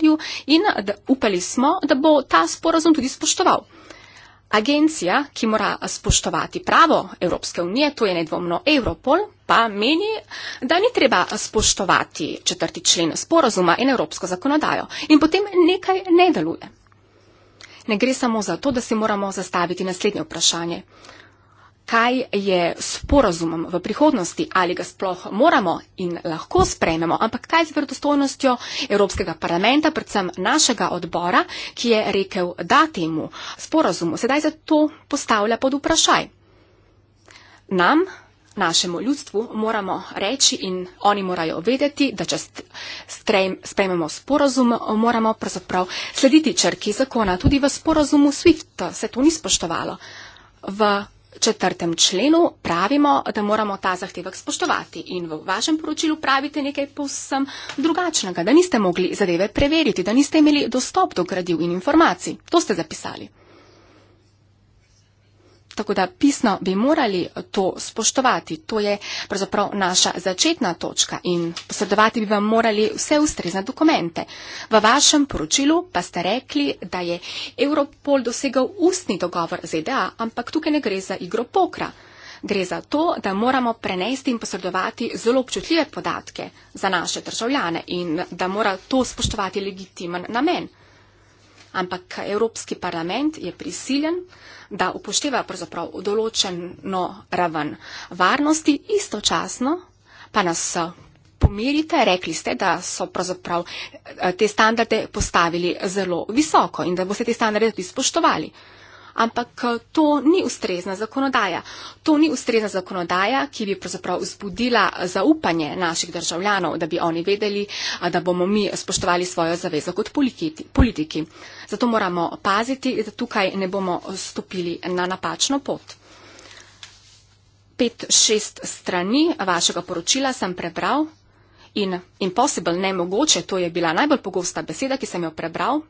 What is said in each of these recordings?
partnerju in da, upali smo, da bo ta sporazum tudi spoštoval. Agencija, ki mora spoštovati pravo Evropske unije, to je nedvomno Europol, pa meni, da ni treba spoštovati četrti člen sporazuma in evropsko zakonodajo. In potem nekaj ne deluje. Ne gre samo za to, da si moramo zastaviti naslednje vprašanje kaj je s porazumom v prihodnosti, ali ga sploh moramo in lahko sprejmemo, ampak kaj z vrtostojnostjo Evropskega parlamenta, predvsem našega odbora, ki je rekel da temu sporazumu, sedaj se to postavlja pod vprašaj. Nam, našemu ljudstvu, moramo reči in oni morajo vedeti, da če sprejmemo sporazum, moramo pravzaprav slediti črki zakona. Tudi v sporazumu SWIFT se to ni spoštovalo. V četrtem členu pravimo, da moramo ta zahtevek spoštovati in v vašem poročilu pravite nekaj povsem drugačnega, da niste mogli zadeve preveriti, da niste imeli dostop do gradiv in informacij. To ste zapisali. Tako da pisno bi morali to spoštovati. To je pravzaprav naša začetna točka in posredovati bi vam morali vse ustrezne dokumente. V vašem poročilu pa ste rekli, da je Europol dosegal ustni dogovor z EDA, ampak tukaj ne gre za igro pokra. Gre za to, da moramo prenesti in posredovati zelo občutljive podatke za naše državljane in da mora to spoštovati legitimen namen ampak Evropski parlament je prisiljen, da upošteva pravzaprav določeno raven varnosti, istočasno pa nas pomirite, rekli ste, da so pravzaprav eh, te standarde postavili zelo visoko in da boste te standarde tudi spoštovali ampak eh, to ni ustrezna zakonodaja. To ni ustrezna zakonodaja, ki bi pravzaprav vzbudila eh, zaupanje naših državljanov, da bi oni vedeli, eh, da bomo mi spoštovali svojo zavezo kot politiki. Zato moramo paziti, da tukaj ne bomo stopili na napačno pot. Pet, šest strani vašega poročila sem prebral in impossible, nemogoče, to je bila najbolj pogosta beseda, ki sem jo prebral.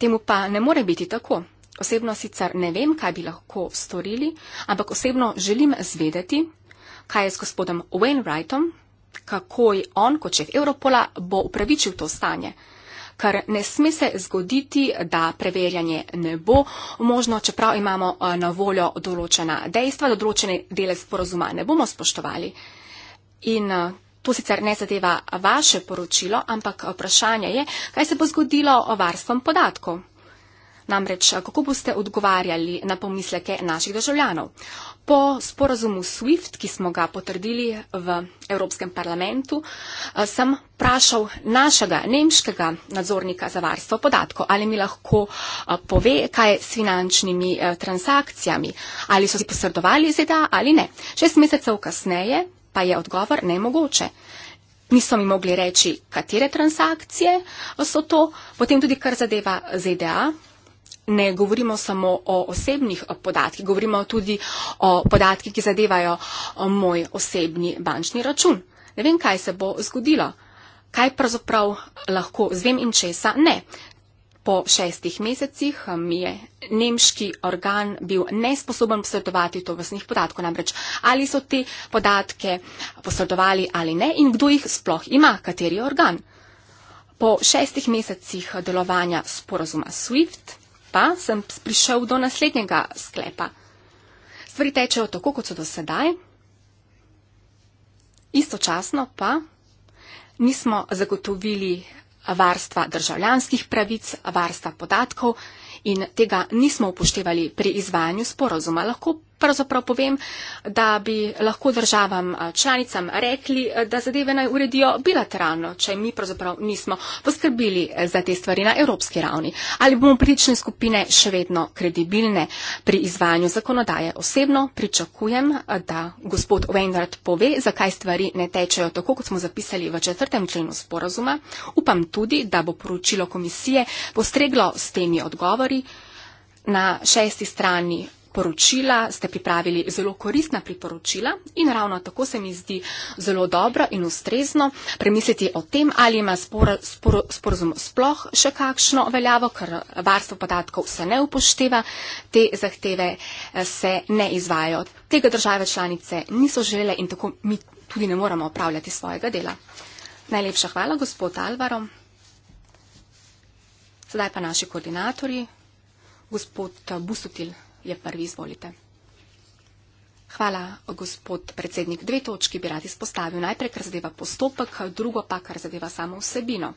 Temu pa ne more biti tako osebno sicer ne vem, kaj bi lahko storili, ampak osebno želim zvedeti, kaj je s gospodom Wainwrightom, kako je on, kot šef Evropola, bo upravičil to stanje. Ker ne sme se zgoditi, da preverjanje ne bo možno, čeprav imamo eh, na voljo določena dejstva, da določene dele sporozuma ne bomo spoštovali. In eh, to sicer ne zadeva vaše poročilo, ampak eh, vprašanje je, kaj se bo zgodilo o varstvom podatkov. Namreč, kako boste odgovarjali na pomisleke naših državljanov? Po sporazumu SWIFT, ki smo ga potrdili v Evropskem parlamentu, eh, sem vprašal našega nemškega nadzornika za varstvo podatkov, ali mi lahko eh, pove, kaj s finančnimi eh, transakcijami, ali so si posredovali ZDA ali ne. Šest mesecev kasneje pa je odgovor nemogoče. Niso mi mogli reči, katere transakcije so to, potem tudi kar zadeva ZDA, ne govorimo samo o osebnih eh, podatkih, govorimo tudi o podatkih, ki zadevajo eh, moj osebni bančni račun. Ne vem, kaj se bo zgodilo, kaj pravzaprav lahko zvem in česa ne. Po šestih mesecih eh, mi je nemški organ bil nesposoben posredovati to vrstnih podatkov, namreč ali so te podatke posredovali ali ne in kdo jih sploh ima, kateri organ. Po šestih mesecih delovanja sporazuma SWIFT pa sem prišel do naslednjega sklepa. Stvari tečejo tako, kot so do sedaj, istočasno pa nismo zagotovili varstva državljanskih pravic, varstva podatkov in tega nismo upoštevali pri izvajanju sporozuma. Lahko pravzaprav povem, da bi lahko državam eh, članicam rekli, eh, da zadeve naj uredijo bilateralno, če mi pravzaprav nismo poskrbili eh, za te stvari na evropski ravni. Ali bomo politične skupine še vedno kredibilne pri izvajanju zakonodaje? Osebno pričakujem, da gospod Weinrad pove, zakaj stvari ne tečejo tako, kot smo zapisali v četrtem členu sporazuma. Upam tudi, da bo poročilo komisije postreglo s temi odgovori. Na šesti strani poročila, ste pripravili zelo koristna priporočila in ravno tako se mi zdi zelo dobro in ustrezno premisliti o tem, ali ima spor, spor, sporozum sploh še kakšno veljavo, ker varstvo podatkov se ne upošteva, te zahteve eh, se ne izvajo. Tega države članice niso želele in tako mi tudi ne moramo opravljati svojega dela. Najlepša hvala, gospod Alvaro. Sedaj pa naši koordinatori, gospod Busutil je prvi, izvolite. Hvala, gospod predsednik. Dve točki bi rad izpostavil. Najprej, kar zadeva postopek, drugo pa, kar zadeva samo vsebino.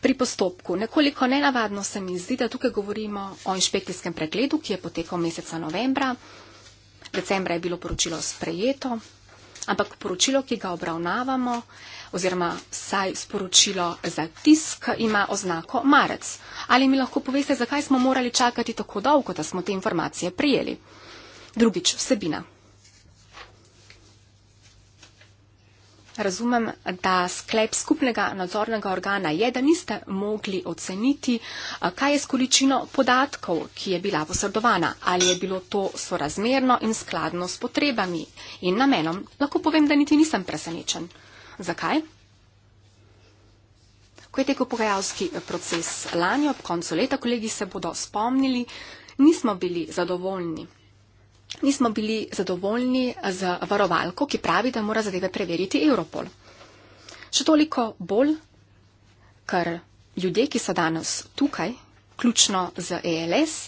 Pri postopku. Nekoliko nenavadno se mi zdi, da tukaj govorimo o inšpekcijskem pregledu, ki je potekal meseca novembra. Decembra je bilo poročilo sprejeto, ampak poročilo, ki ga obravnavamo, oziroma vsaj sporočilo za tisk ima oznako marec. Ali mi lahko poveste, zakaj smo morali čakati tako dolgo, da smo te informacije prijeli? Drugič, vsebina. Razumem, da sklep skupnega nadzornega organa je, da niste mogli oceniti, kaj je s količino podatkov, ki je bila posredovana, ali je bilo to sorazmerno in skladno s potrebami in namenom. Lahko povem, da niti nisem presenečen. Zakaj? Ko je tekel pogajalski eh, proces lani ob koncu leta, kolegi se bodo spomnili, nismo bili zadovoljni. Nismo bili zadovoljni z varovalko, ki pravi, da mora zadeve preveriti Europol. Še toliko bolj, ker ljudje, ki so danes tukaj, ključno z ELS,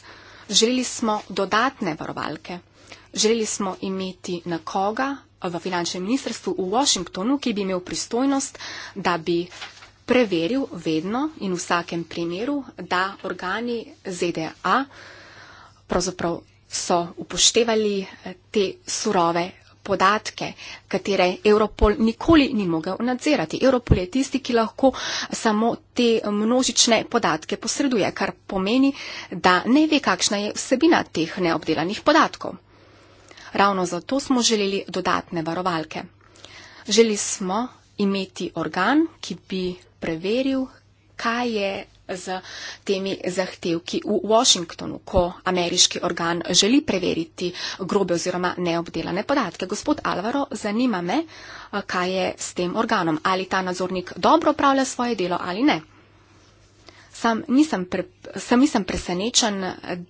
želeli smo dodatne varovalke. Želeli smo imeti nekoga, v finančnem ministrstvu v Washingtonu, ki bi imel pristojnost, da bi preveril vedno in v vsakem primeru, da organi ZDA pravzaprav so upoštevali eh, te surove podatke, katere Europol nikoli ni mogel nadzirati. Europol je tisti, ki lahko samo te množične podatke posreduje, kar pomeni, da ne ve, kakšna je vsebina teh neobdelanih podatkov. Ravno zato smo želeli dodatne varovalke. Želi smo imeti organ, ki bi preveril, kaj je z temi zahtevki v Washingtonu, ko ameriški organ želi preveriti grobe oziroma neobdelane podatke. Gospod Alvaro, zanima me, kaj je s tem organom. Ali ta nadzornik dobro upravlja svoje delo ali ne. Sam nisem, pre, sam nisem presenečen,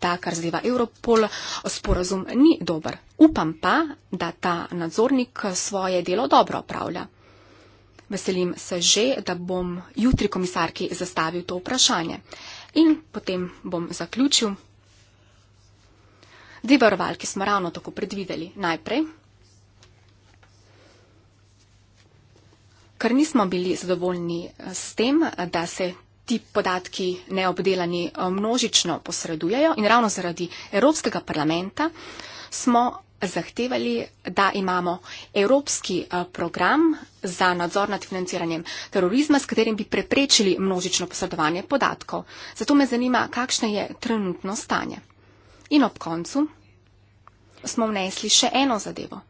da kar zadeva Europol, sporozum ni dober. Upam pa, da ta nadzornik svoje delo dobro opravlja. Veselim se že, da bom jutri komisarki zastavil to vprašanje. In potem bom zaključil. Dve varovalki smo ravno tako predvideli. Najprej, ker nismo bili zadovoljni s tem, da se ti podatki neobdelani eh, množično posredujejo in ravno zaradi Evropskega parlamenta smo zahtevali, da imamo Evropski eh, program za nadzor nad financiranjem terorizma, s katerim bi preprečili množično posredovanje podatkov. Zato me zanima, kakšno je trenutno stanje. In ob koncu smo vnesli še eno zadevo,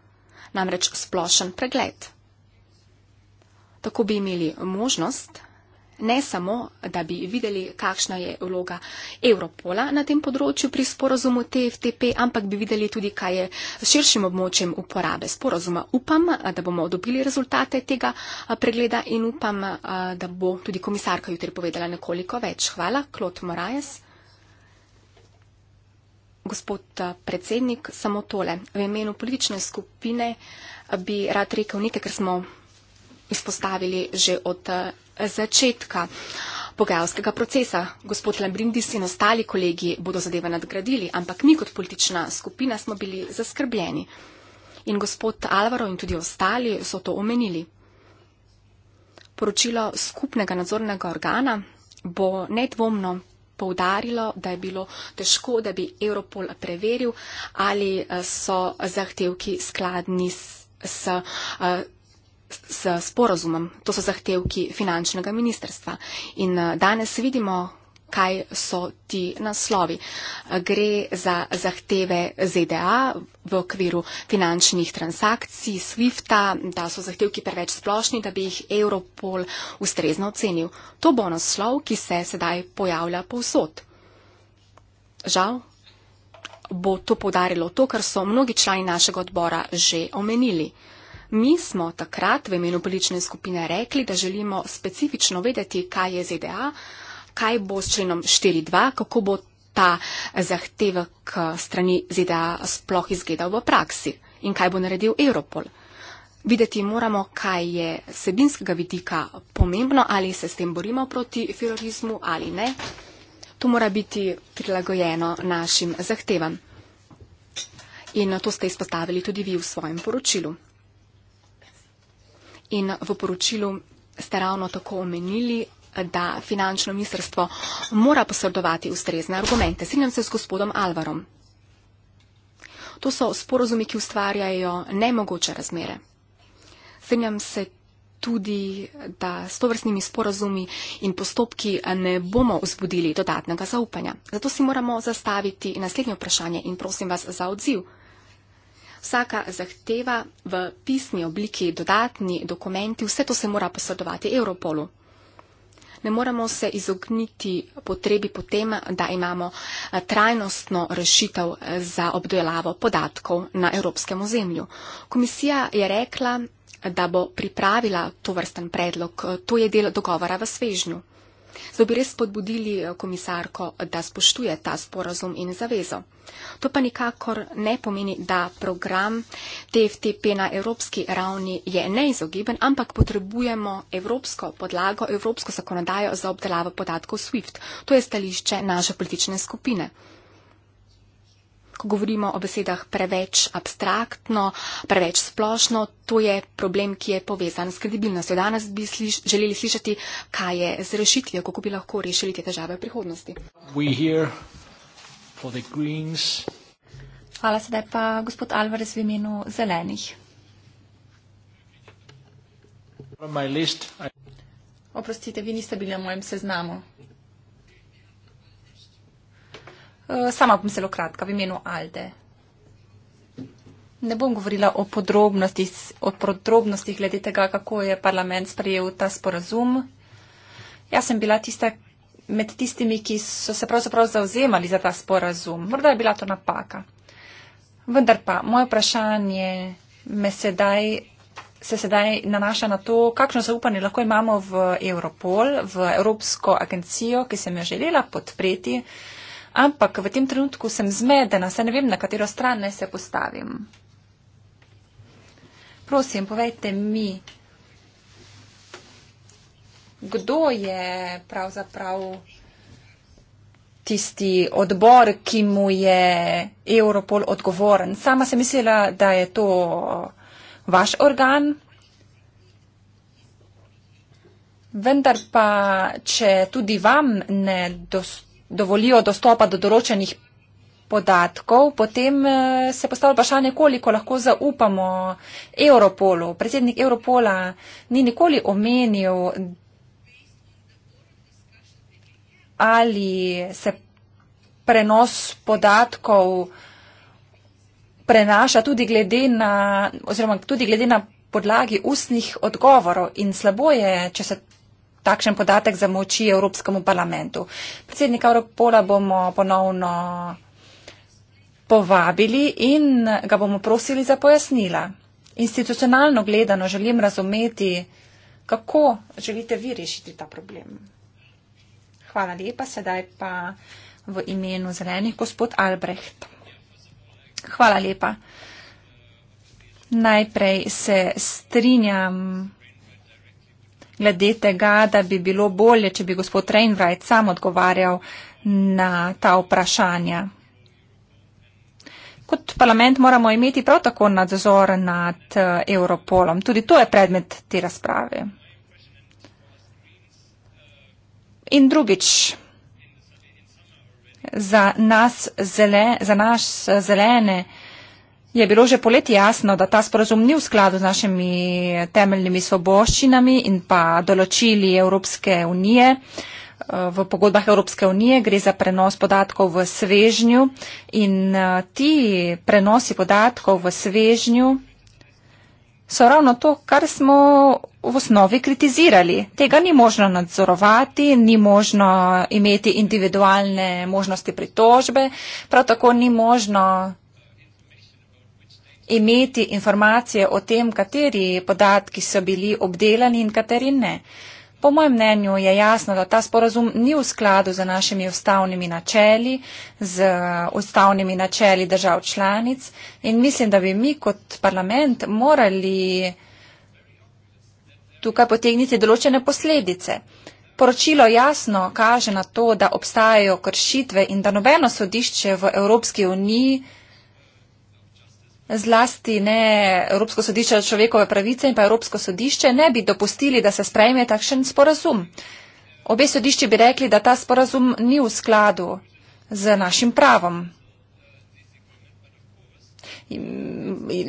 namreč splošen pregled. Tako bi imeli možnost, ne samo, da bi videli, kakšna je vloga Evropola na tem področju pri sporozumu TFTP, ampak bi videli tudi, kaj je s širšim območjem uporabe sporozuma. Upam, da bomo dobili rezultate tega pregleda in upam, da bo tudi komisarka jutri povedala nekoliko več. Hvala, Klot Morajes. Gospod predsednik, samo tole. V imenu politične skupine bi rad rekel nekaj, ker smo izpostavili že od začetka pogajalskega procesa. Gospod Lambrindis in ostali kolegi bodo zadeve nadgradili, ampak mi kot politična skupina smo bili zaskrbljeni. In gospod Alvaro in tudi ostali so to omenili. Poročilo skupnega nadzornega organa bo nedvomno poudarilo, da je bilo težko, da bi Europol preveril, ali eh, so zahtevki skladni s, s eh, s sporazumom. To so zahtevki finančnega ministrstva. In eh, danes vidimo, kaj so ti naslovi. Eh, gre za zahteve ZDA v okviru finančnih transakcij, SWIFT-a, da so zahtevki preveč splošni, da bi jih Europol ustrezno ocenil. To bo naslov, ki se sedaj pojavlja povsod. Žal bo to podarilo to, kar so mnogi člani našega odbora že omenili. Mi smo takrat v imenu politične skupine rekli, da želimo specifično vedeti, kaj je ZDA, kaj bo s členom 4.2, kako bo ta zahtevek eh, strani ZDA sploh izgledal v praksi in kaj bo naredil Europol. Videti moramo, kaj je sebinskega vidika pomembno, ali se s tem borimo proti filorizmu ali ne. To mora biti prilagojeno našim zahtevam. In to ste izpostavili tudi vi v svojem poročilu in v poročilu ste ravno tako omenili, da finančno ministrstvo mora posredovati ustrezne argumente. Sredim se z gospodom Alvarom. To so sporozumi, ki ustvarjajo nemogoče razmere. Sredim se tudi, da s to vrstnimi sporozumi in postopki ne bomo vzbudili dodatnega zaupanja. Zato si moramo zastaviti naslednje vprašanje in prosim vas za odziv vsaka zahteva v pisni obliki, dodatni dokumenti, vse to se mora posredovati Europolu. Ne moramo se izogniti potrebi potem, da imamo eh, trajnostno rešitev eh, za obdelavo podatkov na evropskem ozemlju. Komisija je rekla, da bo pripravila to vrsten predlog. To je del dogovora v svežnju. Zato bi res spodbudili eh, komisarko, da spoštuje ta sporazum in zavezo. To pa nikakor ne pomeni, da program TFTP na evropski ravni je neizogiben, ampak potrebujemo evropsko podlago, evropsko zakonodajo za obdelavo podatkov SWIFT. To je stališče naše politične skupine ko govorimo o besedah preveč abstraktno, preveč splošno, to je problem, ki je povezan s kredibilnostjo. Danes bi sliš želeli slišati, kaj je z rešitvijo, kako bi lahko rešili te težave v prihodnosti. Hvala sedaj pa gospod Alvarez v imenu zelenih. Oprostite, vi niste bili na mojem seznamu. Eh, sama bom zelo kratka v imenu Alde. Ne bom govorila o podrobnostih, o podrobnostih glede tega, kako je parlament sprejel ta sporazum. Jaz sem bila tista med tistimi, ki so se pravzaprav zauzemali za ta sporazum. Morda je bila to napaka. Vendar pa, moje vprašanje me sedaj, se sedaj nanaša na to, kakšno zaupanje lahko imamo v Europol, v Evropsko agencijo, ki sem jo želela podpreti. Uh, ampak v tem trenutku sem zmedena, saj ne vem, na katero stran naj se postavim. Prosim, povejte mi, kdo je pravzaprav tisti odbor, ki mu je Europol odgovoren. Sama sem mislila, da je to vaš organ. Vendar pa, če tudi vam ne dostopi, dovolijo dostopa do določenih podatkov, potem eh, se postavlja vprašanje, koliko lahko zaupamo Europolu. Predsednik Europola ni nikoli omenil, ali se prenos podatkov prenaša tudi glede na, oziroma tudi glede na podlagi ustnih odgovorov in slabo je, če se takšen podatek za moči Evropskemu parlamentu. Predsednika Evropola bomo ponovno povabili in ga bomo prosili za pojasnila. Institucionalno gledano želim razumeti, kako želite vi rešiti ta problem. Hvala lepa, sedaj pa v imenu zelenih gospod Albrecht. Hvala lepa. Najprej se strinjam glede tega, da bi bilo bolje, če bi gospod Reinvrajt sam odgovarjal na ta vprašanja. Kot parlament moramo imeti prav tako nadzor nad eh, Europolom. Tudi to je predmet te razprave. In drugič, za nas eh, zelene, za naš zelene, je bilo že poleti jasno, da ta sporozum ni v skladu z našimi temeljnimi svoboščinami in pa določili Evropske unije. Eh, v pogodbah Evropske unije gre za prenos podatkov v svežnju in eh, ti prenosi podatkov v svežnju so ravno to, kar smo v osnovi kritizirali. Tega ni možno nadzorovati, ni možno imeti individualne možnosti pritožbe, prav tako ni možno imeti informacije o tem, kateri podatki so bili obdelani in kateri ne. Po mojem mnenju je jasno, da ta sporazum ni v skladu z našimi ustavnimi načeli, z ustavnimi načeli držav članic in mislim, da bi mi kot parlament morali tukaj potegniti določene posledice. Poročilo jasno kaže na to, da obstajajo kršitve in da nobeno sodišče v Evropski uniji zlasti ne Evropsko sodišče za človekove pravice in pa Evropsko sodišče, ne bi dopustili, da se sprejme takšen sporazum. Obe sodišči bi rekli, da ta sporazum ni v skladu z našim pravom.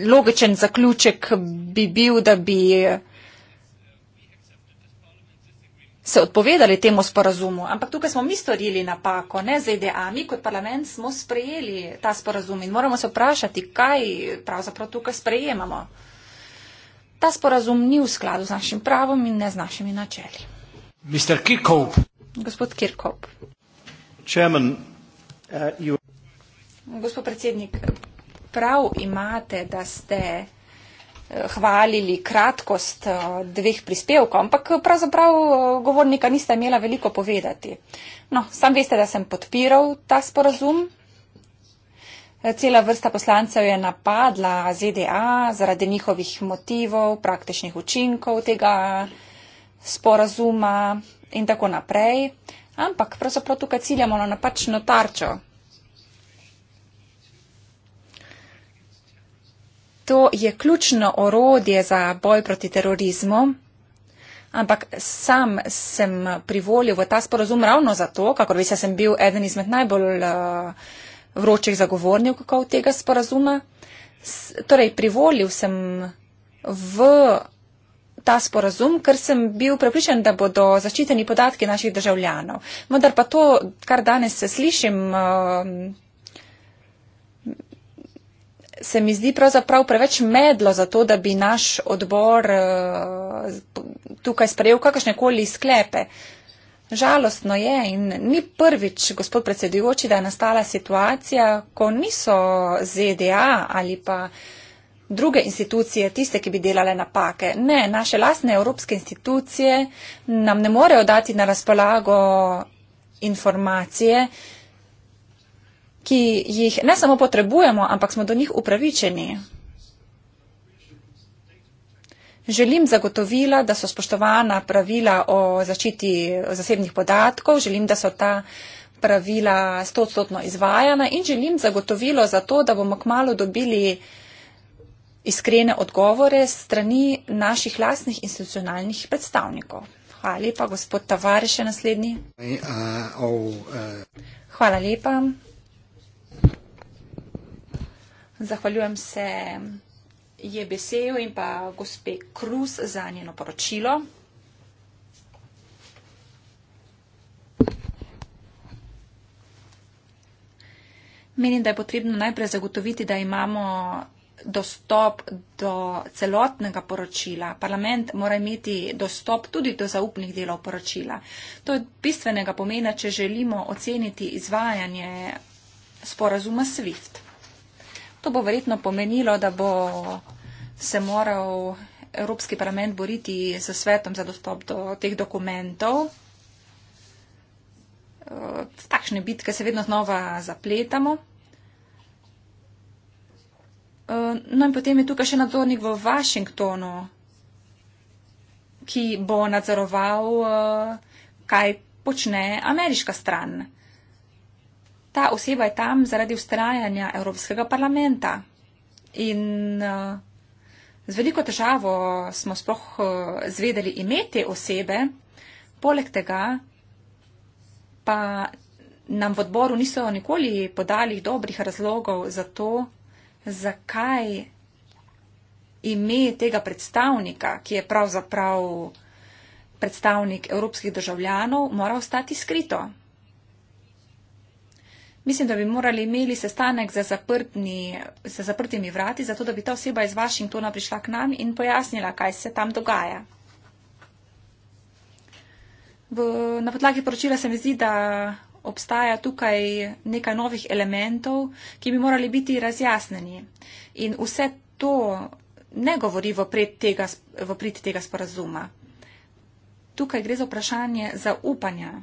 Logičen zaključek bi bil, da bi se odpovedali temu sporazumu. Ampak tukaj smo mi storili napako, ne ZDA. Mi kot parlament smo sprejeli ta sporazum in moramo se vprašati, kaj pravzaprav tukaj sprejemamo. Ta sporazum ni v skladu z našim pravom in ne z našimi načeli. Gospod Kirkov. Chairman, uh, you... Gospod predsednik, prav imate, da ste hvalili kratkost eh, dveh prispevkov, ampak pravzaprav eh, govornika niste imela veliko povedati. No, sam veste, da sem podpiral ta sporazum. Eh, cela vrsta poslancev je napadla ZDA zaradi njihovih motivov, praktičnih učinkov tega sporazuma in tako naprej. Ampak pravzaprav tukaj ciljamo na napačno tarčo, To je ključno orodje za boj proti terorizmu, ampak sam sem privolil v ta sporozum ravno zato, kako bi se sem bil eden izmed najbolj eh, vročih zagovornikov tega sporozuma. Torej, privolil sem v ta sporozum, ker sem bil prepričan, da bodo zaščiteni podatki naših državljanov. Vendar pa to, kar danes slišim, eh, se mi zdi pravzaprav preveč medlo za to, da bi naš odbor eh, tukaj sprejel kakršne koli sklepe. Žalostno je in ni prvič, gospod predsedujoči, da je nastala situacija, ko niso ZDA ali pa druge institucije tiste, ki bi delale napake. Ne, naše lastne evropske institucije nam ne morejo dati na razpolago informacije, ki jih ne samo potrebujemo, ampak smo do njih upravičeni. Želim zagotovila, da so spoštovana pravila o zaščiti zasebnih podatkov, želim, da so ta pravila stotstotno izvajana in želim zagotovilo za to, da bomo kmalo dobili iskrene odgovore strani naših lastnih institucionalnih predstavnikov. Hvala lepa, gospod Tavareš je naslednji. Uh, oh, uh, Hvala lepa. Zahvaljujem se Jebeseju in pa gospe Kruz za njeno poročilo. Menim, da je potrebno najprej zagotoviti, da imamo dostop do celotnega poročila. Parlament mora imeti dostop tudi do zaupnih delov poročila. To je bistvenega pomena, če želimo oceniti izvajanje sporazuma SWIFT. To bo verjetno pomenilo, da bo se moral Evropski parlament boriti s svetom za dostop do teh dokumentov. Eh, takšne bitke se vedno znova zapletamo. Eh, no in potem je tukaj še nadzornik v Washingtonu, ki bo nadzoroval, eh, kaj počne ameriška stran ta oseba je tam zaradi ustrajanja Evropskega parlamenta. In eh, z veliko težavo smo sploh eh, zvedeli ime te osebe, poleg tega pa nam v odboru niso nikoli podali dobrih razlogov za to, zakaj ime tega predstavnika, ki je pravzaprav predstavnik evropskih državljanov, mora ostati skrito. Mislim, da bi morali imeli sestanek za, zaprtni, za zaprtimi vrati, zato da bi ta oseba iz Vašingtona prišla k nam in pojasnila, kaj se tam dogaja. V, na podlagi poročila se mi zdi, da obstaja tukaj nekaj novih elementov, ki bi morali biti razjasneni. In vse to ne govori v prid tega, v prid tega sporazuma. Tukaj gre za vprašanje zaupanja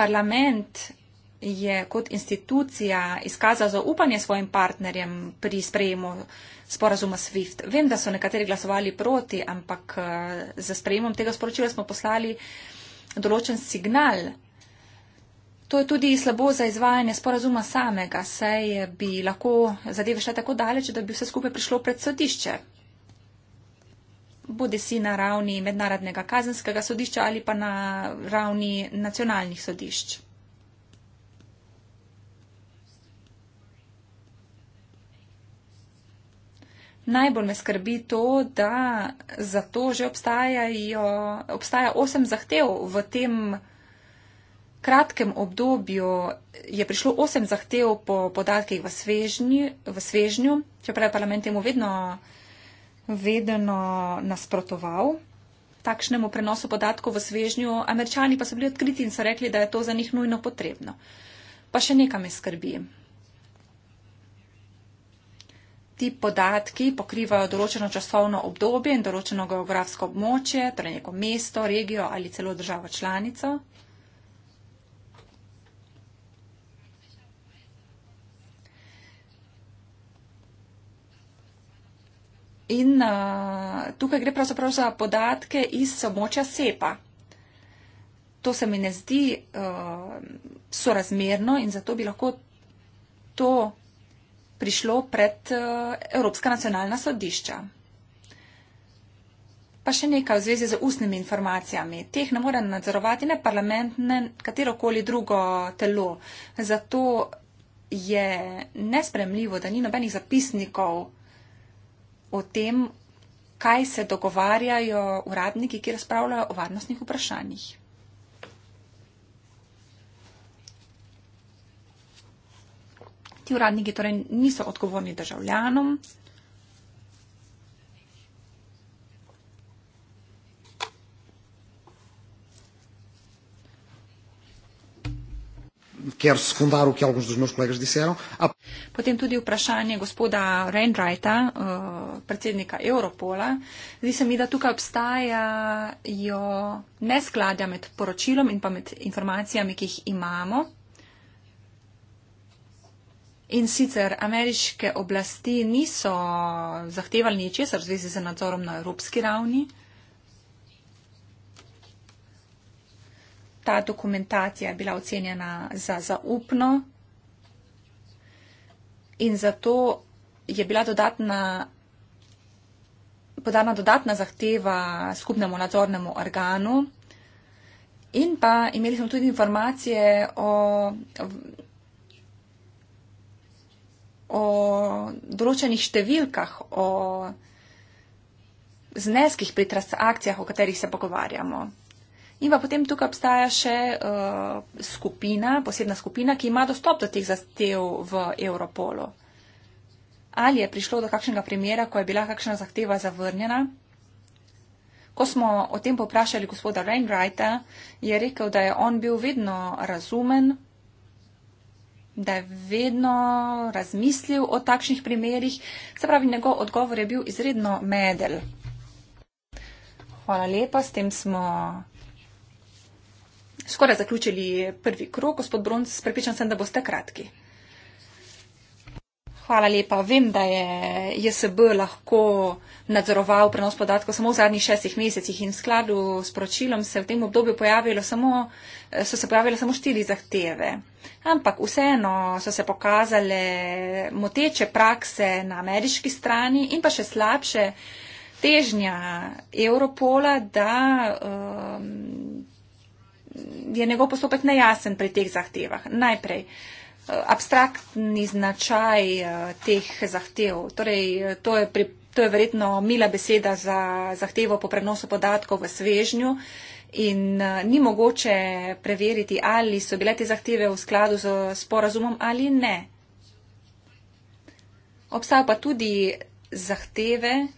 parlament je kot institucija izkazal zaupanje svojim partnerjem pri sprejemu sporazuma SWIFT. Vem, da so nekateri glasovali proti, ampak eh, za sprejemom tega sporočila smo poslali določen signal. To je tudi slabo za izvajanje sporazuma samega, saj bi lahko zadeve šle tako daleč, da bi vse skupaj prišlo pred sodišče bodi si na ravni mednarodnega kazenskega sodišča ali pa na ravni nacionalnih sodišč. Najbolj me skrbi to, da za to že obstajajo, obstaja osem zahtev. V tem kratkem obdobju je prišlo osem zahtev po podatkih v svežnju, v svežnju čeprav je parlament temu vedno vedno nasprotoval takšnemu prenosu podatkov v svežnju, američani pa so bili odkriti in so rekli, da je to za njih nujno potrebno. Pa še nekaj me skrbi. Ti podatki pokrivajo določeno časovno obdobje in določeno geografsko območje, torej neko mesto, regijo ali celo državo članico. In uh, tukaj gre pravzaprav za podatke iz območja SEPA. To se mi ne zdi uh, sorazmerno in zato bi lahko to prišlo pred uh, Evropska nacionalna sodišča. Pa še nekaj v zvezi z ustnimi informacijami. Teh ne more nadzorovati ne parlament, ne katerokoli drugo telo. Zato je nespremljivo, da ni nobenih zapisnikov o tem, kaj se dogovarjajo uradniki, ki razpravljajo o varnostnih vprašanjih. Ti uradniki torej niso odgovorni državljanom. Quero secundar o que alguns dos meus colegas disseram. Potem tudi vprašanje gospoda Reinreita, eh, predsednika Europola. Zdi se mi, da tukaj obstajajo neskladja med poročilom in pa med informacijami, ki jih imamo. In sicer ameriške oblasti niso zahtevali ničesar v zvezi z nadzorom na evropski ravni. Ta dokumentacija je bila ocenjena za zaupno, in zato je bila dodatna, podana dodatna zahteva skupnemu nadzornemu organu. In pa imeli smo tudi informacije o, o določenih številkah, o zneskih pri transakcijah, o katerih se pogovarjamo. In pa potem tukaj obstaja še uh, skupina, posebna skupina, ki ima dostop do teh zahtev v Europolu. Ali je prišlo do kakšnega primera, ko je bila kakšna zahteva zavrnjena? Ko smo o tem poprašali gospoda Reinwrighta, je rekel, da je on bil vedno razumen, da je vedno razmislil o takšnih primerih. Se pravi, njegov odgovor je bil izredno medel. Hvala lepa, s tem smo skoraj zaključili prvi krok, gospod Bronc, prepričan sem, da boste kratki. Hvala lepa. Vem, da je JSB lahko nadzoroval prenos podatkov samo v zadnjih šestih mesecih in v skladu s poročilom se v tem obdobju pojavilo samo, so se pojavile samo štiri zahteve. Ampak vseeno so se pokazale moteče prakse na ameriški strani in pa še slabše težnja Europola, da. Um, je njegov postopek nejasen pri teh zahtevah. Najprej, eh, abstraktni značaj eh, teh zahtev, torej eh, to je, pri, to je verjetno mila beseda za zahtevo po prenosu podatkov v svežnju. In ni mogoče preveriti, ali so bile te zahteve v skladu z sporazumom ali ne. Obstajajo pa tudi zahteve,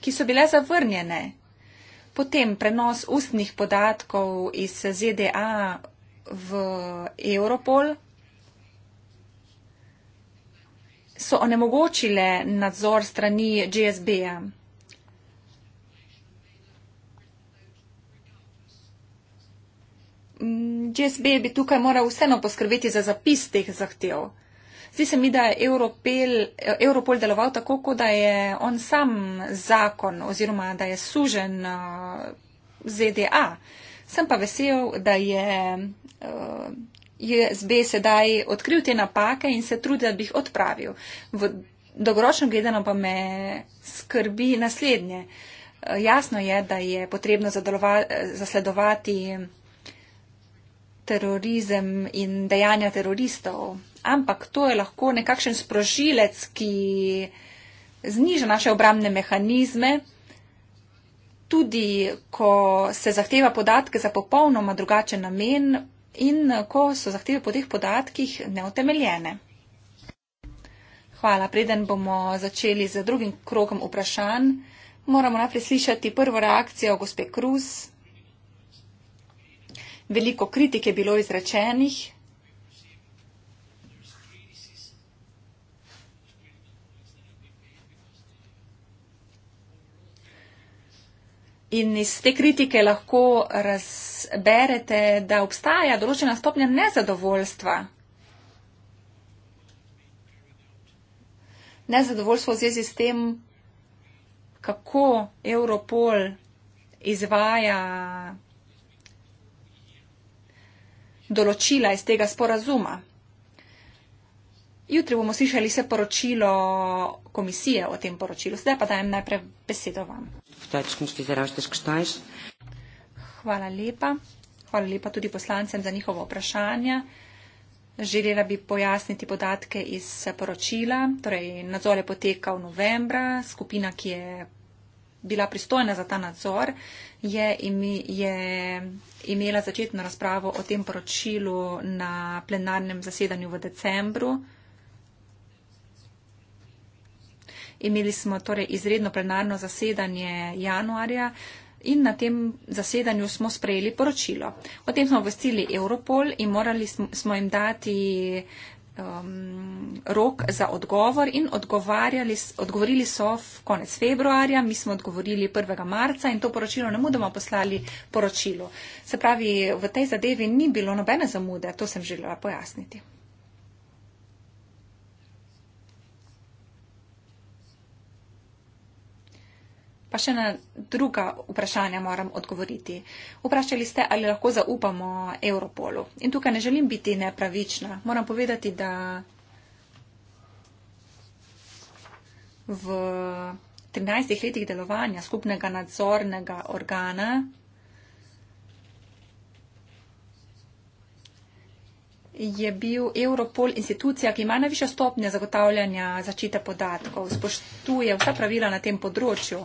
ki so bile zavrnjene potem prenos ustnih podatkov iz ZDA v Europol so onemogočile nadzor strani GSB-ja. Mm, GSB bi tukaj moral vseeno poskrbeti za zapis teh zahtev. Zdi se mi, da je Europol, Europol deloval tako, kot da je on sam zakon oziroma da je sužen uh, ZDA. Sem pa vesel, da je USB uh, sedaj odkril te napake in se trudi, da bi jih odpravil. V dogoročno gledano pa me skrbi naslednje. Uh, jasno je, da je potrebno zasledovati terorizem in dejanja teroristov ampak to je lahko nekakšen sprožilec, ki zniža naše obramne mehanizme, tudi ko se zahteva podatke za popolnoma drugačen namen in ko so zahteve po teh podatkih neutemeljene. Hvala. Preden bomo začeli z drugim krogom vprašanj, moramo najprej slišati prvo reakcijo gospe Kruz. Veliko kritik je bilo izrečenih. In iz te kritike lahko razberete, da obstaja določena stopnja nezadovoljstva. Nezadovoljstvo v zvezi s tem, kako Europol izvaja določila iz tega sporazuma. Jutri bomo slišali vse poročilo komisije o tem poročilu. Zdaj pa dajem najprej besedo vam. Hvala lepa. Hvala lepa tudi poslancem za njihovo vprašanje. Želela bi pojasniti podatke iz poročila. Torej, nadzor je potekal novembra. Skupina, ki je bila pristojna za ta nadzor, je, imi, je imela začetno razpravo o tem poročilu na plenarnem zasedanju v decembru. Imeli smo torej izredno plenarno zasedanje januarja in na tem zasedanju smo sprejeli poročilo. O tem smo obvestili Europol in morali smo jim dati um, rok za odgovor in odgovorili so v konec februarja, mi smo odgovorili 1. marca in to poročilo ne mudoma poslali poročilo. Se pravi, v tej zadevi ni bilo nobene zamude, to sem želela pojasniti. Pa še na druga vprašanja moram odgovoriti. Vprašali ste, ali lahko zaupamo Europolu. In tukaj ne želim biti nepravična. Moram povedati, da v 13 letih delovanja skupnega nadzornega organa je bil Europol institucija, ki ima najvišjo stopnje zagotavljanja začite podatkov, spoštuje vsa pravila na tem področju.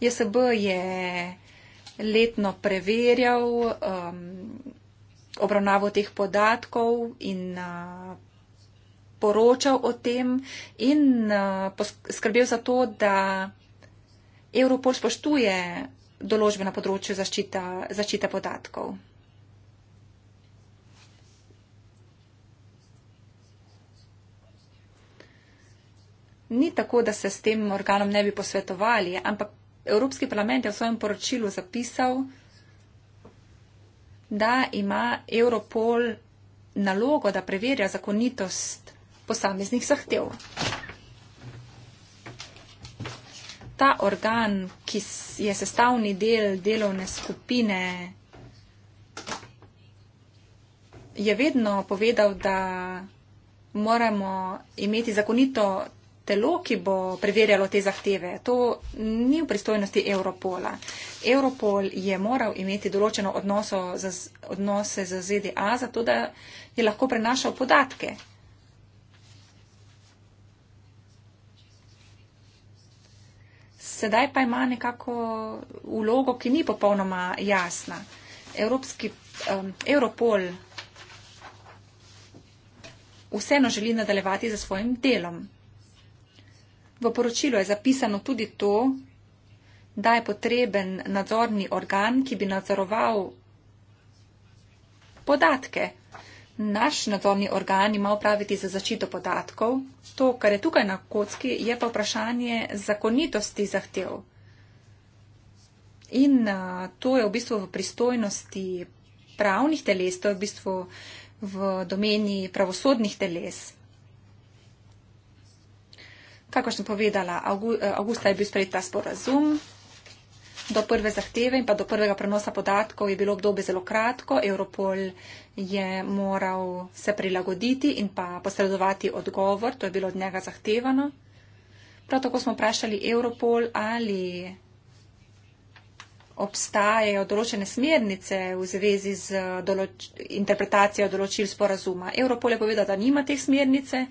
JSB je letno preverjal um, obravnavo teh podatkov in uh, poročal o tem in uh, poskrbel za to, da Europol spoštuje določbe na področju zaščita, zaščita podatkov. ni tako, da se s tem organom ne bi posvetovali, ampak Evropski parlament je v svojem poročilu zapisal, da ima Europol nalogo, da preverja zakonitost posameznih zahtev. Ta organ, ki je sestavni del delovne skupine, je vedno povedal, da moramo imeti zakonito telo, ki bo preverjalo te zahteve. To ni v pristojnosti Europola. Europol je moral imeti določeno za, odnose z ZDA, zato da je lahko prenašal podatke. Sedaj pa ima nekako vlogo, ki ni popolnoma jasna. Evropski, um, Europol vseeno želi nadaljevati za svojim delom. V poročilu je zapisano tudi to, da je potreben nadzorni organ, ki bi nadzoroval podatke. Naš nadzorni organ ima upraviti za zaščito podatkov. To, kar je tukaj na kocki, je pa vprašanje zakonitosti zahtev. In uh, to je v bistvu v pristojnosti pravnih teles, to je v bistvu v domeni pravosodnih teles. Kakor sem povedala, eh, avgusta je bil sprejet ta sporazum. Do prve zahteve in pa do prvega prenosa podatkov je bilo obdobje zelo kratko. Europol je moral se prilagoditi in pa posredovati odgovor. To je bilo od njega zahtevano. Prav tako smo vprašali Europol, ali obstajajo določene smernice v zvezi z določ interpretacijo določil sporazuma. Europol je povedal, da nima teh smernice.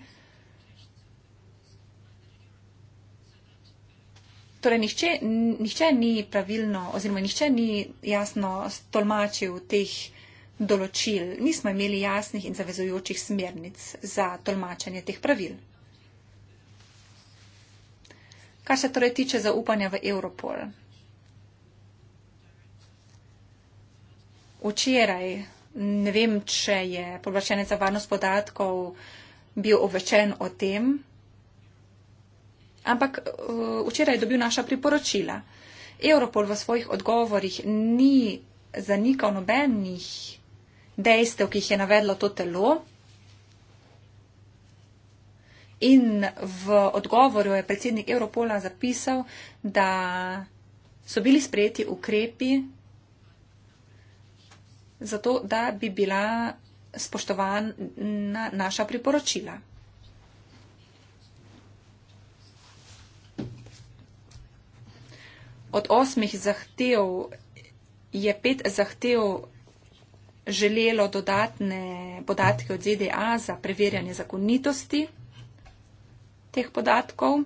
Torej, nihče, nihče ni pravilno oziroma nihče ni jasno tolmačil teh določil. Nismo imeli jasnih in zavezujočih smernic za tolmačanje teh pravil. Kar se torej tiče zaupanja v Europol. Včeraj, ne vem, če je poblaščenec za varnost podatkov bil obveščen o tem, Ampak eh, včeraj je dobil naša priporočila. Europol v svojih odgovorih ni zanikal nobenih dejstev, ki jih je navedlo to telo. In v odgovoru je predsednik Europola zapisal, da so bili sprejeti ukrepi zato, da bi bila spoštovana naša priporočila. od osmih zahtev je pet zahtev želelo dodatne podatke od ZDA za preverjanje zakonitosti teh podatkov.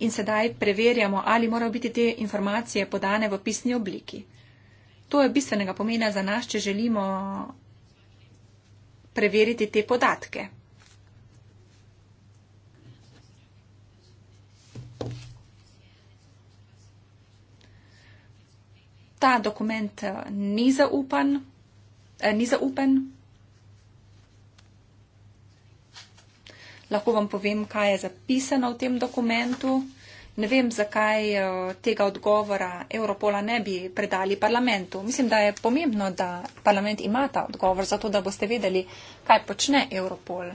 In sedaj preverjamo, ali morajo biti te informacije podane v pisni obliki. To je bistvenega pomena za nas, če želimo preveriti te podatke. ta dokument eh, ni zaupan, eh, ni zaupen. Lahko vam povem, kaj je zapisano v tem dokumentu. Ne vem, zakaj eh, tega odgovora Europola ne bi predali parlamentu. Mislim, da je pomembno, da parlament ima ta odgovor, zato da boste vedeli, kaj počne Europol.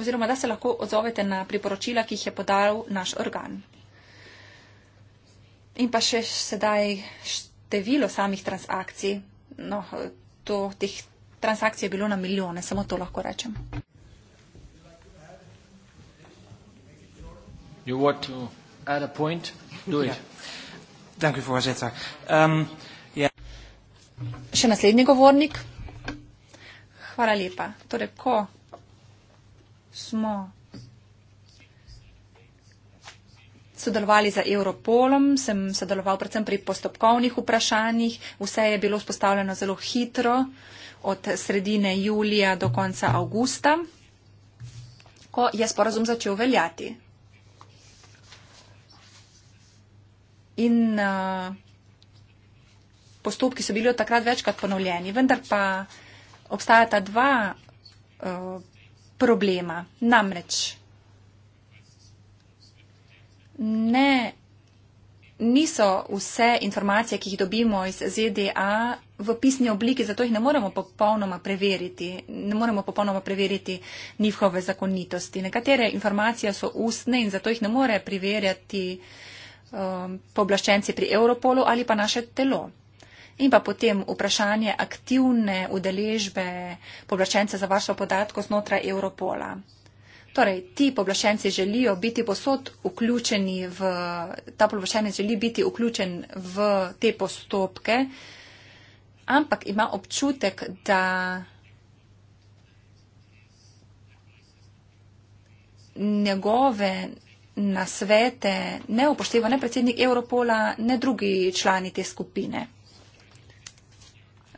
Oziroma, da se lahko odzovete na priporočila, ki jih je podal naš organ. In pa še sedaj število samih transakcij. No, to, teh transakcij je bilo na milijone, samo to lahko rečem. You want to add a point? Do it. Yeah. Ja. Thank you for that. Um, yeah. Ja. Še naslednji govornik. Hvala lepa. Torej, ko smo sodelovali za Europolom, sem sodeloval predvsem pri postopkovnih vprašanjih. Vse je bilo spostavljeno zelo hitro, od sredine julija do konca avgusta, ko je sporazum začel veljati. In uh, postopki so bili od takrat večkrat ponovljeni, vendar pa obstajata dva uh, problema. Namreč ne, niso vse informacije, ki jih dobimo iz ZDA v pisni obliki, zato jih ne moremo popolnoma preveriti, ne moremo popolnoma preveriti njihove zakonitosti. Nekatere informacije so ustne in zato jih ne more preverjati um, poblaščenci pri Europolu ali pa naše telo. In pa potem vprašanje aktivne udeležbe poblaščence za varstvo podatkov znotraj Europola. Torej, ti poblašenci želijo biti posod vključeni v, ta poblašenec želi biti vključen v te postopke, ampak ima občutek, da, njegove nasvete ne upošteva ne predsednik Europola, ne drugi člani te skupine.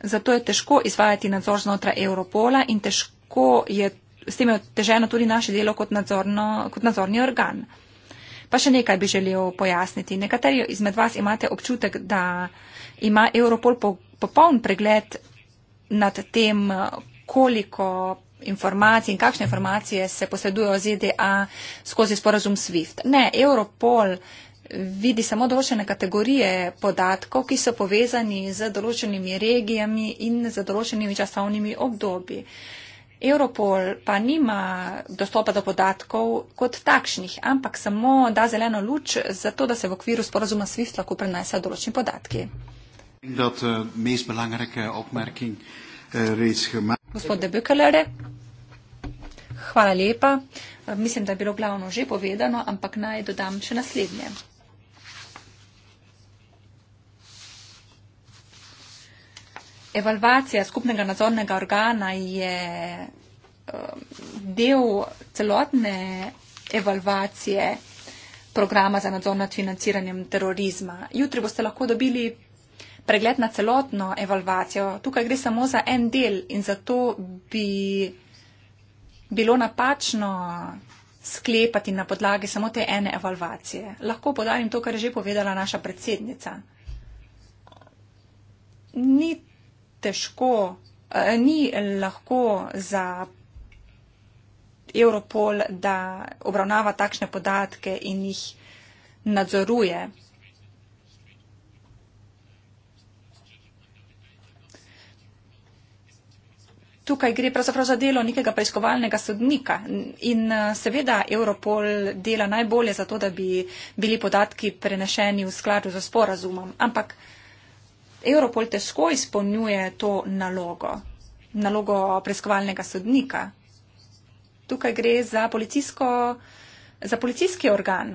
Zato je težko izvajati nadzor znotraj Europola in težko je s tem je oteženo tudi naše delo kot, nadzorno, kot nadzorni organ. Pa še nekaj bi želel pojasniti. Nekateri izmed vas imate občutek, da ima Europol popoln pregled nad tem, koliko informacij in kakšne informacije se posredujejo ZDA skozi sporazum SWIFT. Ne, Europol vidi samo določene kategorije podatkov, ki so povezani z določenimi regijami in z določenimi časovnimi obdobji. Uh, Europol pa nima dostopa do podatkov kot takšnih, ampak samo da zeleno luč za to, da se v okviru sporazuma SWIFT lahko prenese določni podatki. Eh, eh, Gospod Debükelere, hvala lepa. Eh, mislim, da je bilo glavno že povedano, ampak naj dodam še naslednje. Evalvacija skupnega nadzornega organa je um, del celotne evalvacije programa za nadzor nad financiranjem terorizma. Jutri boste lahko dobili pregled na celotno evalvacijo. Tukaj gre samo za en del in zato bi bilo napačno sklepati na podlagi samo te ene evalvacije. Lahko podarim to, kar je že povedala naša predsednica. Niti težko, eh, ni lahko za Europol, da obravnava takšne podatke in jih nadzoruje. Tukaj gre pravzaprav za delo nekega preiskovalnega sodnika in eh, seveda Europol dela najbolje za to, da bi bili podatki prenešeni v skladu za sporazumom, ampak Europol težko izpolnjuje to nalogo, nalogo preiskovalnega sodnika. Tukaj gre za, za policijski organ.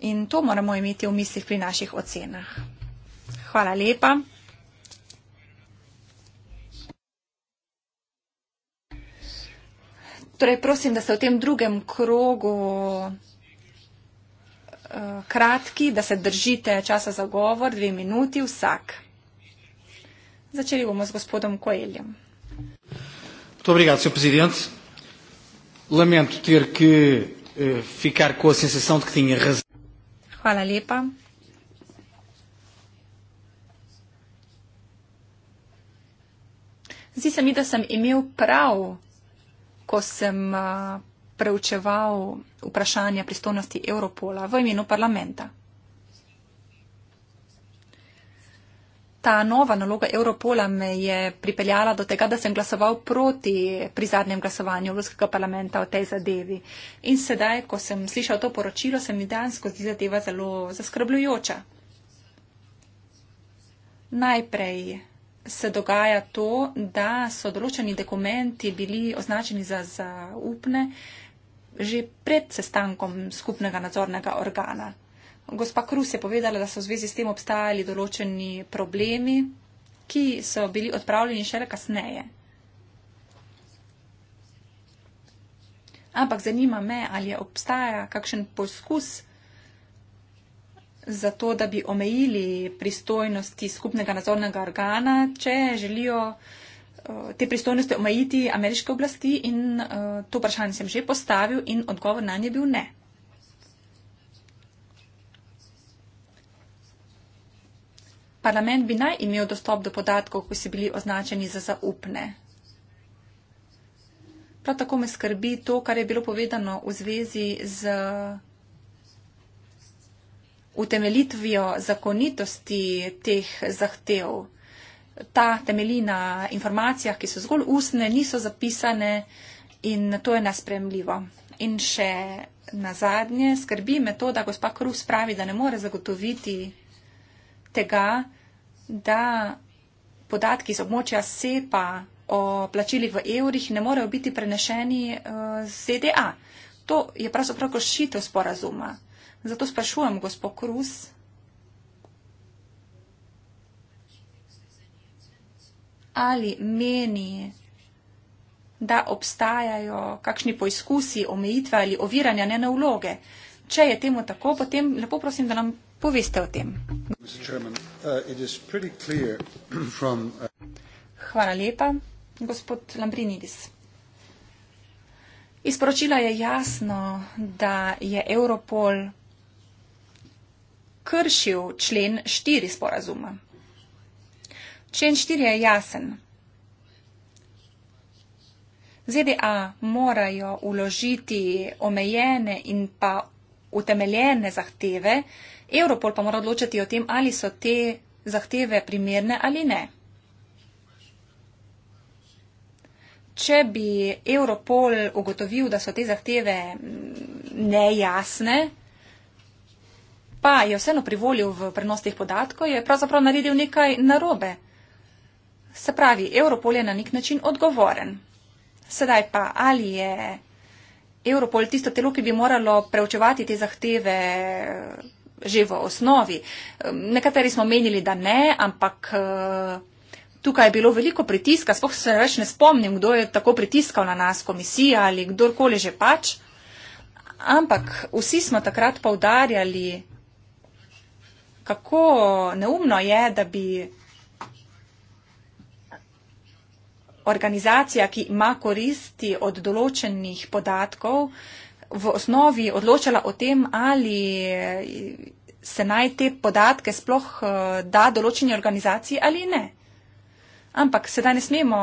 In to moramo imeti v mislih pri naših ocenah. Hvala lepa. Torej, prosim, da se v tem drugem krogu Eh, kratki, da se držite časa za govor, dve minuti vsak. Začeli bomo s gospodom Koeljem. Obrigado, senhor presidente. Lamento ter que eh, ficar com a sensação de que tinha razão. Hvala lepa. Zdi se mi, da sem imel prav, ko sem uh, preučeval vprašanja pristojnosti Europola v imenu parlamenta. Ta nova naloga Europola me je pripeljala do tega, da sem glasoval proti pri zadnjem glasovanju Evropskega parlamenta o tej zadevi. In sedaj, ko sem slišal to poročilo, se mi dejansko zdi zadeva zelo zaskrbljujoča. Najprej se dogaja to, da so določeni dokumenti bili označeni za zaupne, že pred sestankom skupnega nadzornega organa. Gospa Krus je povedala, da so v zvezi s tem obstajali določeni problemi, ki so bili odpravljeni šele kasneje. Ampak zanima me, ali je obstaja kakšen poskus za to, da bi omejili pristojnosti skupnega nadzornega organa, če želijo Eh, te pristojnosti omejiti ameriške oblasti in eh, to vprašanje sem že postavil in odgovor na nje bil ne. Parlament bi naj imel dostop do podatkov, ko si bili označeni za zaupne. Prav tako me skrbi to, kar je bilo povedano v zvezi z utemelitvijo zakonitosti teh zahtev ta temelji na informacijah, ki so zgolj ustne, niso zapisane in to je nespremljivo. In še na zadnje skrbi me to, da gospa Krus pravi, da ne more zagotoviti tega, da podatki z območja SEPA o plačilih v evrih ne morejo biti prenešeni eh, z ZDA. To je pravzaprav košitev sporazuma. Zato sprašujem gospod Krus, ali meni, da obstajajo kakšni poizkusi, omejitve ali oviranja ne na vloge. Če je temu tako, potem lepo prosim, da nam poveste o tem. Uh, uh, Hvala lepa, gospod Lambrinidis. Izporočila je jasno, da je Europol kršil člen 4 sporazuma. Člen 4 je jasen. ZDA morajo uložiti omejene in pa utemeljene zahteve, Europol pa mora odločiti o tem, ali so te zahteve primerne ali ne. Če bi Europol ugotovil, da so te zahteve mm, nejasne, pa je vseeno privolil v prenos teh podatkov, je pravzaprav naredil nekaj narobe. Se pravi, Europol je na nek način odgovoren. Sedaj pa, ali je Europol tisto telo, ki bi moralo preučevati te zahteve eh, že v osnovi? Ehm, nekateri smo menili, da ne, ampak eh, tukaj je bilo veliko pritiska. Spoh se več ne spomnim, kdo je tako pritiskal na nas, komisija ali kdorkoli že pač. Ampak vsi smo takrat poudarjali, kako neumno je, da bi organizacija, ki ima koristi od določenih podatkov, v osnovi odločala o tem, ali se naj te podatke sploh eh, da določeni organizaciji ali ne. Ampak sedaj ne smemo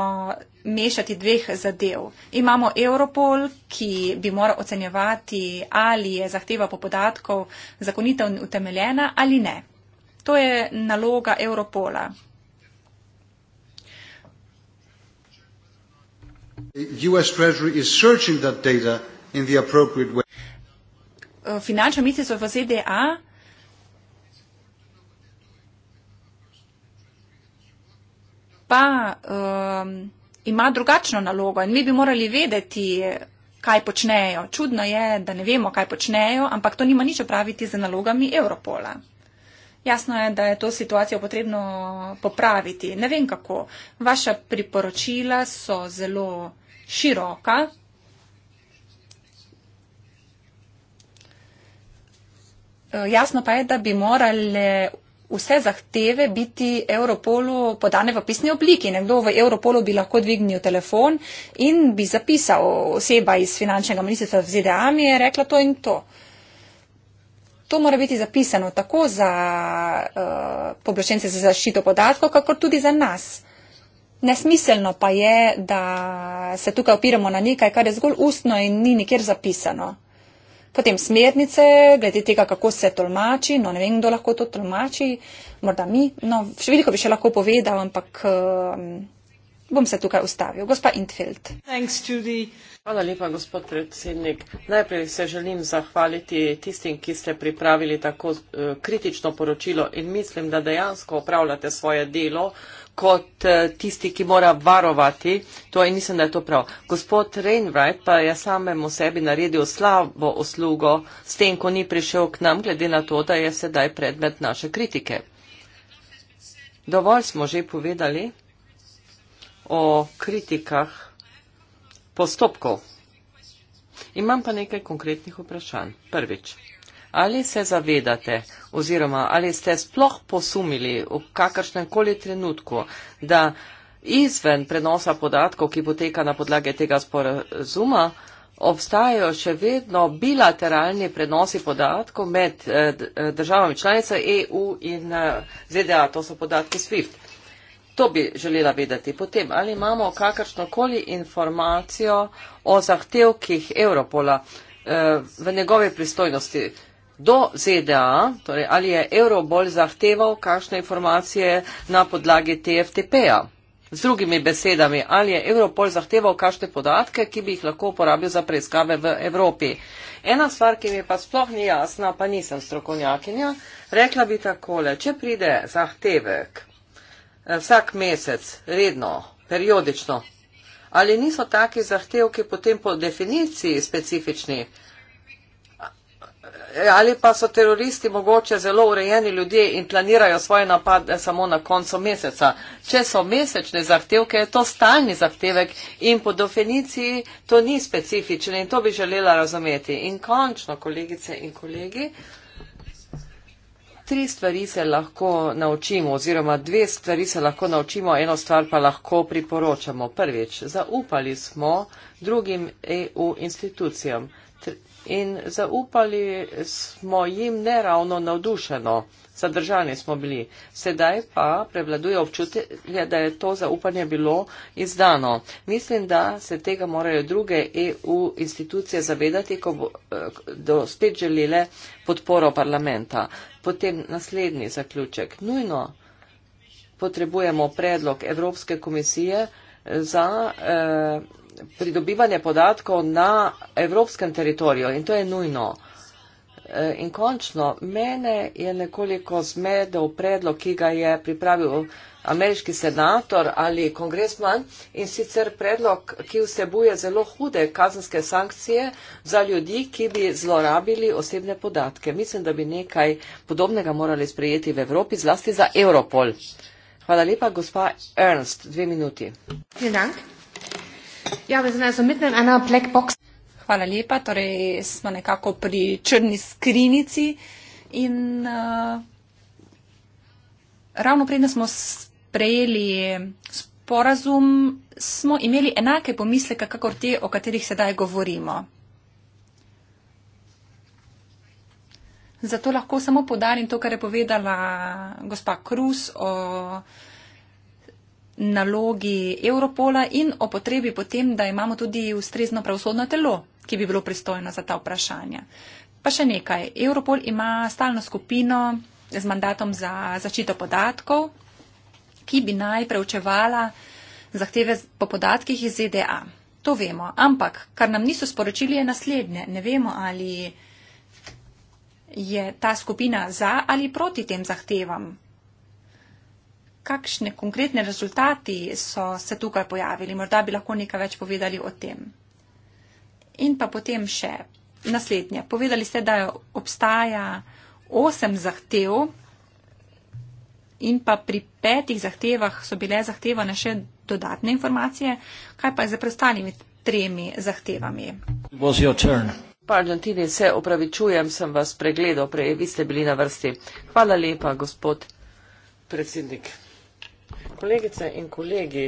mešati dveh zadev. Imamo Europol, ki bi moral ocenjevati, ali je zahteva po podatkov zakonitev utemeljena ali ne. To je naloga Europola. US Treasury is searching that data in the appropriate way. Uh, Finančno ministrstvo v ZDA pa um, ima drugačno nalogo in mi bi morali vedeti, kaj počnejo. Čudno je, da ne vemo, kaj počnejo, ampak to nima nič opraviti z nalogami Europola. Jasno je, da je to situacijo potrebno popraviti. Ne vem kako. Vaša priporočila so zelo široka. E, jasno pa je, da bi morale vse zahteve biti Europolu podane v pisni obliki. Nekdo v Europolu bi lahko dvignil telefon in bi zapisal oseba iz finančnega ministrstva v ZDA mi je rekla to in to. To mora biti zapisano tako za uh, e, poblščence za zaščito podatkov, kakor tudi za nas. Uh, Nesmiselno pa je, da se tukaj opiramo na nekaj, kar je zgolj ustno in ni nikjer zapisano. Potem smernice, glede tega, kako se tolmači, no ne vem, kdo lahko to tolmači, morda mi, no še veliko bi še lahko povedal, ampak um, bom se tukaj ustavil. Gospa Intfeld. Hvala lepa, gospod predsednik. Najprej se želim zahvaliti tistim, ki ste pripravili tako uh, kritično poročilo in mislim, da dejansko opravljate svoje delo. Uh, kot eh, tisti, ki mora varovati. To je, mislim, da je to prav. Gospod Rainwright pa je samemu sebi naredil slabo uslugo s tem, ko ni prišel k nam, glede na to, da je sedaj predmet naše kritike. Dovolj smo že povedali o kritikah postopkov. Imam pa nekaj konkretnih vprašanj. Prvič. Ali se zavedate oziroma ali ste sploh posumili v kakršnem koli trenutku, da izven prenosa podatkov, ki poteka na podlage tega sporazuma, obstajajo še vedno bilateralni prenosi podatkov med eh, eh, državami članice EU in eh, ZDA, to so podatki SWIFT. To bi želela vedeti. Potem, ali imamo kakršnokoli informacijo o zahtevkih Europola v njegove pristojnosti, do ZDA, torej ali je Euro bolj zahteval kakšne informacije na podlagi TFTP-ja. Z drugimi besedami, ali je Europol zahteval kašte podatke, ki bi jih lahko uporabil za preiskave v Evropi. Ena stvar, ki mi pa sploh ni jasna, pa nisem strokovnjakinja, rekla bi takole, če pride zahtevek eh, vsak mesec, redno, periodično, ali niso taki zahtevki potem po definiciji specifični? E, ali pa so teroristi mogoče zelo urejeni ljudje in planirajo svoje napade samo na koncu meseca. Če so mesečne zahtevke, je to stalni zahtevek in po definiciji to ni specifično in to bi želela razumeti. In končno, kolegice in kolegi, tri stvari se lahko naučimo oziroma dve stvari se lahko naučimo, eno stvar pa lahko priporočamo. Prvič, zaupali smo drugim EU institucijam in zaupali smo jim neravno navdušeno, zadržani smo bili. Sedaj pa prevladuje občutje, da je to zaupanje bilo izdano. Mislim, da se tega morajo druge EU institucije zavedati, ko bodo eh, spet želele podporo parlamenta. Potem naslednji zaključek. Nujno potrebujemo predlog Evropske komisije za. Eh, pridobivanje podatkov na evropskem teritoriju in to je nujno. E, in končno, mene je nekoliko zmedel predlog, ki ga je pripravil ameriški senator ali kongresman in sicer predlog, ki vsebuje zelo hude kazenske sankcije za ljudi, ki bi zlorabili osebne podatke. Mislim, da bi nekaj podobnega morali sprejeti v Evropi, zlasti za Europol. Hvala lepa, gospa Ernst. Dve minuti. Vielen Dank. Ja, v zvezi z umetnim, ena black box. Hvala lepa, torej smo nekako pri črni skrinici in uh, ravno pred nas smo sprejeli sporazum, smo imeli enake pomisleke, kakor te, o katerih sedaj govorimo. Zato lahko samo podarim to, kar je povedala gospa Krus o nalogi Europola in o potrebi potem, da imamo tudi ustrezno pravosodno telo, ki bi bilo pristojno za ta vprašanja. Pa še nekaj. Europol ima stalno skupino z mandatom za zaščito podatkov, ki bi naj preučevala zahteve po podatkih iz ZDA. To vemo. Ampak, kar nam niso sporočili, je naslednje. Ne vemo, ali je ta skupina za ali proti tem zahtevam kakšne konkretne rezultati so se tukaj pojavili? Morda bi lahko nekaj več povedali o tem. In pa potem še naslednje. Povedali ste, da obstaja osem zahtev in pa pri petih zahtevah so bile zahtevane še dodatne informacije. Kaj pa je za prestanimi tremi zahtevami? Pardon, Tini, se opravičujem, sem vas pregledal prej, vi ste bili na vrsti. Hvala lepa, gospod predsednik kolegice in kolegi,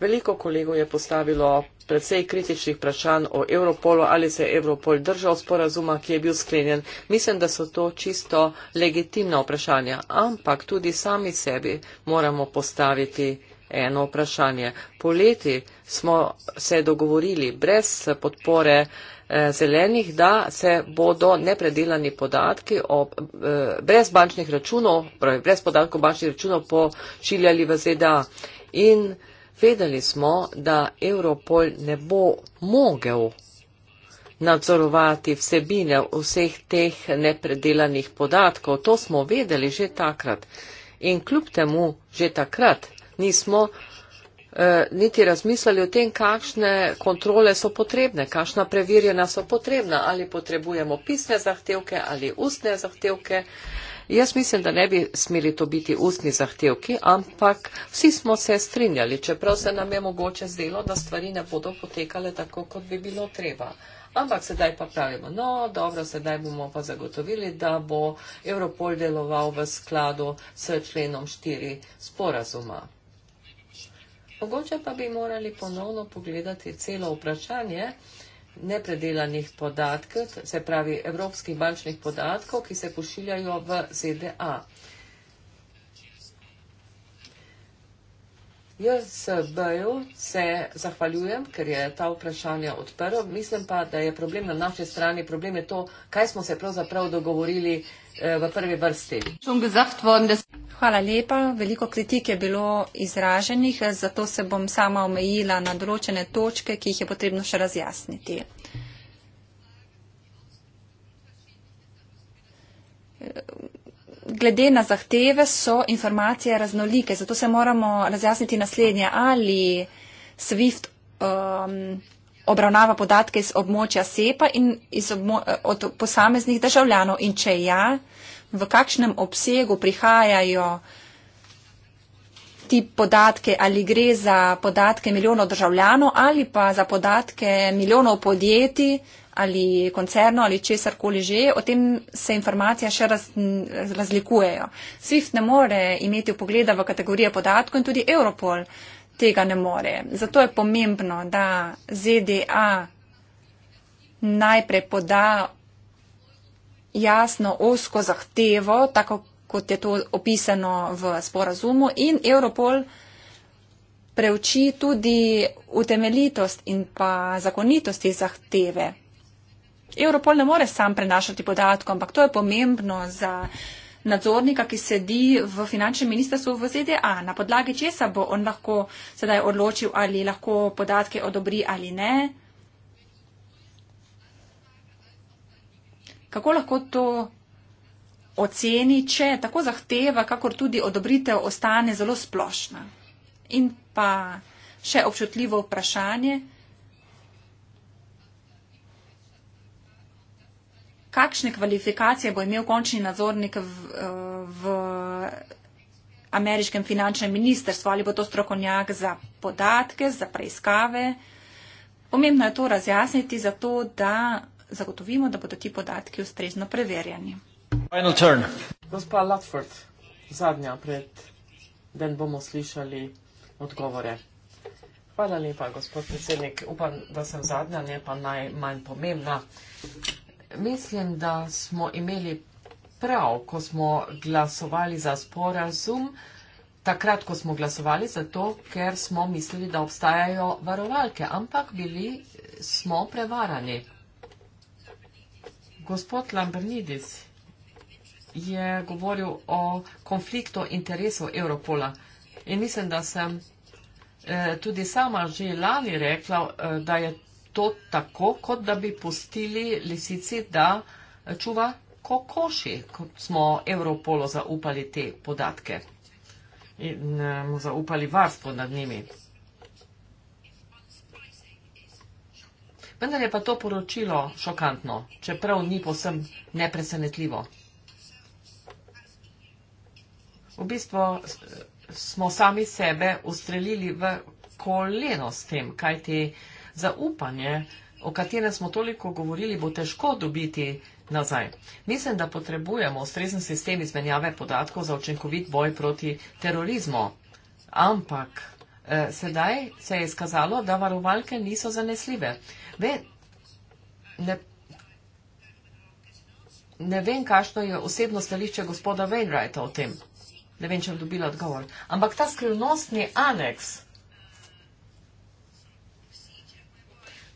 veliko kolegov je postavilo predvsej kritičnih vprašanj o Evropolu, ali se je Evropol držal sporazuma, ki je bil sklenjen. Mislim, da so to čisto legitimna vprašanja, ampak tudi sami sebi moramo postaviti eno vprašanje. Poleti smo se dogovorili brez podpore eh, zelenih, da se bodo nepredelani podatki o, eh, brez bančnih računov, pravi, torej brez podatkov bančnih računov pošiljali v ZDA. In vedeli smo, da Europol ne bo mogel nadzorovati vsebine vseh teh nepredelanih podatkov. To smo vedeli že takrat. In kljub temu že takrat nismo eh, niti razmislili o tem, kakšne kontrole so potrebne, kakšna preverjena so potrebna, ali potrebujemo pisne zahtevke ali ustne zahtevke. Jaz mislim, da ne bi smeli to biti ustni zahtevki, ampak vsi smo se strinjali, čeprav se nam je mogoče zdelo, da stvari ne bodo potekale tako, kot bi bilo treba. Ampak sedaj pa pravimo, no dobro, sedaj bomo pa zagotovili, da bo Europol deloval v skladu s členom 4 sporazuma. Mogoče pa bi morali ponovno pogledati celo vprašanje nepredelanih podatkov, se pravi evropskih bančnih podatkov, ki se pošiljajo v ZDA. Jaz BEJU se zahvaljujem, ker je ta vprašanja odprl. Mislim pa, da je problem na naši strani. Problem je to, kaj smo se pravzaprav dogovorili eh, v prvi vrsti. Hvala lepa. Veliko kritik je bilo izraženih, zato se bom sama omejila na določene točke, ki jih je potrebno še razjasniti glede na zahteve so informacije raznolike, zato se moramo razjasniti naslednje. Ali SWIFT um, obravnava podatke iz območja SEPA in iz obmo, od posameznih državljanov in če ja, v kakšnem obsegu prihajajo uh, ti podatke, ali gre za podatke milijonov državljanov ali pa za podatke milijonov podjetij ali koncerno ali česarkoli že, o tem se informacija še raz, razlikujejo. SWIFT ne more imeti upogleda v kategorije podatkov in tudi Europol tega ne more. Zato je pomembno, da ZDA najprej poda jasno osko zahtevo, tako kot je to opisano v sporazumu in Europol preuči tudi utemelitost in pa zakonitost te zahteve. Europol ne more sam prenašati podatkov, ampak to je pomembno za nadzornika, ki sedi v finančnem ministrstvu v ZDA. Na podlagi česa bo on lahko sedaj odločil, ali lahko podatke odobri ali ne. Kako lahko to oceni, če tako zahteva, kakor tudi odobritev ostane zelo splošna. In pa še občutljivo vprašanje. Kakšne kvalifikacije bo imel končni nadzornik v, v ameriškem finančnem ministrstvu ali bo to strokovnjak za podatke, za preiskave? Pomembno je to razjasniti zato, da zagotovimo, da bodo ti podatki ustrezno preverjeni. Final turn. Gospa Latford, zadnja pred den bomo slišali odgovore. Hvala lepa, gospod predsednik. Upam, da sem zadnja, ne pa najmanj pomembna. Mislim, da smo imeli prav, ko smo glasovali za sporazum, takrat, ko smo glasovali za to, ker smo mislili, da obstajajo varovalke, ampak bili smo prevarani. Gospod Lambrnidis je govoril o konfliktu interesov Evropola. In mislim, da sem eh, tudi sama že lani rekla, eh, da je to tako, kot da bi pustili lisici, da čuva kokoši, kot smo Evropolo zaupali te podatke in eh, mu zaupali varstvo nad njimi. Vendar je pa to poročilo šokantno, čeprav ni posem nepresenetljivo v bistvu smo sami sebe ustrelili v koleno s tem, kaj ti zaupanje, o katerem smo toliko govorili, bo težko dobiti nazaj. Mislim, da potrebujemo ustrezen sistem izmenjave podatkov za učinkovit boj proti terorizmu. Ampak eh, sedaj se je izkazalo, da varovalke niso zanesljive. Ve, ne, ne vem, kakšno je osebno stališče gospoda Wainwrighta o tem ne vem, če bom dobila odgovor. Ampak ta skrivnostni aneks,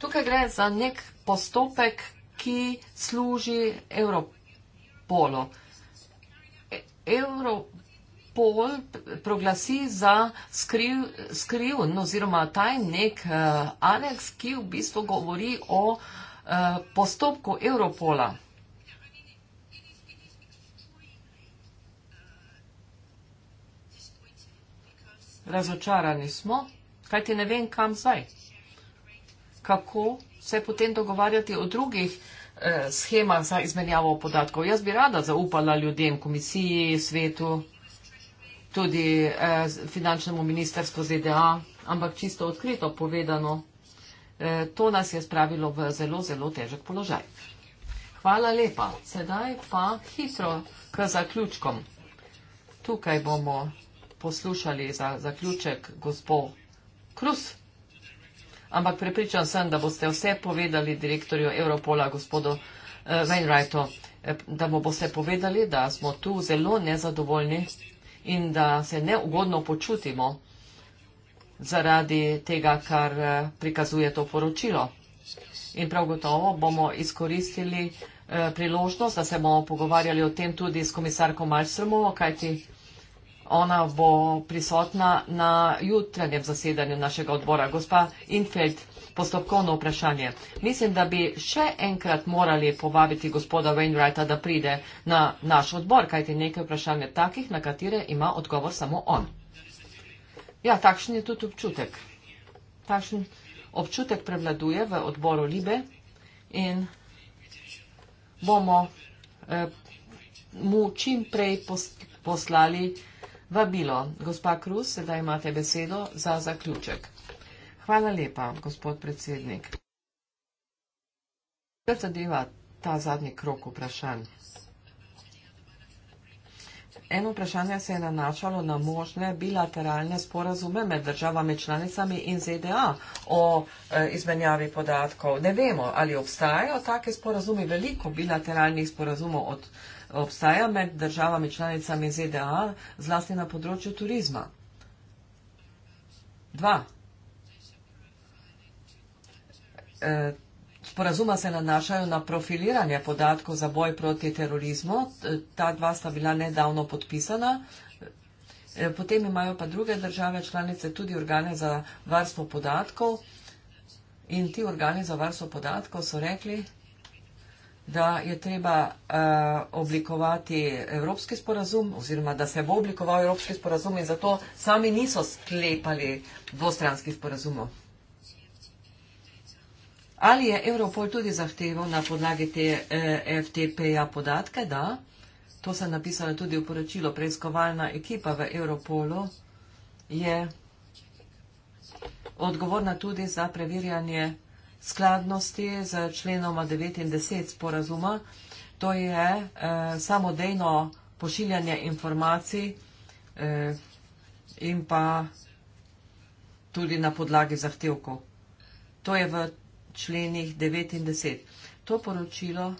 tukaj gre za nek postopek, ki služi Europolu. Europol proglasi za skriv, skriven oziroma taj nek uh, aneks, ki v bistvu govori o uh, postopku Europola. razočarani smo, kajti ne vem, kam zdaj. Kako se potem dogovarjati o drugih eh, schemah za izmenjavo podatkov? Jaz bi rada zaupala ljudem, komisiji, svetu, tudi eh, finančnemu ministerstvu ZDA, ampak čisto odkrito povedano, eh, to nas je spravilo v zelo, zelo težek položaj. Hvala lepa. Sedaj pa hitro k zaključkom. Tukaj bomo poslušali za zaključek gospo Krus. Ampak prepričan sem, da boste vse povedali direktorju Europola, gospodu uh, Wainwrightu, eh, da mu boste povedali, da smo tu zelo nezadovoljni in da se neugodno počutimo zaradi tega, kar eh, prikazuje to poročilo. In prav gotovo bomo izkoristili uh, priložnost, da se bomo pogovarjali o tem tudi s komisarko Malstromovo, kajti. Ona bo prisotna na jutranjem zasedanju našega odbora. Gospa Infeld, postopkovno vprašanje. Mislim, da bi še enkrat morali povabiti gospoda Wainwrighta, da pride na naš odbor, kajti nekaj vprašanj je takih, na katere ima odgovor samo on. Ja, takšen je tudi občutek. Takšen občutek prevladuje v odboru Libe in bomo eh, mu čim prej poslali Vabilo. Gospa Krus, sedaj imate besedo za zaključek. Hvala lepa, gospod predsednik. Kaj zadeva ta zadnji krok vprašanj? Eno vprašanje se je nanašalo na možne bilateralne sporazume med državami članicami in ZDA o e, izmenjavi podatkov. Ne vemo, ali obstajajo take sporazumi, veliko bilateralnih sporazumov od obstaja med državami članicami ZDA, zlasti na področju turizma. Dva. E, sporazuma se nanašajo na profiliranje podatkov za boj proti terorizmu. E, ta dva sta bila nedavno podpisana. E, potem imajo pa druge države članice tudi organe za varstvo podatkov. In ti organi za varstvo podatkov so rekli, da je treba uh, oblikovati evropski sporazum oziroma da se bo oblikoval evropski sporazum in zato sami niso sklepali dvostranskih sporazumov. Ali je Europol tudi zahteval na podlagi te eh, FTP-ja podatke? Da, to sem napisala tudi v poročilo. Preiskovalna ekipa v Europolu je odgovorna tudi za preverjanje skladnosti z členoma 9 in 10 sporazuma, to je eh, samodejno pošiljanje informacij eh, in pa tudi na podlagi zahtevkov. To je v členih 9 in 10. To poročilo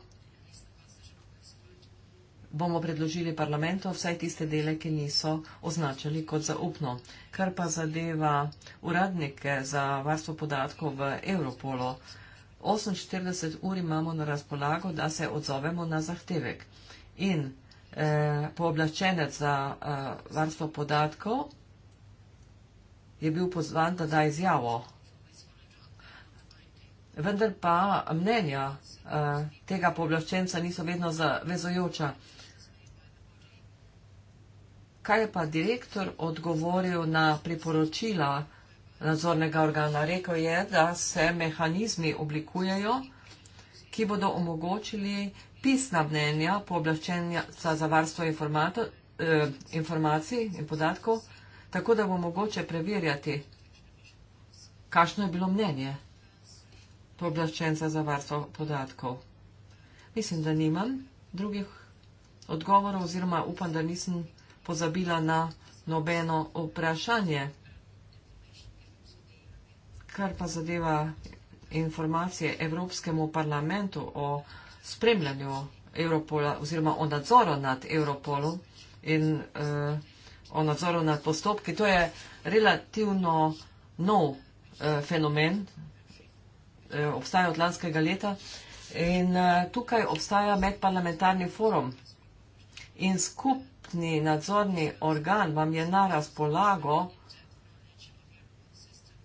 bomo predložili parlamentu vsaj tiste dele, ki niso označili kot zaupno. Kar pa zadeva uradnike za varstvo podatkov v Europolu, 48 ur imamo na razpolago, da se odzovemo na zahtevek. In eh, pooblaščenec za eh, varstvo podatkov je bil pozvan, da da izjavo. Vendar pa mnenja eh, tega pooblaščenca niso vedno zavezojoča kaj je pa direktor odgovoril na priporočila nadzornega organa? Rekl je, da se mehanizmi oblikujejo, ki bodo omogočili pisna mnenja pooblaščenja za varstvo informato, eh, informacij in podatkov, tako da bo mogoče preverjati, kakšno je bilo mnenje pooblaščenca za varstvo podatkov. Mislim, da nimam drugih odgovorov oziroma upam, da nisem pozabila na nobeno vprašanje. Kar pa zadeva informacije Evropskemu parlamentu o spremljanju Europola oziroma o nadzoru nad Europolom in uh, o nadzoru nad postopki, to je relativno nov uh, fenomen, uh, obstaja od lanskega leta. In uh, tukaj obstaja medparlamentarni forum in skupaj skupni nadzorni organ vam je na razpolago.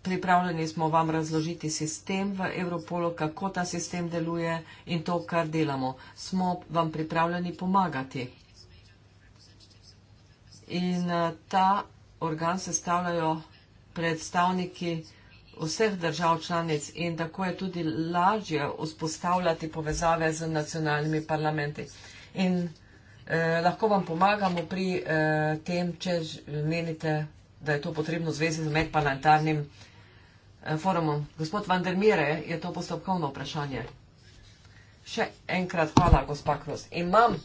Pripravljeni smo vam razložiti sistem v Evropolu, kako ta sistem deluje in to, kar delamo. Smo vam pripravljeni pomagati. In eh, ta organ sestavljajo predstavniki vseh držav članic in tako je tudi lažje vzpostavljati povezave z nacionalnimi parlamenti. In Eh, lahko vam pomagamo pri eh, tem, če menite, da je to potrebno v zvezi z medparlamentarnim eh, forumom. Gospod Vandermire, je to postopkovno vprašanje. Še enkrat hvala, gospa Kros. Imam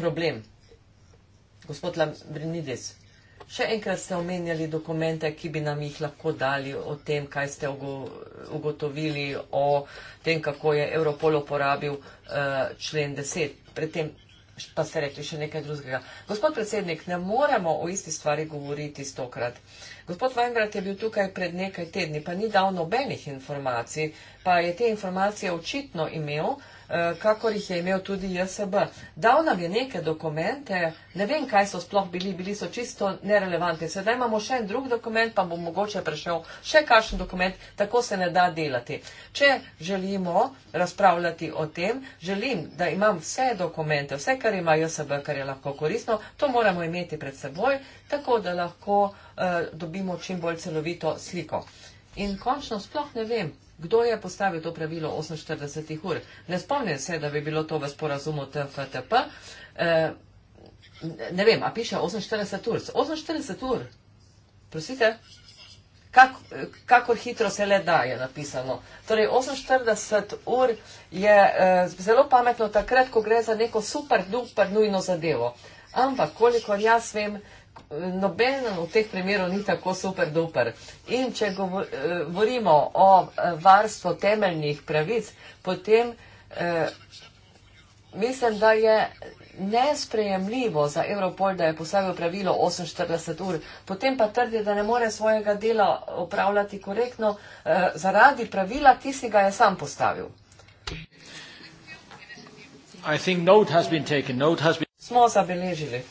problem, gospod Lambrinidis. Še enkrat ste omenjali dokumente, ki bi nam jih lahko dali o tem, kaj ste ugotovili o tem, kako je Europol uporabil uh, člen 10. Predtem pa ste rekli še nekaj drugega. Gospod predsednik, ne moremo o isti stvari govoriti stokrat. Gospod Weinbrat je bil tukaj pred nekaj tedni, pa ni dal nobenih informacij, pa je te informacije očitno imel. Eh, kakor jih je imel tudi JSB. Dal nam je neke dokumente, ne vem, kaj so sploh bili, bili so čisto nerelevantni. Sedaj imamo še en drug dokument, pa bo mogoče prešel še kakšen dokument, tako se ne da delati. Če želimo razpravljati o tem, želim, da imam vse dokumente, vse, kar ima JSB, kar je lahko korisno, to moramo imeti pred seboj, tako da lahko uh, dobimo čim bolj celovito sliko. In končno sploh ne vem, kdo je postavil to pravilo 48 ur. Ne spomnim se, da bi bilo to v sporazumu TFTP. Eh, ne vem, a piše 48 ur. 48 ur. Prosite? Kak, kakor hitro se le da, je napisano. Torej, 48 ur je e, zelo pametno takrat, ko gre za neko super, super nujno zadevo. Ampak, kolikor jaz vem, nobenem od teh primerov ni tako super duper. In če eh, govorimo o eh, varstvu temeljnih pravic, potem eh, mislim, da je nesprejemljivo za Evropol, da je posebej pravilo 48 ur, potem pa trdi, da ne more svojega dela opravljati korektno zaradi pravila, ki si ga je sam postavil. I think note has been taken. Note has been... Smo zabeležili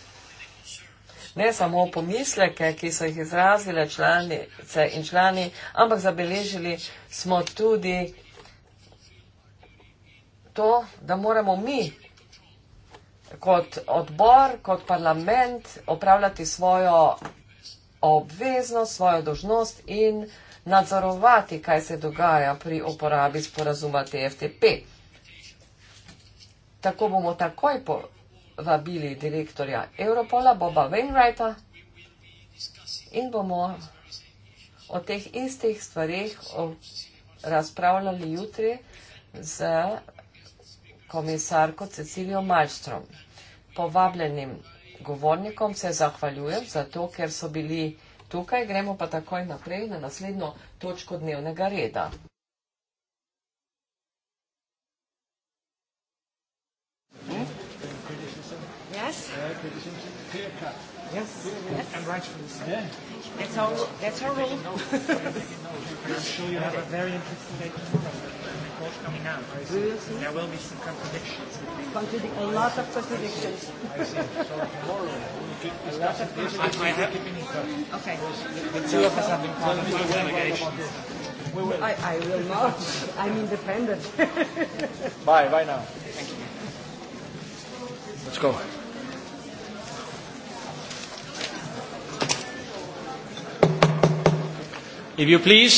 ne samo pomisleke, ki so jih izrazile članice in člani, ampak zabeležili smo tudi to, da moramo mi kot odbor, kot parlament opravljati svojo obveznost, svojo dožnost in nadzorovati, kaj se dogaja pri uporabi sporazuma TFTP. Tako bomo takoj po vabili direktorja Europola Boba Wainwrighta in bomo o teh istih stvarih razpravljali jutri z komisarko Cecilijo Malmstrom. Povabljenim govornikom se zahvaljujem za to, ker so bili tukaj. Gremo pa takoj naprej na naslednjo točko dnevnega reda. Mm-hmm. Yes. Okay, this is clear cut. Yes. yes. And rightfully so. Yeah. That's our, that's our rule. but I'm sure you have a very interesting day tomorrow. Coming out. Will there will be some contradictions. Contradic- a lot of contradictions. I see. So tomorrow, we could discuss it. I have to be in Okay. The two of us have been part of the delegation. We will. I, I will not. I'm independent. bye. Bye now. Thank you. Let's go. If you please.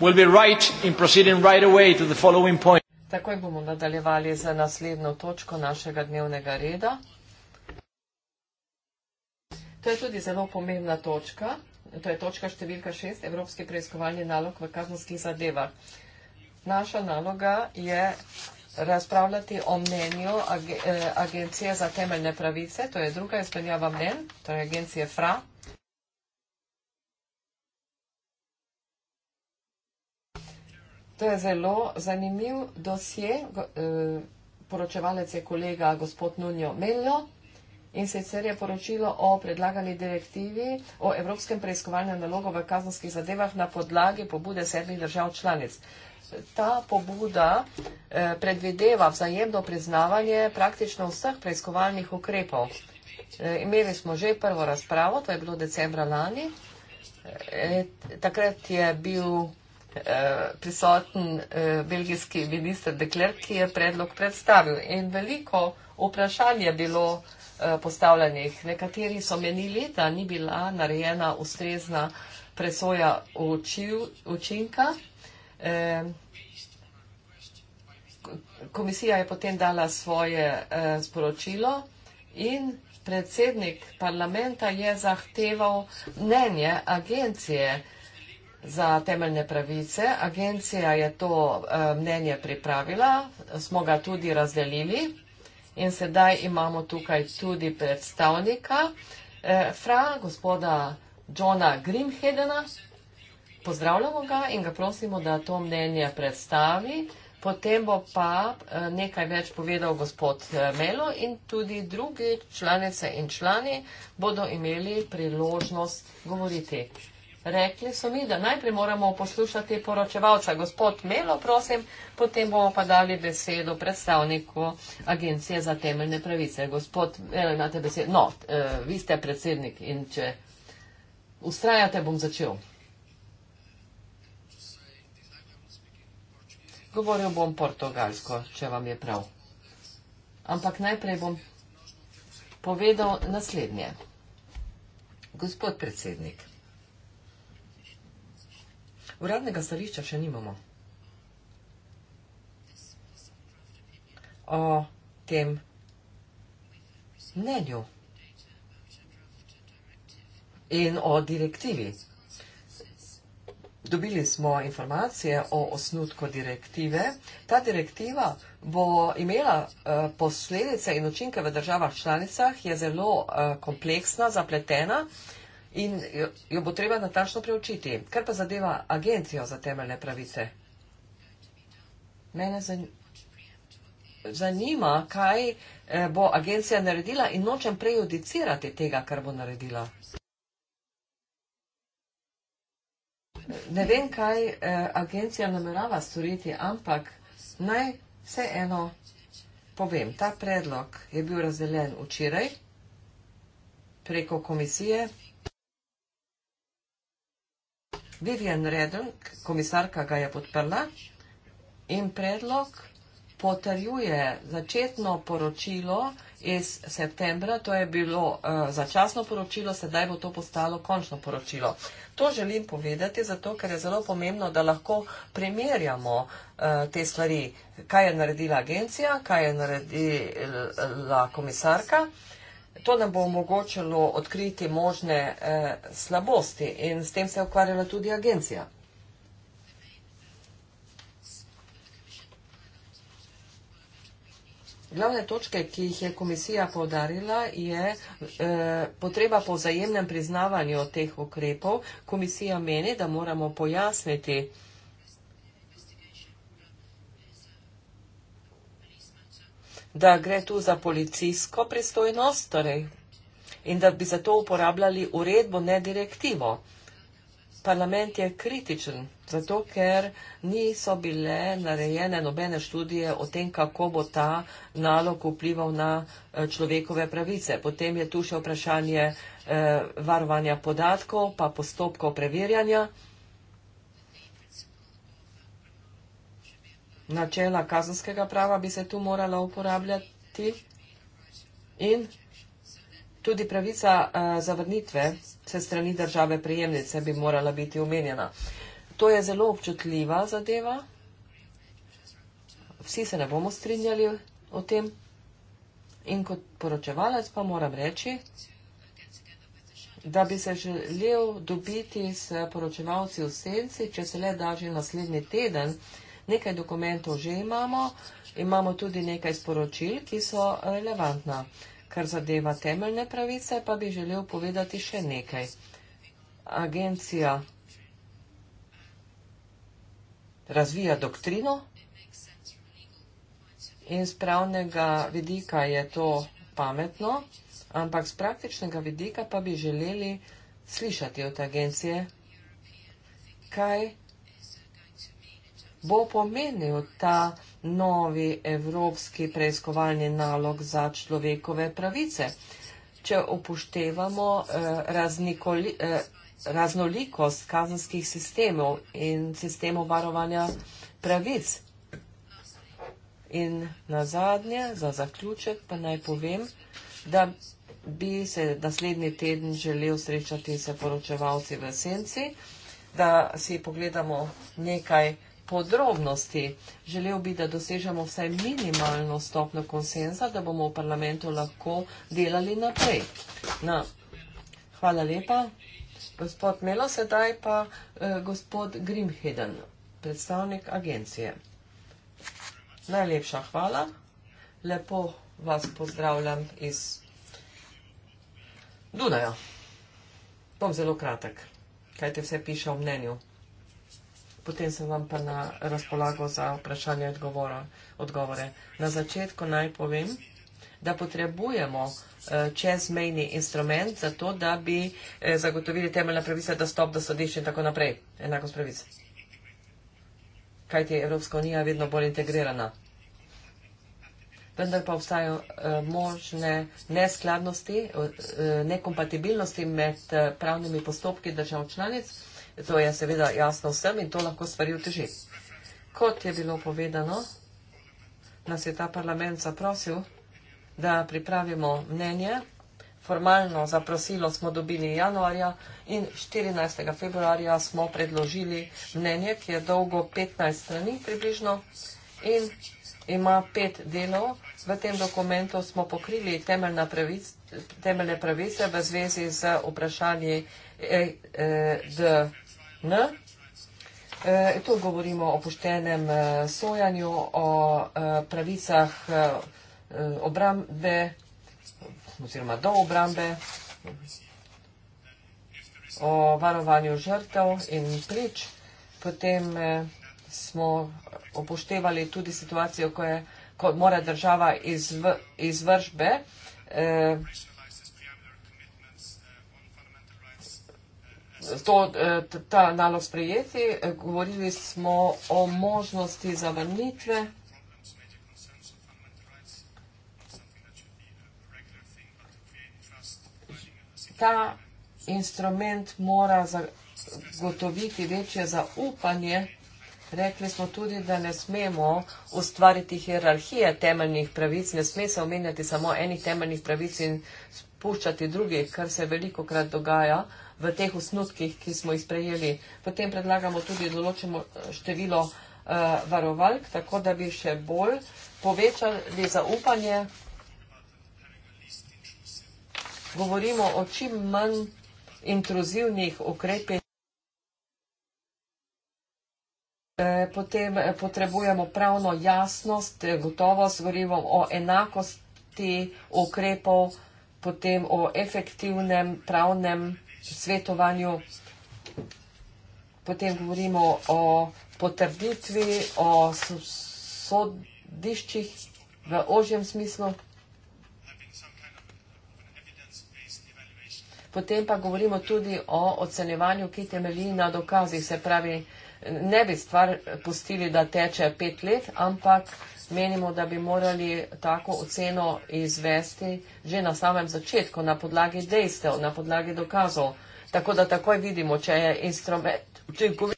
Will be right in proceeding right away to the following point. Takoj bomo nadaljevali za naslednjo točko našega dnevnega reda. To je tudi zelo pomembna točka. To je točka številka šest, Evropski preiskovalni nalog v kaznskih zadevah. Naša naloga je razpravljati o mnenju ag eh, Agencije za temeljne pravice, to je druga izmenjava mnen, to torej je Agencije FRA. To je zelo zanimiv dosje, eh, poročevalec je kolega gospod Nunjo Meljo. In sicer je poročilo o predlagani direktivi o evropskem preiskovalnem nalogu v kazenskih zadevah na podlagi pobude sedmih držav članic ta pobuda eh, predvideva vzajemno priznavanje praktično vseh preiskovalnih ukrepov. Eh, imeli smo že prvo razpravo, to je bilo decembra lani. Eh, takrat je bil prisoten belgijski minister Deklerk, ki je predlog predstavil. In veliko vprašanj je bilo postavljenih. Nekateri so menili, da ni bila narejena ustrezna presoja učinka. Eh, komisija je potem dala svoje eh, sporočilo in predsednik parlamenta je zahteval mnenje agencije za temeljne pravice. Agencija je to eh, mnenje pripravila, smo ga tudi razdelili in sedaj imamo tukaj tudi predstavnika fra gospoda Johna Grimhedena pozdravljamo ga in ga prosimo, da to mnenje predstavi. Potem bo pa eh, nekaj več povedal gospod eh, Melo in tudi drugi članice in člani bodo imeli priložnost govoriti. Rekli so mi, da najprej moramo poslušati poročevalca. Gospod Melo, prosim, potem bomo pa dali besedo predstavniku Agencije za temeljne pravice. Gospod Melo, eh, imate besedo. No, vi ste predsednik in če ustrajate, bom začel. Govoril bom portugalsko, če vam je prav. Ampak najprej bom povedal naslednje. Gospod predsednik, uradnega stališča še nimamo. O tem mnenju in o direktivi Dobili smo informacije o osnutku direktive. Ta direktiva bo imela eh, posledice in učinke v državah članicah, je zelo eh, kompleksna, zapletena in jo bo treba natančno preučiti. Kar pa zadeva agencijo za temeljne pravice? Mene zanima, kaj eh, bo agencija naredila in nočem prejudicirati tega, kar bo naredila. ne vem, kaj eh, agencija namerava storiti, ampak naj vse eno povem. Ta predlog je bil razdeljen včeraj preko komisije. Vivian Redl, komisarka, ga je podprla in predlog potrjuje začetno poročilo, iz septembra, to je bilo uh, začasno poročilo, sedaj bo to postalo končno poročilo. To želim povedati, zato ker je zelo pomembno, da lahko primerjamo uh, te stvari, kaj je naredila agencija, kaj je naredila komisarka. To nam bo omogočilo odkriti možne uh, slabosti in s tem se je ukvarjala tudi agencija. Glavne točke, ki jih je komisija podarila, je eh, potreba po vzajemnem priznavanju teh ukrepov. Komisija meni, da moramo pojasniti da gre tu za policijsko pristojnost torej, in da bi za to uporabljali uredbo, ne direktivo. Parlament je kritičen Zato, ker niso bile narejene nobene študije o tem, kako bo ta nalog vplival na eh, človekove pravice. Potem je tu še vprašanje eh, varovanja podatkov, pa postopkov preverjanja. Načela kazenskega prava bi se tu morala uporabljati in tudi pravica eh, zavrnitve se strani države prijemnice bi morala biti omenjena. Eh, To je zelo občutljiva zadeva. Vsi se ne bomo strinjali o tem. In kot poročevalec pa moram reči, da bi se želel dobiti s poročevalci v senci, če se le da že naslednji teden. Nekaj dokumentov že imamo, imamo tudi nekaj sporočil, ki so relevantna. Kar zadeva temeljne pravice, pa bi želel povedati še nekaj. Agencija razvija doktrino in z pravnega vidika je to pametno, ampak z praktičnega vidika pa bi želeli slišati od agencije, kaj bo pomenil ta novi evropski preiskovalni nalog za človekove pravice. Če upoštevamo eh, raznikoli, eh, raznolikost kazenskih sistemov in sistemov varovanja pravic. In na zadnje, za zaključek, pa naj povem, da bi se naslednji teden želel srečati se poročevalci v senci, da si pogledamo nekaj podrobnosti. Želel bi, da dosežemo vsaj minimalno stopno konsenza, da bomo v parlamentu lahko delali naprej. Na, no, hvala lepa gospod Melo, sedaj pa uh, gospod Grimheden, predstavnik agencije. Najlepša hvala. Lepo vas pozdravljam iz Dunaja. Bom zelo kratek, kaj te vse piše o mnenju. Potem sem vam pa na razpolago za vprašanje odgovore. Na začetku naj povem, da potrebujemo eh, čezmejni instrument za to, da bi eh, zagotovili temeljna pravica, da stop, da sodišče in tako naprej. Enakost pravic. Kaj ti je Evropska unija vedno bolj integrirana? Vendar pa obstajajo eh, možne neskladnosti, nekompatibilnosti med pravnimi postopki držav članic. To je seveda jasno vsem in to lahko stvari uteži. Kot je bilo povedano, nas je ta parlament zaprosil, da pripravimo mnenje. Formalno zaprosilo smo dobili januarja in 14. februarja smo predložili mnenje, ki je dolgo 15 strani približno in ima pet delov. V tem dokumentu smo pokrili temeljne pravice, temeljne pravice v zvezi z vprašanji e, e, DN. E, tu govorimo o poštenem sojanju, o pravicah Eh, obrambe oziroma do obrambe, o varovanju žrtev in prič. Potem eh, smo upoštevali tudi situacijo, ko, je, ko mora država izv, izvržbe eh, to, ta nalog sprejeti. Govorili smo o možnosti zavrnitve. ta instrument mora zagotoviti večje zaupanje. Rekli smo tudi, da ne smemo ustvariti hierarhije temeljnih pravic, ne sme se omenjati samo enih temeljnih pravic in spuščati drugih, kar se veliko krat dogaja v teh usnutkih, ki smo jih sprejeli. Potem predlagamo tudi določeno eh, število uh, varovalk, tako da bi še bolj povečali zaupanje govorimo o čim manj intruzivnih ukrepih. E, potem e, potrebujemo pravno jasnost, e, gotovo govorimo o enakosti ukrepov, potem o efektivnem pravnem svetovanju, potem govorimo o potrditvi, o sodiščih v ožjem smislu. Potem pa govorimo tudi o ocenjevanju, ki temelji na dokazih. Se pravi, ne bi stvar pustili, da teče pet let, ampak menimo, da bi morali tako oceno izvesti že na samem začetku, na podlagi dejstev, na podlagi dokazov. Tako da takoj vidimo, če je instrument učinkovit.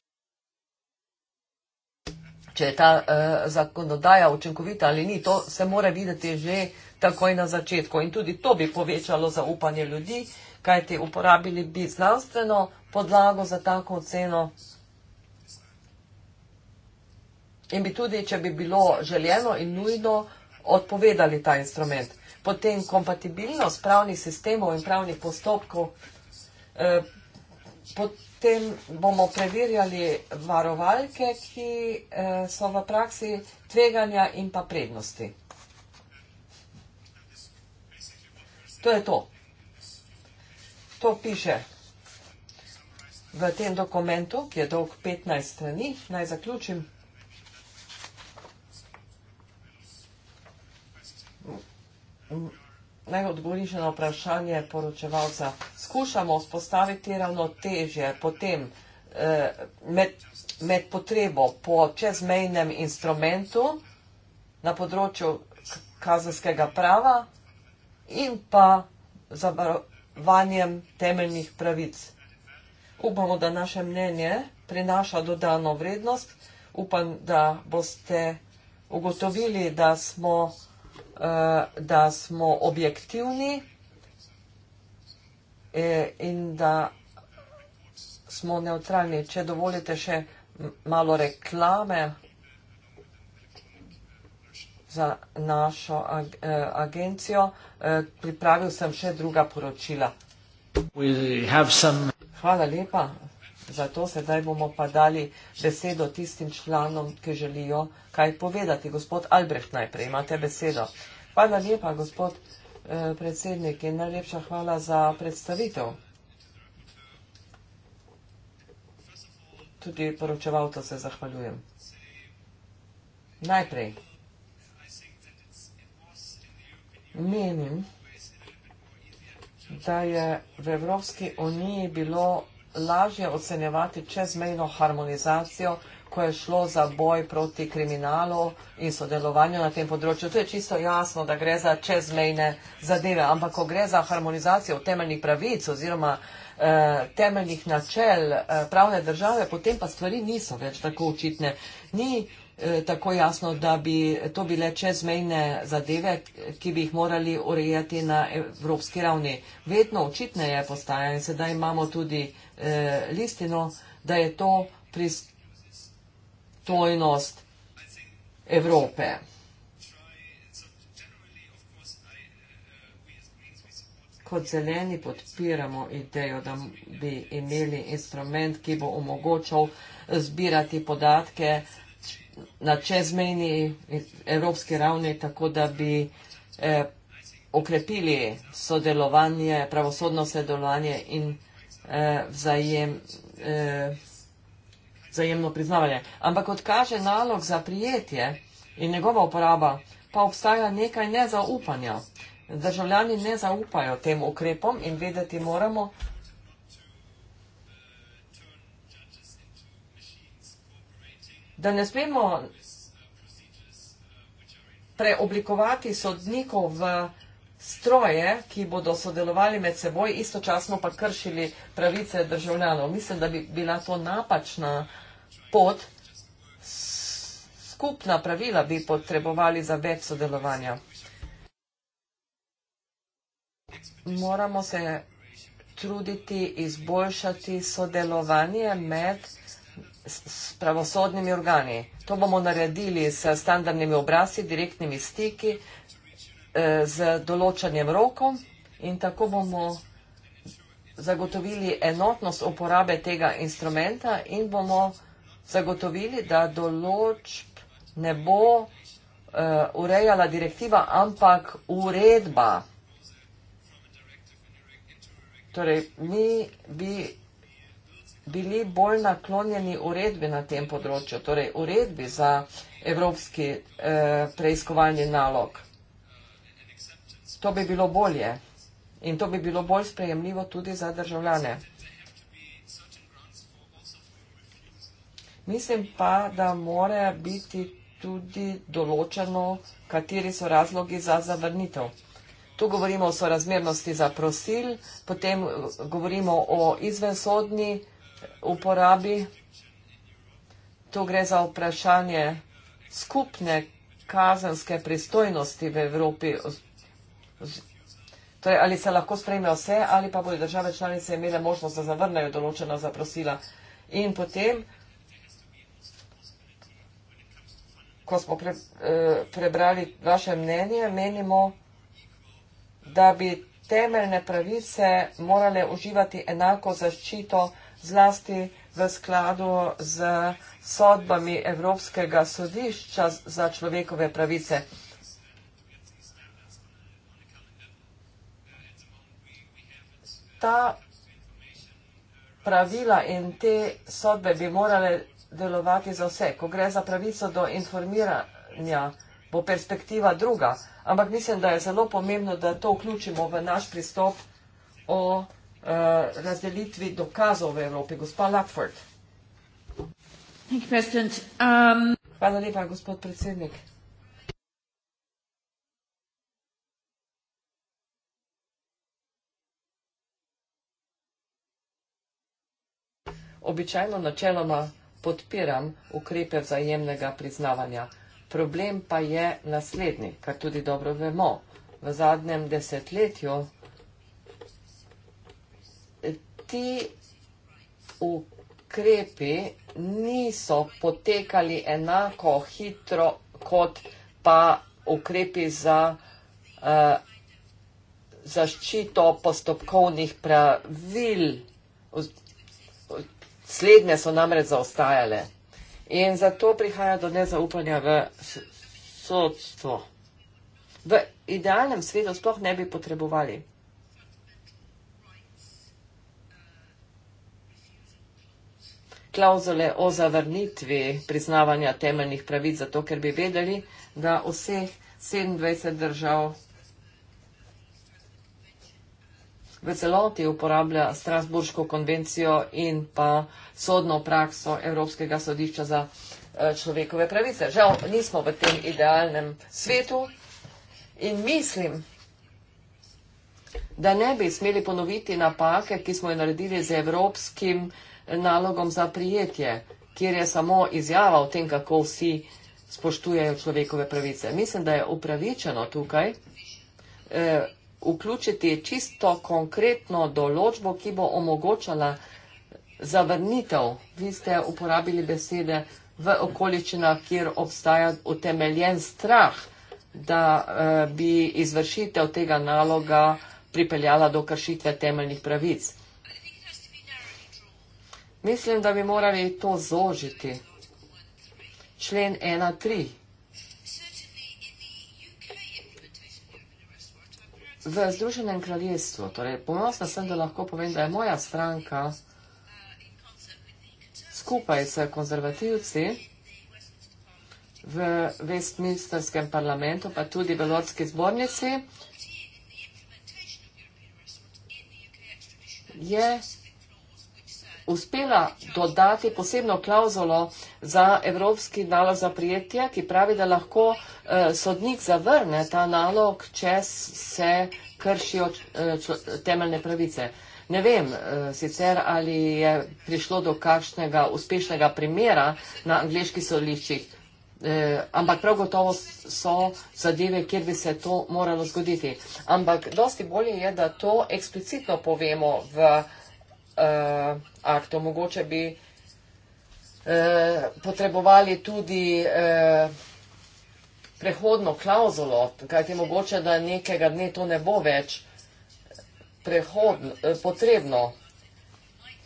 Če je ta uh, zakonodaja učinkovita ali ni, to se mora videti že takoj na začetku. In tudi to bi povečalo zaupanje ljudi, uh, kajti uporabili bi znanstveno podlago za tako oceno. In bi tudi, če bi bilo željeno in nujno, odpovedali ta instrument. Potem kompatibilnost pravnih sistemov in pravnih postopkov. Eh, potem bomo preverjali varovalke, ki eh, so v praksi tveganja in pa prednosti. To je to to piše v tem dokumentu, ki je dolg 15 strani, naj zaključim. Naj odgovorim še na vprašanje poročevalca. Skušamo vzpostaviti ravnotežje potem eh, med, med potrebo po čezmejnem instrumentu na področju kazenskega prava in pa varovanjem temeljnih pravic. Upamo, da naše mnenje prinaša dodano vrednost. Upam, da boste ugotovili, da smo, eh, da smo objektivni eh, in da smo neutralni. Če dovolite še malo reklame, za našo ag eh, agencijo. Eh, pripravil sem še druga poročila. Hvala lepa. Zato sedaj bomo pa dali besedo tistim članom, ki želijo kaj povedati. Gospod Albreht najprej, imate besedo. Hvala lepa, gospod eh, predsednik, in najlepša hvala za predstavitev. Tudi poročevalcu se zahvaljujem. Najprej menim, da je v Evropski uniji bilo lažje ocenjevati čezmejno harmonizacijo, ko je šlo za boj proti kriminalu in sodelovanju na tem področju. To je čisto jasno, da gre za čezmejne zadeve, ampak ko gre za harmonizacijo temeljnih pravic oziroma eh, temeljnih načel eh, pravne države, potem pa stvari niso več tako očitne. Ni Eh, tako jasno, da bi to bile čezmejne zadeve, ki bi jih morali urejati na evropski ravni. Vedno očitneje postaja in sedaj imamo tudi eh, listino, da je to pristojnost Evrope. Kot zeleni podpiramo idejo, da bi imeli instrument, ki bo omogočal zbirati podatke eh, na čezmejni evropski ravni, tako da bi eh, okrepili sodelovanje, pravosodno sodelovanje in eh, vzajem, eh, vzajemno priznavanje. Ampak kot kaže nalog za prijetje in njegova uporaba, pa obstaja nekaj nezaupanja. Državljani ne zaupajo tem ukrepom in vedeti moramo, da ne smemo preoblikovati sodnikov v stroje, ki bodo sodelovali med seboj, istočasno pa kršili pravice državljanov. Mislim, da bi bila to napačna pot. Skupna pravila bi potrebovali za več sodelovanja. Moramo se truditi izboljšati sodelovanje med državljanov s pravosodnimi organi. To bomo naredili s standardnimi obrazci, direktnimi stiki, eh, z določanjem rokov in tako bomo zagotovili enotnost uporabe tega instrumenta in bomo zagotovili, da določb ne bo eh, urejala direktiva, ampak uredba. Torej, mi bi bili bolj naklonjeni uredbi na tem področju, torej uredbi za evropski eh, preiskovalni nalog. To bi bilo bolje in to bi bilo bolj sprejemljivo tudi za državljane. Mislim pa, da mora biti tudi določeno, kateri so razlogi za zavrnitev. Tu govorimo o sorazmernosti za prosil, potem eh, govorimo o izvensodni uporabi. Tu gre za vprašanje skupne kazenske pristojnosti v Evropi. Torej, ali se lahko sprejme vse, ali pa bodo države članice imele možnost, da zavrnejo določena zaprosila. In potem, ko smo pre, eh, prebrali vaše mnenje, menimo, da bi temeljne pravice morale uživati enako zaščito zlasti v skladu z sodbami Evropskega sodišča za človekove pravice. Ta pravila in te sodbe bi morale delovati za vse. Ko gre za pravico do informiranja, bo perspektiva druga. Ampak mislim, da je zelo pomembno, da to vključimo v naš pristop o informiranju. Eh, razdelitvi dokazov v Evropi. Gospa Lackford. Um, Hvala lepa, gospod predsednik. Običajno načeloma podpiram ukrepe vzajemnega priznavanja. Problem pa je naslednji, kar tudi dobro vemo. V zadnjem desetletju ti ukrepi niso potekali enako hitro kot pa ukrepi za uh, zaščito postopkovnih pravil. Slednje so namreč zaostajale. In zato prihaja do nezaupanja v sodstvo. V idealnem svetu sploh ne bi potrebovali klauzule o zavrnitvi priznavanja temeljnih pravic, zato ker bi vedeli, da vseh 27 držav v celoti uporablja Strasburško konvencijo in pa sodno prakso Evropskega sodišča za eh, človekove pravice. Žal nismo v tem idealnem svetu in mislim, da ne bi smeli ponoviti napake, ki smo jo naredili z Evropskim sodiščem nalogom za prijetje, kjer je samo izjava o tem, kako vsi spoštujejo človekove pravice. Mislim, da je upravičeno tukaj eh, vključiti čisto konkretno določbo, ki bo omogočala zavrnitev. Vi ste uporabili besede v okoličinah, kjer obstaja utemeljen strah, da eh, bi izvršitev tega naloga pripeljala do kršitve temeljnih pravic. Mislim, da bi morali to zožiti. Člen 1.3. V Združenem kraljestvu, torej ponosna sem, da lahko povem, da je moja stranka skupaj s konzervativci v Westminsterskem parlamentu, pa tudi v Lordski zbornici, je uspela dodati posebno klauzulo za evropski nalog za prijetje, ki pravi, da lahko eh, sodnik zavrne ta nalog, če se kršijo eh, temeljne pravice. Ne vem eh, sicer, ali je prišlo do kakšnega uspešnega primera na angliških sodiščih, ampak prav gotovo so zadeve, kjer bi se to moralo zgoditi. Ampak dosti bolje je, da to eksplicitno povemo v uh, eh, aktov. Mogoče bi uh, potrebovali tudi uh, prehodno klauzulo, kajti mogoče, da nekega dne to ne bo več prehodno, uh, potrebno.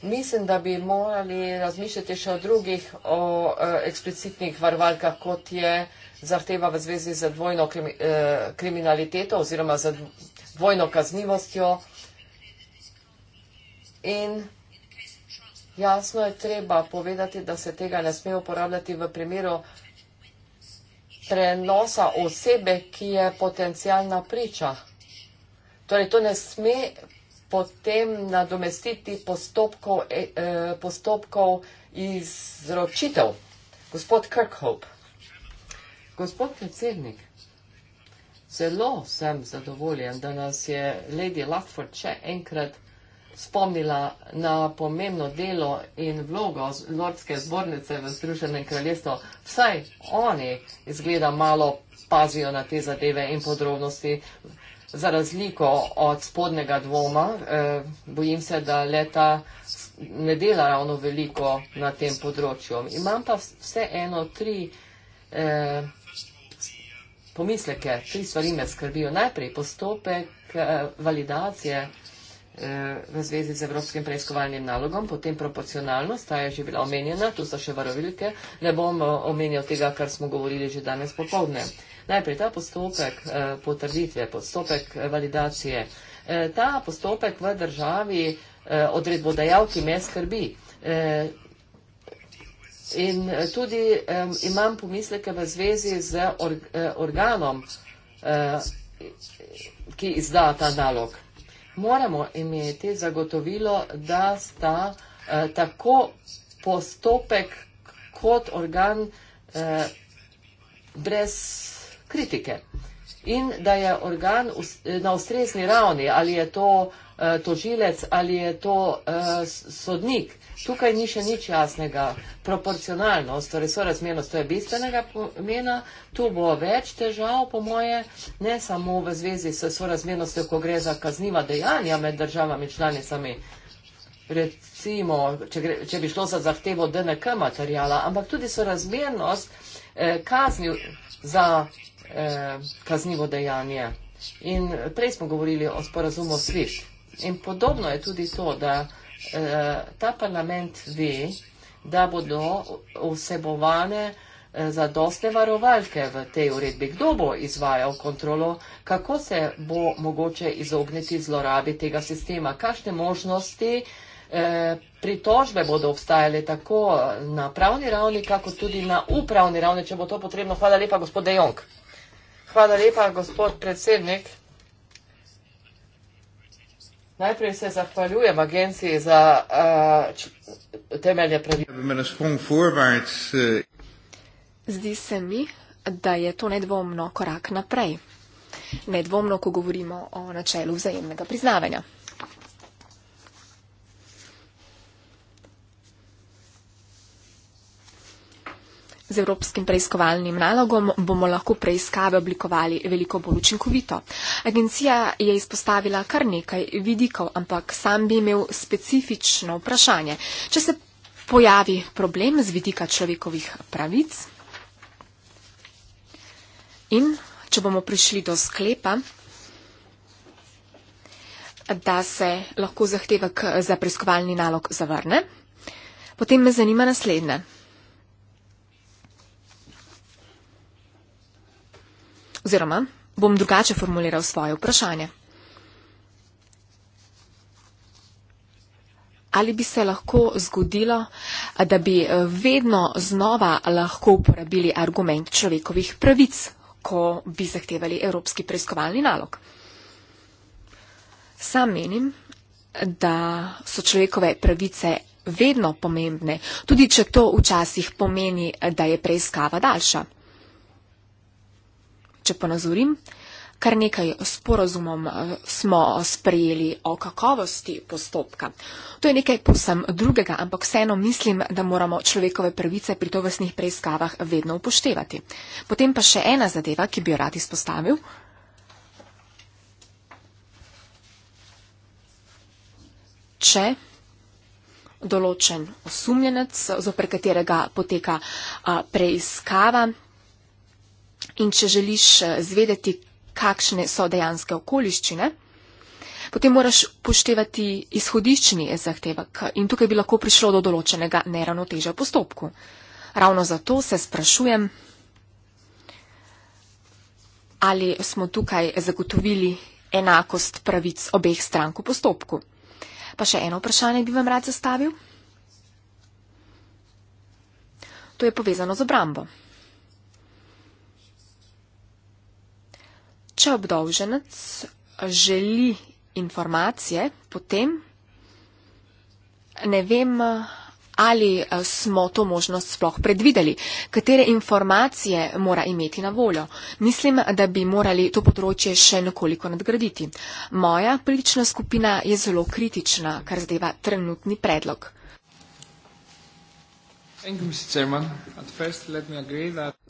Mislim, da bi morali razmišljati še o drugih o, o, eksplicitnih varvalkah, kot je zahteva v zvezi z dvojno krimi, eh, kriminaliteto oziroma z dvojno kaznivostjo. In jasno je treba povedati, da se tega ne sme uporabljati v primeru prenosa osebe, ki je potencijalna priča. Torej, to ne sme potem nadomestiti postopkov, eh, postopkov izročitev. Gospod Kirkhope, gospod predsednik, zelo sem zadovoljen, da nas je Lady Lathford še enkrat spomnila na pomembno delo in vlogo Lordske zbornice v Združenem kraljestvu. Vsaj oni izgleda malo pazijo na te zadeve in podrobnosti. Za razliko od spodnega dvoma, eh, bojim se, da leta ne dela ravno veliko na tem področju. Imam pa vse eno tri eh, pomisleke, tri stvari me skrbijo. Najprej postopek eh, validacije eh, Eh, v zvezi z evropskim preiskovalnim nalogom, potem proporcionalnost, ta je že bila omenjena, tu so še varovilke, ne bom eh, omenjal tega, kar smo govorili že danes popovdne. Najprej ta postopek eh, potrditve, postopek validacije, ta postopek v državi odredbodajalki me skrbi. In tudi imam pomisleke v zvezi z organom, ki izda ta nalog moramo imeti zagotovilo, da sta eh, tako postopek kot organ eh, brez kritike in da je organ na ustrezni ravni, ali je to eh, Eh, tožilec, ali je to eh, sodnik. Tukaj ni še nič jasnega. Proporcionalnost, torej sorazmernost, to je bistvenega pomena. Tu bo več težav, po moje, ne samo v zvezi s sorazmernostjo, ko gre za kazniva dejanja med državami članicami. Recimo, če, gre, če bi šlo za zahtevo DNK materijala, ampak tudi sorazmernost eh, kazni za eh, kaznivo dejanje. In prej smo govorili o sporazumu SWIFT. In podobno je tudi to, da eh, ta parlament ve, da bodo vsebovane eh, za doste varovalke v tej uredbi, kdo bo izvajal kontrolo, kako se bo mogoče izogniti zlorabi tega sistema, kakšne možnosti eh, pritožbe bodo obstajale tako na pravni ravni, kako tudi na upravni ravni, če bo to potrebno. Hvala lepa, gospod Dejong. Hvala lepa, gospod predsednik. Najprej se zahvaljujem agenciji za uh, eh, temelje pravice. Eh. Zdi se mi, da je to nedvomno korak naprej. Nedvomno, ko govorimo o načelu vzajemnega priznavanja. Z evropskim preiskovalnim nalogom bomo lahko preiskave oblikovali veliko bolj učinkovito. Agencija je izpostavila kar nekaj vidikov, ampak sam bi imel specifično vprašanje. Če se pojavi problem z vidika človekovih pravic in če bomo prišli do sklepa, da se lahko zahtevek za preiskovalni nalog zavrne, potem me zanima naslednje. Oziroma, bom drugače formuliral svoje vprašanje. Ali bi se lahko zgodilo, da bi eh, vedno znova lahko uporabili argument človekovih pravic, ko bi zahtevali evropski preiskovalni nalog? Sam menim, da so človekove pravice vedno pomembne, tudi če to včasih pomeni, da je preiskava daljša če ponazorim, kar nekaj sporozumom eh, smo sprejeli o kakovosti postopka. To je nekaj posem drugega, ampak vseeno mislim, da moramo človekove prvice pri tovrstnih preiskavah vedno upoštevati. Potem pa še ena zadeva, ki bi jo rad izpostavil. Če določen osumljenec, zopr katerega poteka preiskava, In če želiš eh, zvedeti, kakšne so dejanske okoliščine, potem moraš poštevati izhodiščni zahtevek in tukaj bi lahko prišlo do določenega neravnoteže v postopku. Ravno zato se sprašujem, ali smo tukaj zagotovili enakost pravic obeh strank v postopku. Pa še eno vprašanje bi vam rad zastavil. To je povezano z obrambo. če obdolženec želi informacije, potem ne vem, ali eh, smo to možnost sploh predvideli, katere informacije mora imeti na voljo. Mislim, da bi morali to področje še nekoliko nadgraditi. Moja politična skupina je zelo kritična, kar zdeva trenutni predlog.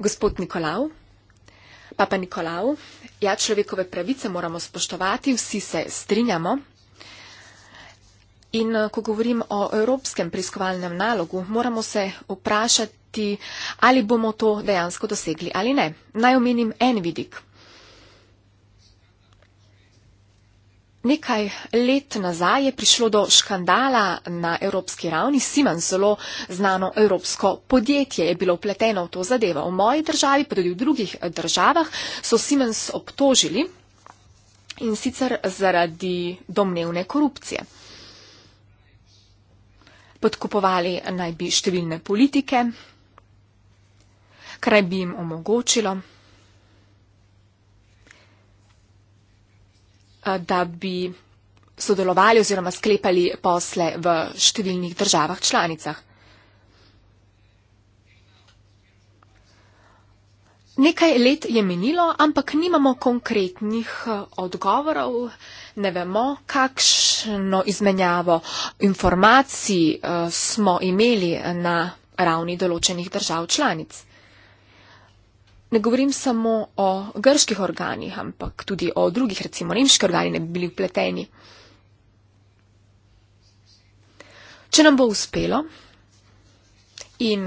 Gospod Nikolau. Papa Nikolau, ja, človekove pravice moramo spoštovati, vsi se strinjamo. In eh, ko govorim o evropskem preiskovalnem nalogu, moramo se vprašati, ali bomo to dejansko dosegli ali ne. Naj omenim en vidik. Nekaj let nazaj je prišlo do škandala na evropski ravni. Simon, zelo znano evropsko podjetje, je bilo upleteno v to zadevo. V moji državi, pa tudi v drugih državah, so Simons obtožili in sicer zaradi domnevne korupcije. Podkupovali naj bi številne politike, kar naj bi jim omogočilo Eh, da bi sodelovali oziroma sklepali posle v številnih državah članicah. Nekaj let je minilo, ampak nimamo konkretnih eh, odgovorov, ne vemo, kakšno izmenjavo informacij eh, smo imeli na ravni določenih držav članic ne govorim samo o grških organih, ampak tudi o drugih, recimo nemški organi ne bi bili vpleteni. Če nam bo uspelo in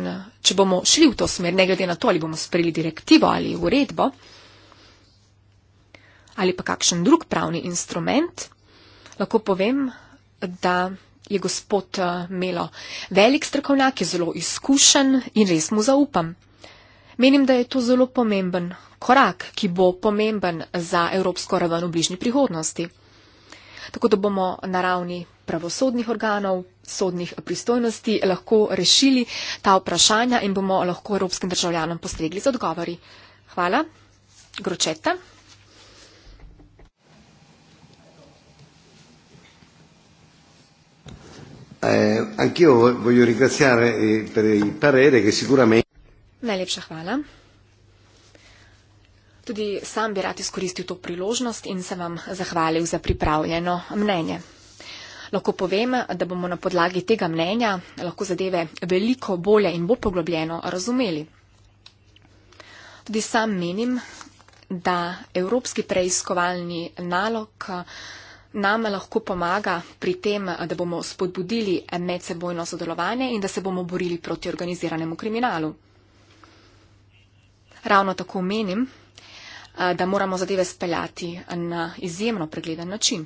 če bomo šli v to smer, ne glede na to, ali bomo sprejeli direktivo ali uredbo ali pa kakšen drug pravni instrument, lahko povem, da je gospod eh, Melo velik strokovnjak, je zelo izkušen in res mu zaupam. Menim, da je to zelo pomemben korak, ki bo pomemben za evropsko raven v bližnji prihodnosti. Tako da bomo na ravni pravosodnih organov, sodnih pristojnosti lahko rešili ta vprašanja in bomo lahko evropskim državljanom postregli z odgovori. Hvala. Gročeta. Eh, anch'io voglio ringraziare eh, per il parere che sicuramente. Najlepša hvala. Tudi sam bi rad izkoristil to priložnost in se vam zahvalil za pripravljeno mnenje. Lahko povem, da bomo na podlagi tega mnenja lahko zadeve veliko bolje in bolj poglobljeno razumeli. Tudi sam menim, da evropski preiskovalni nalog nam lahko pomaga pri tem, da bomo spodbudili medsebojno sodelovanje in da se bomo borili proti organiziranemu kriminalu. Ravno tako menim, da moramo zadeve speljati na izjemno pregleden način.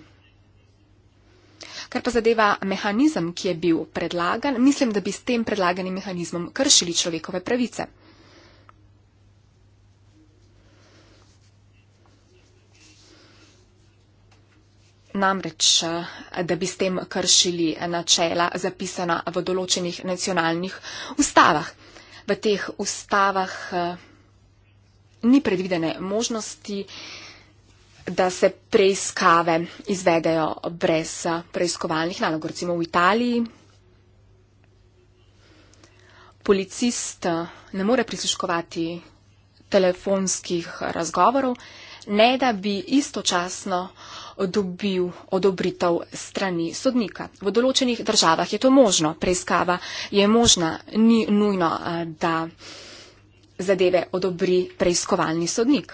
Kar pa zadeva mehanizem, ki je bil predlagan, mislim, da bi s tem predlaganim mehanizmom kršili človekove pravice. Namreč, da bi s tem kršili načela zapisana v določenih nacionalnih ustavah. V teh ustavah ni predvidene možnosti, da se preiskave izvedejo brez eh, preiskovalnih nalog. Recimo v Italiji policist eh, ne more prisluškovati telefonskih razgovorov, ne da bi istočasno dobil odobritev strani sodnika. V določenih državah je to možno, preiskava je možna, ni nujno, eh, da zadeve odobri preiskovalni sodnik.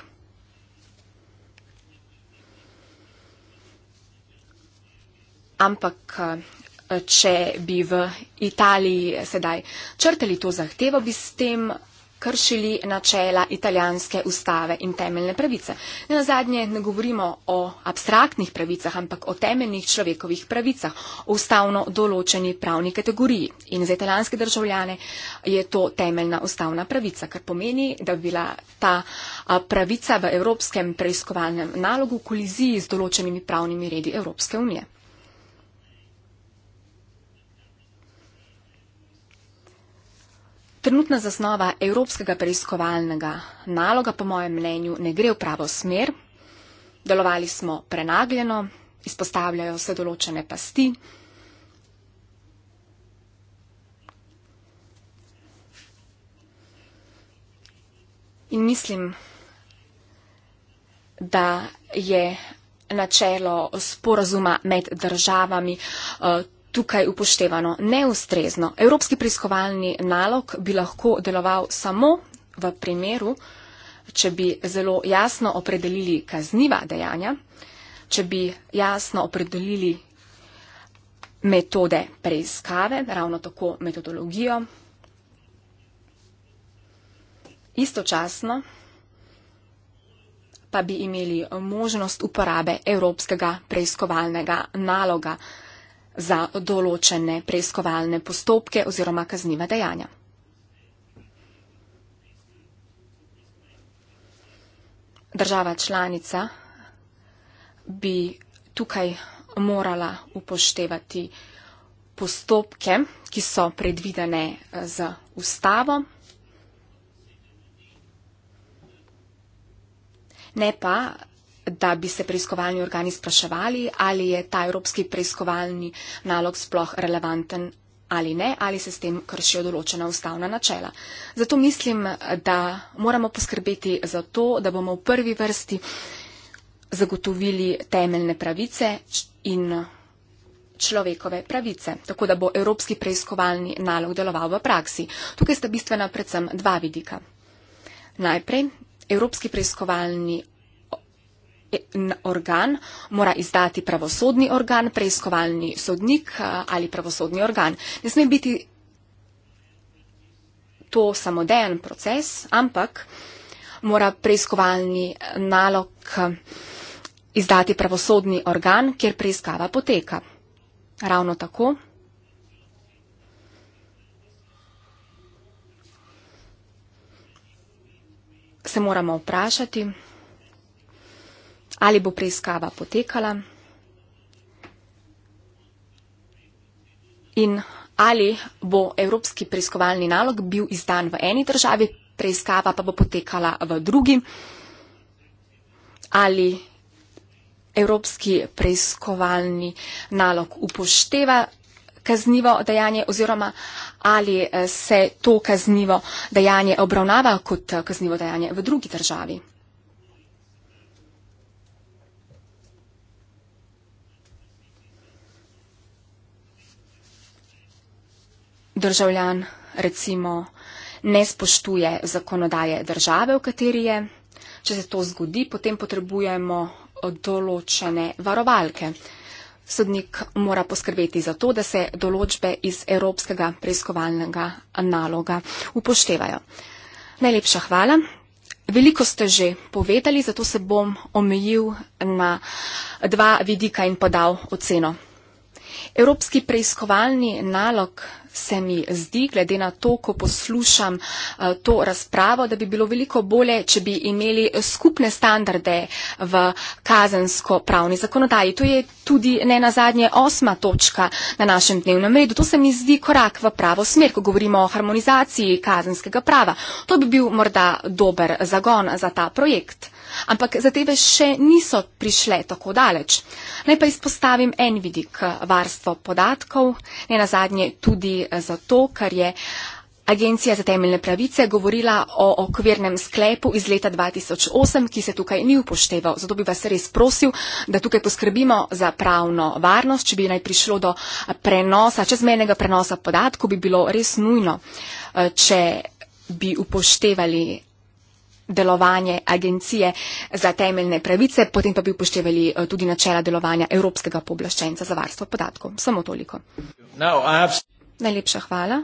Ampak, eh, če bi v Italiji sedaj črtali to zahtevo, bi s tem kršili načela italijanske ustave in temeljne pravice. Ne na zadnje ne govorimo o abstraktnih pravicah, ampak o temeljnih človekovih pravicah, o ustavno določeni pravni kategoriji. In za italijanske državljane je to temeljna ustavna pravica, kar pomeni, da bi bila ta pravica v evropskem preiskovalnem nalogu v koliziji z določenimi pravnimi redi Evropske unije. Trenutna zasnova evropskega preiskovalnega naloga, po mojem mnenju, ne gre v pravo smer. Delovali smo prenagljeno, izpostavljajo se določene pasti. In mislim, da je načelo sporazuma med državami uh, tukaj upoštevano neustrezno. Evropski preiskovalni nalog bi lahko deloval samo v primeru, če bi zelo jasno opredelili kazniva dejanja, če bi jasno opredelili metode preiskave, ravno tako metodologijo. Istočasno pa bi imeli možnost uporabe Evropskega preiskovalnega naloga za določene preiskovalne postopke oziroma kazniva dejanja. Država članica bi tukaj morala upoštevati postopke, ki so predvidene eh, z ustavo, ne pa da bi se preiskovalni organi spraševali, ali je ta evropski preiskovalni nalog sploh relevanten ali ne, ali se s tem kršijo določena ustavna načela. Zato mislim, da moramo poskrbeti za to, da bomo v prvi vrsti zagotovili temeljne pravice in človekove pravice, tako da bo evropski preiskovalni nalog deloval v praksi. Tukaj sta bistvena predvsem dva vidika. Najprej, evropski preiskovalni organ, mora izdati pravosodni organ, preiskovalni sodnik eh, ali pravosodni organ. Ne sme biti to samodejen proces, ampak mora preiskovalni nalog eh, izdati pravosodni organ, kjer preiskava poteka. Ravno tako. Se moramo vprašati, ali bo preiskava potekala in ali bo evropski preiskovalni nalog bil izdan v eni državi, preiskava pa bo potekala v drugi, ali evropski preiskovalni nalog upošteva kaznivo dejanje oziroma ali eh, se to kaznivo dejanje obravnava kot eh, kaznivo dejanje v drugi državi. državljan recimo ne spoštuje zakonodaje države, v kateri je. Če se to zgodi, potem potrebujemo določene varovalke. Sodnik mora poskrbeti za to, da se določbe iz Evropskega preiskovalnega naloga upoštevajo. Najlepša hvala. Veliko ste že povedali, zato se bom omejil na dva vidika in podal oceno. Evropski preiskovalni nalog se mi zdi, glede na to, ko poslušam eh, to razpravo, da bi bilo veliko bolje, če bi imeli skupne standarde v kazensko-pravni zakonodaji. To je tudi ne na zadnje osma točka na našem dnevnem redu. To se mi zdi korak v pravo smer, ko govorimo o harmonizaciji kazenskega prava. To bi bil morda dober zagon za ta projekt. Ampak zadeve še niso prišle tako daleč. Naj pa izpostavim en vidik eh, varstva podatkov, ne na zadnje tudi eh, zato, ker je Agencija za temeljne pravice govorila o okvirnem sklepu iz leta 2008, ki se tukaj ni upošteval. Zato bi vas res prosil, da tukaj poskrbimo za pravno varnost. Če bi naj prišlo do eh, prenosa, čezmenega prenosa podatkov, bi bilo res nujno, če bi upoštevali delovanje agencije za temeljne pravice, potem pa bi upoštevali eh, tudi načela delovanja Evropskega pooblaščenca za varstvo podatkov. Samo toliko. No, have... Najlepša hvala.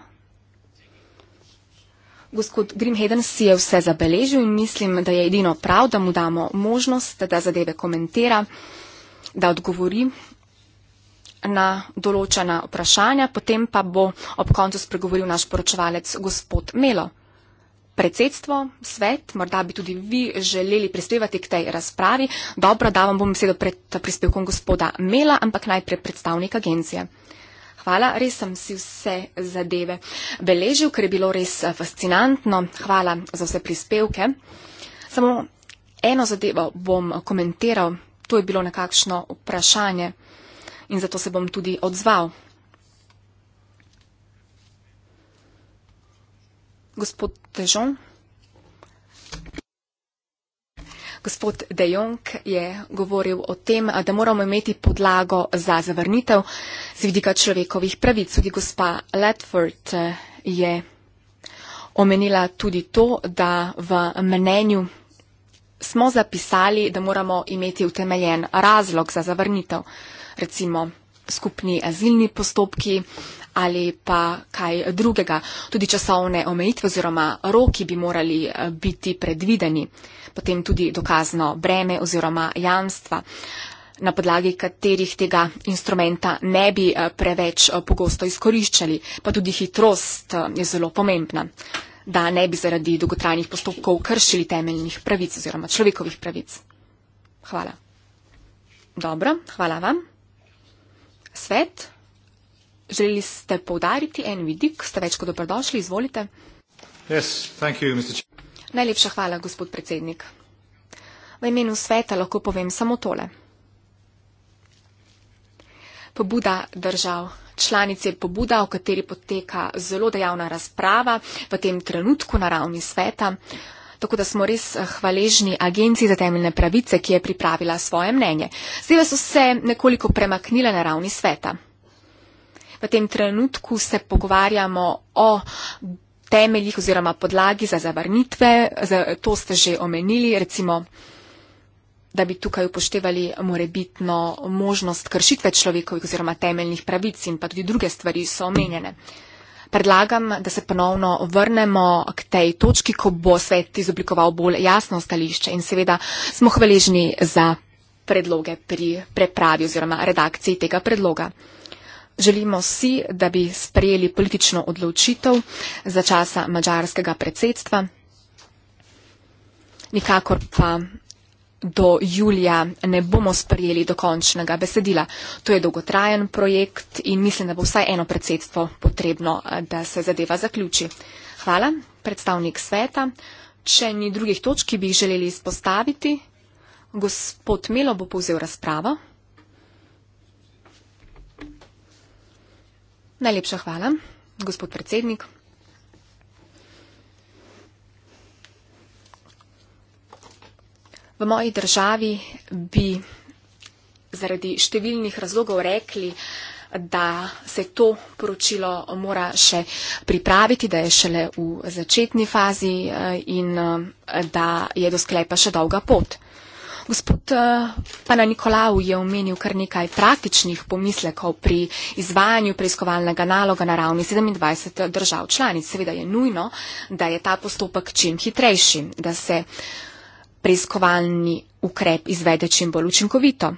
Gospod Grimheden si je vse zabeležil in mislim, da je edino prav, da mu damo možnost, da zadeve komentira, da odgovori na določena vprašanja, potem pa bo ob koncu spregovoril naš poročevalec gospod Melo predsedstvo, svet, morda bi tudi vi želeli prispevati k tej razpravi. Dobro, da vam bom besedo pred prispevkom gospoda Mela, ampak najprej predstavnik agencije. Hvala, res sem si vse zadeve beležil, ker je bilo res eh, fascinantno. Hvala za vse prispevke. Samo eno zadevo bom komentiral, to je bilo nekakšno vprašanje in zato se bom tudi odzval. Gospod Dejong. Gospod Dejong je govoril o tem, da moramo imeti podlago za zavrnitev z vidika človekovih pravic. Tudi gospa Ledford eh, je omenila tudi to, da v mnenju smo zapisali, da moramo imeti utemeljen razlog za zavrnitev. Recimo skupni azilni postopki ali pa kaj drugega. Tudi časovne omejitve oziroma roki bi morali eh, biti predvideni, potem tudi dokazno breme oziroma jamstva na podlagi katerih tega instrumenta ne bi eh, preveč eh, pogosto izkoriščali, pa tudi hitrost je zelo pomembna, da ne bi zaradi dolgotrajnih postopkov kršili temeljnih pravic oziroma človekovih pravic. Hvala. Dobro, hvala vam. Svet. Želeli ste povdariti en vidik, ste več kot dobrodošli, izvolite. Yes, you, Najlepša hvala, gospod predsednik. V imenu sveta lahko povem samo tole. Pobuda držav članice je pobuda, o kateri poteka zelo dejavna razprava v tem trenutku na ravni sveta. Tako da smo res eh, hvaležni agenciji za temeljne pravice, ki je pripravila svoje mnenje. Zdaj so se nekoliko premaknile na ravni sveta tem trenutku se pogovarjamo o temeljih oziroma podlagi za zavrnitve. To ste že omenili, recimo, da bi tukaj upoštevali morebitno možnost kršitve človekovih oziroma temeljnih pravic in pa tudi druge stvari so omenjene. Predlagam, da se ponovno vrnemo k tej točki, ko bo svet izoblikoval bolj jasno stališče in seveda smo hvaležni za predloge pri prepravi oziroma redakciji tega predloga. Želimo si, da bi sprejeli politično odločitev za časa mađarskega predsedstva. Nikakor pa do julija ne bomo sprejeli dokončnega besedila. To je dolgotrajen projekt in mislim, da bo vsaj eno predsedstvo potrebno, da se zadeva zaključi. Hvala, predstavnik sveta. Če ni drugih točk, ki bi jih želeli izpostaviti, gospod Melo bo povzel razpravo. Najlepša hvala, gospod predsednik. V moji državi bi zaradi številnih razlogov rekli, da se to poročilo mora še pripraviti, da je šele v začetni fazi eh, in eh, da je do sklepa še dolga pot. Gospod eh, Pana Nikolau je omenil kar nekaj praktičnih pomislekov pri izvajanju preiskovalnega naloga na ravni 27 eh, držav članic. Seveda je nujno, da je ta postopek čim hitrejši, da se preiskovalni ukrep izvede čim bolj učinkovito.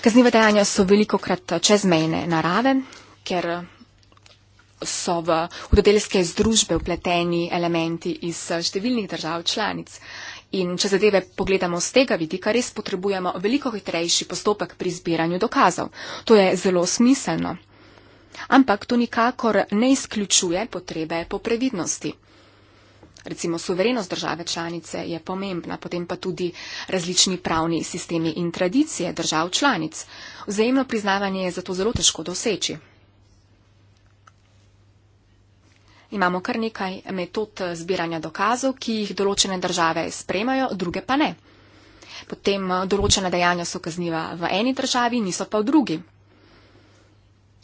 Kazniva dejanja so veliko krat eh, čezmejne narave, ker so v hudodelske združbe upleteni elementi iz številnih držav članic. In če zadeve pogledamo z tega vidika, res potrebujemo veliko hitrejši postopek pri zbiranju dokazov. To je zelo smiselno. Ampak to nikakor ne izključuje potrebe po previdnosti. Recimo suverenost države članice je pomembna, potem pa tudi različni pravni sistemi in tradicije držav članic. Vzajemno priznavanje je zato zelo težko doseči. imamo kar nekaj metod eh, zbiranja dokazov, ki jih določene države spremajo, druge pa ne. Potem eh, določena dejanja so kazniva v eni državi, niso pa v drugi.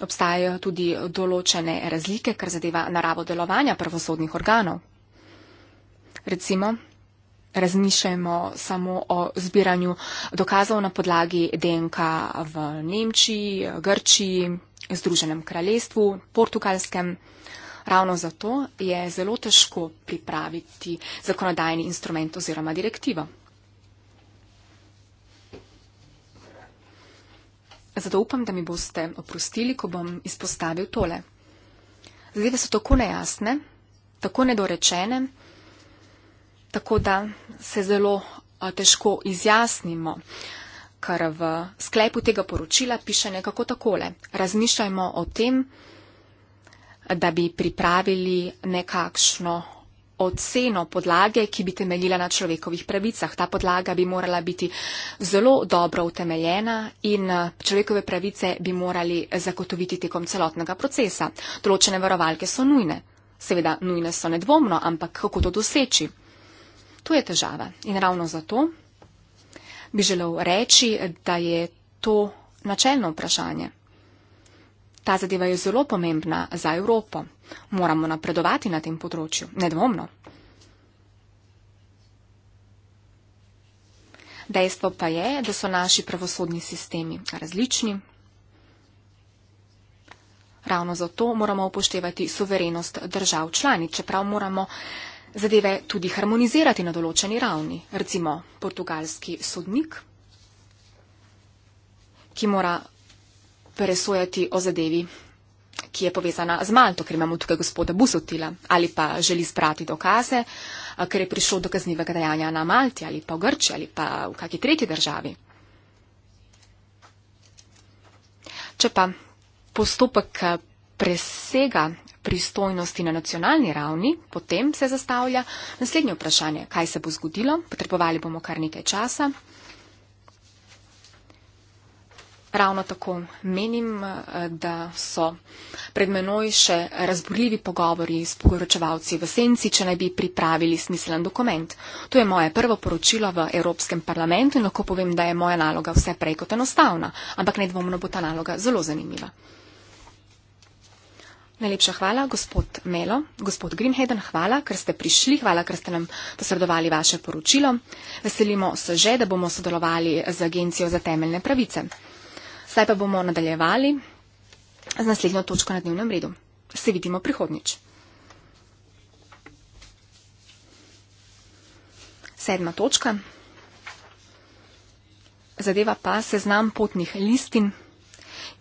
Obstajajo tudi določene razlike, kar zadeva naravo delovanja pravosodnih organov. Recimo, razmišljamo samo o zbiranju dokazov na podlagi DNK v Nemčiji, Grčiji, Združenem kraljestvu, Portugalskem. Ravno zato je zelo težko pripraviti zakonodajni instrument oziroma direktivo. Zato upam, da mi boste oprostili, ko bom izpostavil tole. Zadeve so tako nejasne, tako nedorečene, tako da se zelo težko izjasnimo, kar v sklepu tega poročila piše nekako takole. Razmišljajmo o tem, da bi pripravili nekakšno oceno podlage, ki bi temeljila na človekovih pravicah. Ta podlaga bi morala biti zelo dobro utemeljena in eh, človekove pravice bi morali zagotoviti tekom celotnega procesa. Določene varovalke so nujne. Seveda, nujne so nedvomno, ampak kako to doseči? To je težava. In ravno zato bi želel reči, da je to načelno vprašanje. Ta zadeva je zelo pomembna za Evropo. Moramo napredovati na tem področju, nedvomno. Dejstvo pa je, da so naši pravosodni sistemi različni. Ravno zato moramo upoštevati suverenost držav člani, čeprav moramo zadeve tudi harmonizirati na določeni ravni. Recimo portugalski sodnik, ki mora presojati o zadevi, ki je povezana z Malto, ker imamo tukaj gospoda Busotila, ali pa želi sprati dokaze, ker je prišlo do kaznivega dejanja na Malti ali pa v Grči ali pa v kakšni tretji državi. Če pa postopek presega pristojnosti na nacionalni ravni, potem se zastavlja naslednje vprašanje, kaj se bo zgodilo. Potrebovali bomo kar nekaj časa. Ravno tako menim, eh, da so pred menoj še razburljivi pogovori s pogoročevalci v senci, če ne bi pripravili smiselen dokument. To je moje prvo poročilo v Evropskem parlamentu in lahko povem, da je moja naloga vse prej kot enostavna, ampak nedvomno bo ta naloga zelo zanimiva. Najlepša hvala, gospod Melo, gospod Greenheden, hvala, ker ste prišli, hvala, ker ste nam posredovali vaše poročilo. Veselimo se že, da bomo sodelovali z Agencijo za temeljne pravice. Zdaj pa bomo nadaljevali z naslednjo točko na dnevnem redu. Se vidimo prihodnič. Sedma točka. Zadeva pa seznam potnih listin,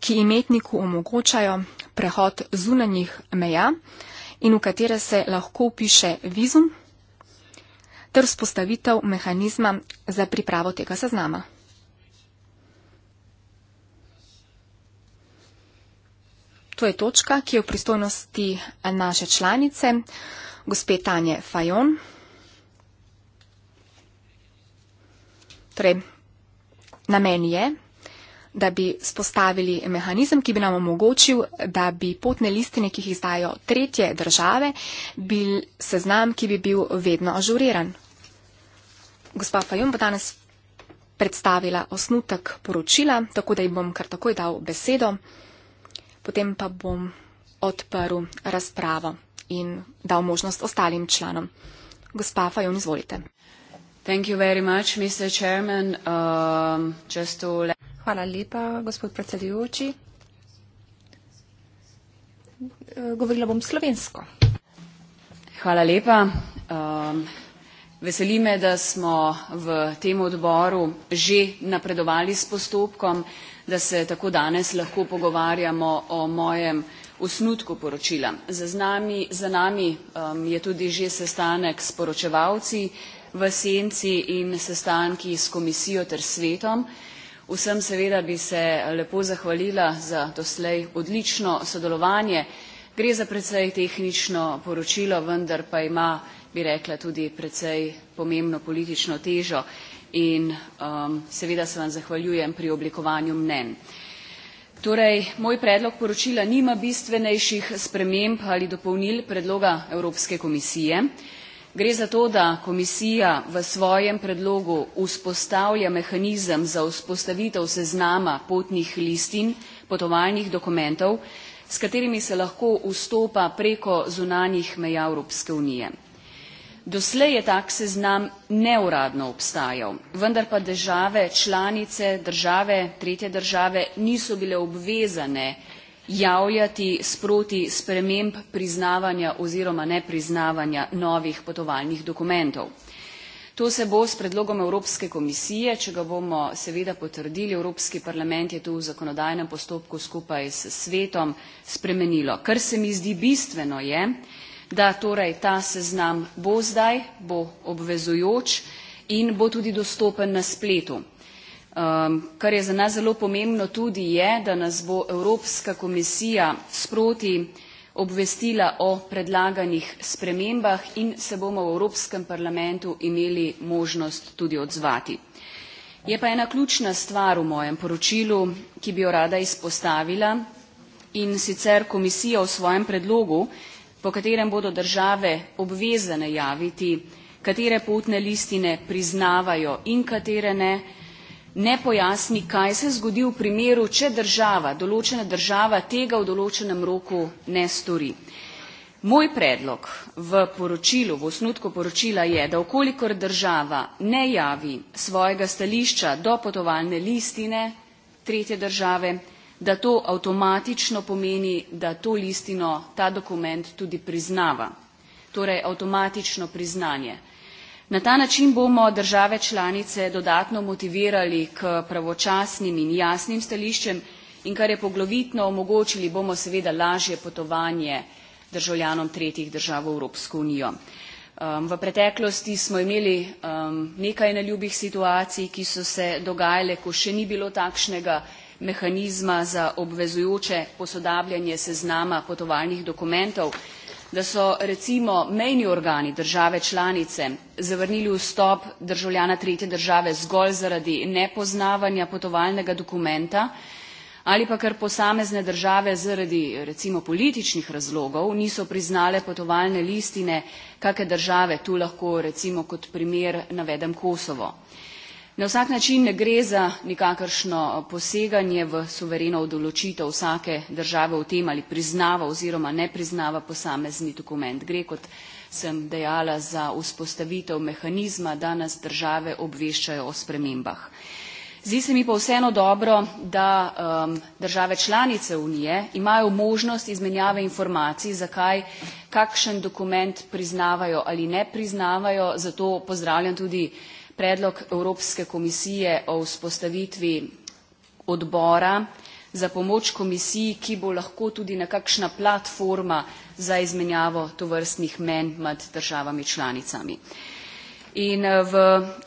ki imetniku omogočajo prehod zunanjih meja in v katere se lahko upiše vizum ter vzpostavitev mehanizma za pripravo tega seznama. to je točka, ki je v pristojnosti eh, naše članice, gospe Tanje Fajon. Torej, namen je, da bi spostavili mehanizem, ki bi nam omogočil, da bi potne listine, ki jih izdajo tretje države, bil seznam, ki bi bil vedno ažuriran. Gospa Fajon bo danes predstavila osnutek poročila, tako da ji bom kar takoj dal besedo potem pa bom odprl razpravo in dal možnost ostalim članom. Gospa Fajon, izvolite. Much, Chairman, uh, to... Hvala lepa, gospod predsedujoči. Eh, govorila bom slovensko. Hvala lepa. Um, veseli me, da smo v tem odboru že napredovali s postopkom, da se tako danes lahko pogovarjamo o mojem osnutku poročila. Za, znami, za nami um, je tudi že sestanek s poročevalci v senci in sestanki s komisijo ter svetom. Vsem seveda bi se lepo zahvalila za doslej odlično sodelovanje. Gre za precej tehnično poročilo, vendar pa ima, bi rekla, tudi precej pomembno politično težo in um, seveda se vam zahvaljujem pri oblikovanju mnen. Torej, moj predlog poročila nima bistvenejših sprememb ali dopolnil predloga Evropske komisije. Gre za to, da komisija v svojem predlogu vzpostavlja mehanizem za vzpostavitev seznama potnih listin, potovalnih dokumentov, s katerimi se lahko vstopa preko zunanjih meja Evropske unije. Doslej je tak seznam neuradno obstajal, vendar pa države, članice, države, tretje države niso bile obvezane javljati sproti sprememb priznavanja oziroma nepriznavanja novih potovalnih dokumentov. To se bo s predlogom Evropske komisije, če ga bomo seveda potrdili, Evropski parlament je tu v zakonodajnem postopku skupaj s svetom spremenilo. Kar se mi zdi bistveno je, da torej ta seznam bo zdaj, bo obvezujoč in bo tudi dostopen na spletu. Um, kar je za nas zelo pomembno tudi je, da nas bo Evropska komisija sproti obvestila o predlaganih spremembah in se bomo v Evropskem parlamentu imeli možnost tudi odzvati. Je pa ena ključna stvar v mojem poročilu, ki bi jo rada izpostavila in sicer komisija v svojem predlogu po katerem bodo države obvezane javiti, katere potne listine priznavajo in katere ne, ne pojasni, kaj se zgodi v primeru, če država, določena država tega v določenem roku ne stori. Moj predlog v poročilu, v osnutku poročila je, da okolikor država ne javi svojega stališča do potovalne listine tretje države, da to avtomatično pomeni, da to listino, ta dokument tudi priznava. Torej avtomatično priznanje. Na ta način bomo države članice dodatno motivirali k pravočasnim in jasnim stališčem in kar je poglavitno omogočili, bomo seveda lažje potovanje državljanom tretjih držav v Evropsko unijo. Um, v preteklosti smo imeli um, nekaj neljubih situacij, ki so se dogajale, ko še ni bilo takšnega mehanizma za obvezujoče posodabljanje seznama potovalnih dokumentov, da so recimo mejni organi države članice zavrnili vstop državljana tretje države zgolj zaradi nepoznavanja potovalnega dokumenta ali pa ker posamezne države zaradi recimo političnih razlogov niso priznale potovalne listine, kake države tu lahko recimo kot primer navedem Kosovo. Na vsak način ne gre za nikakršno eh, poseganje v suvereno odločitev vsake države v tem ali priznava oziroma ne priznava posamezni dokument. Gre, kot sem dejala, za vzpostavitev mehanizma, da nas države obveščajo o spremembah. Zdi se mi pa vseeno dobro, da um, države članice Unije imajo možnost izmenjave informacij, zakaj kakšen dokument priznavajo ali ne priznavajo, zato pozdravljam tudi predlog Evropske komisije o vzpostavitvi odbora za pomoč komisiji, ki bo lahko tudi nekakšna platforma za izmenjavo tovrstnih men med državami članicami. In eh, v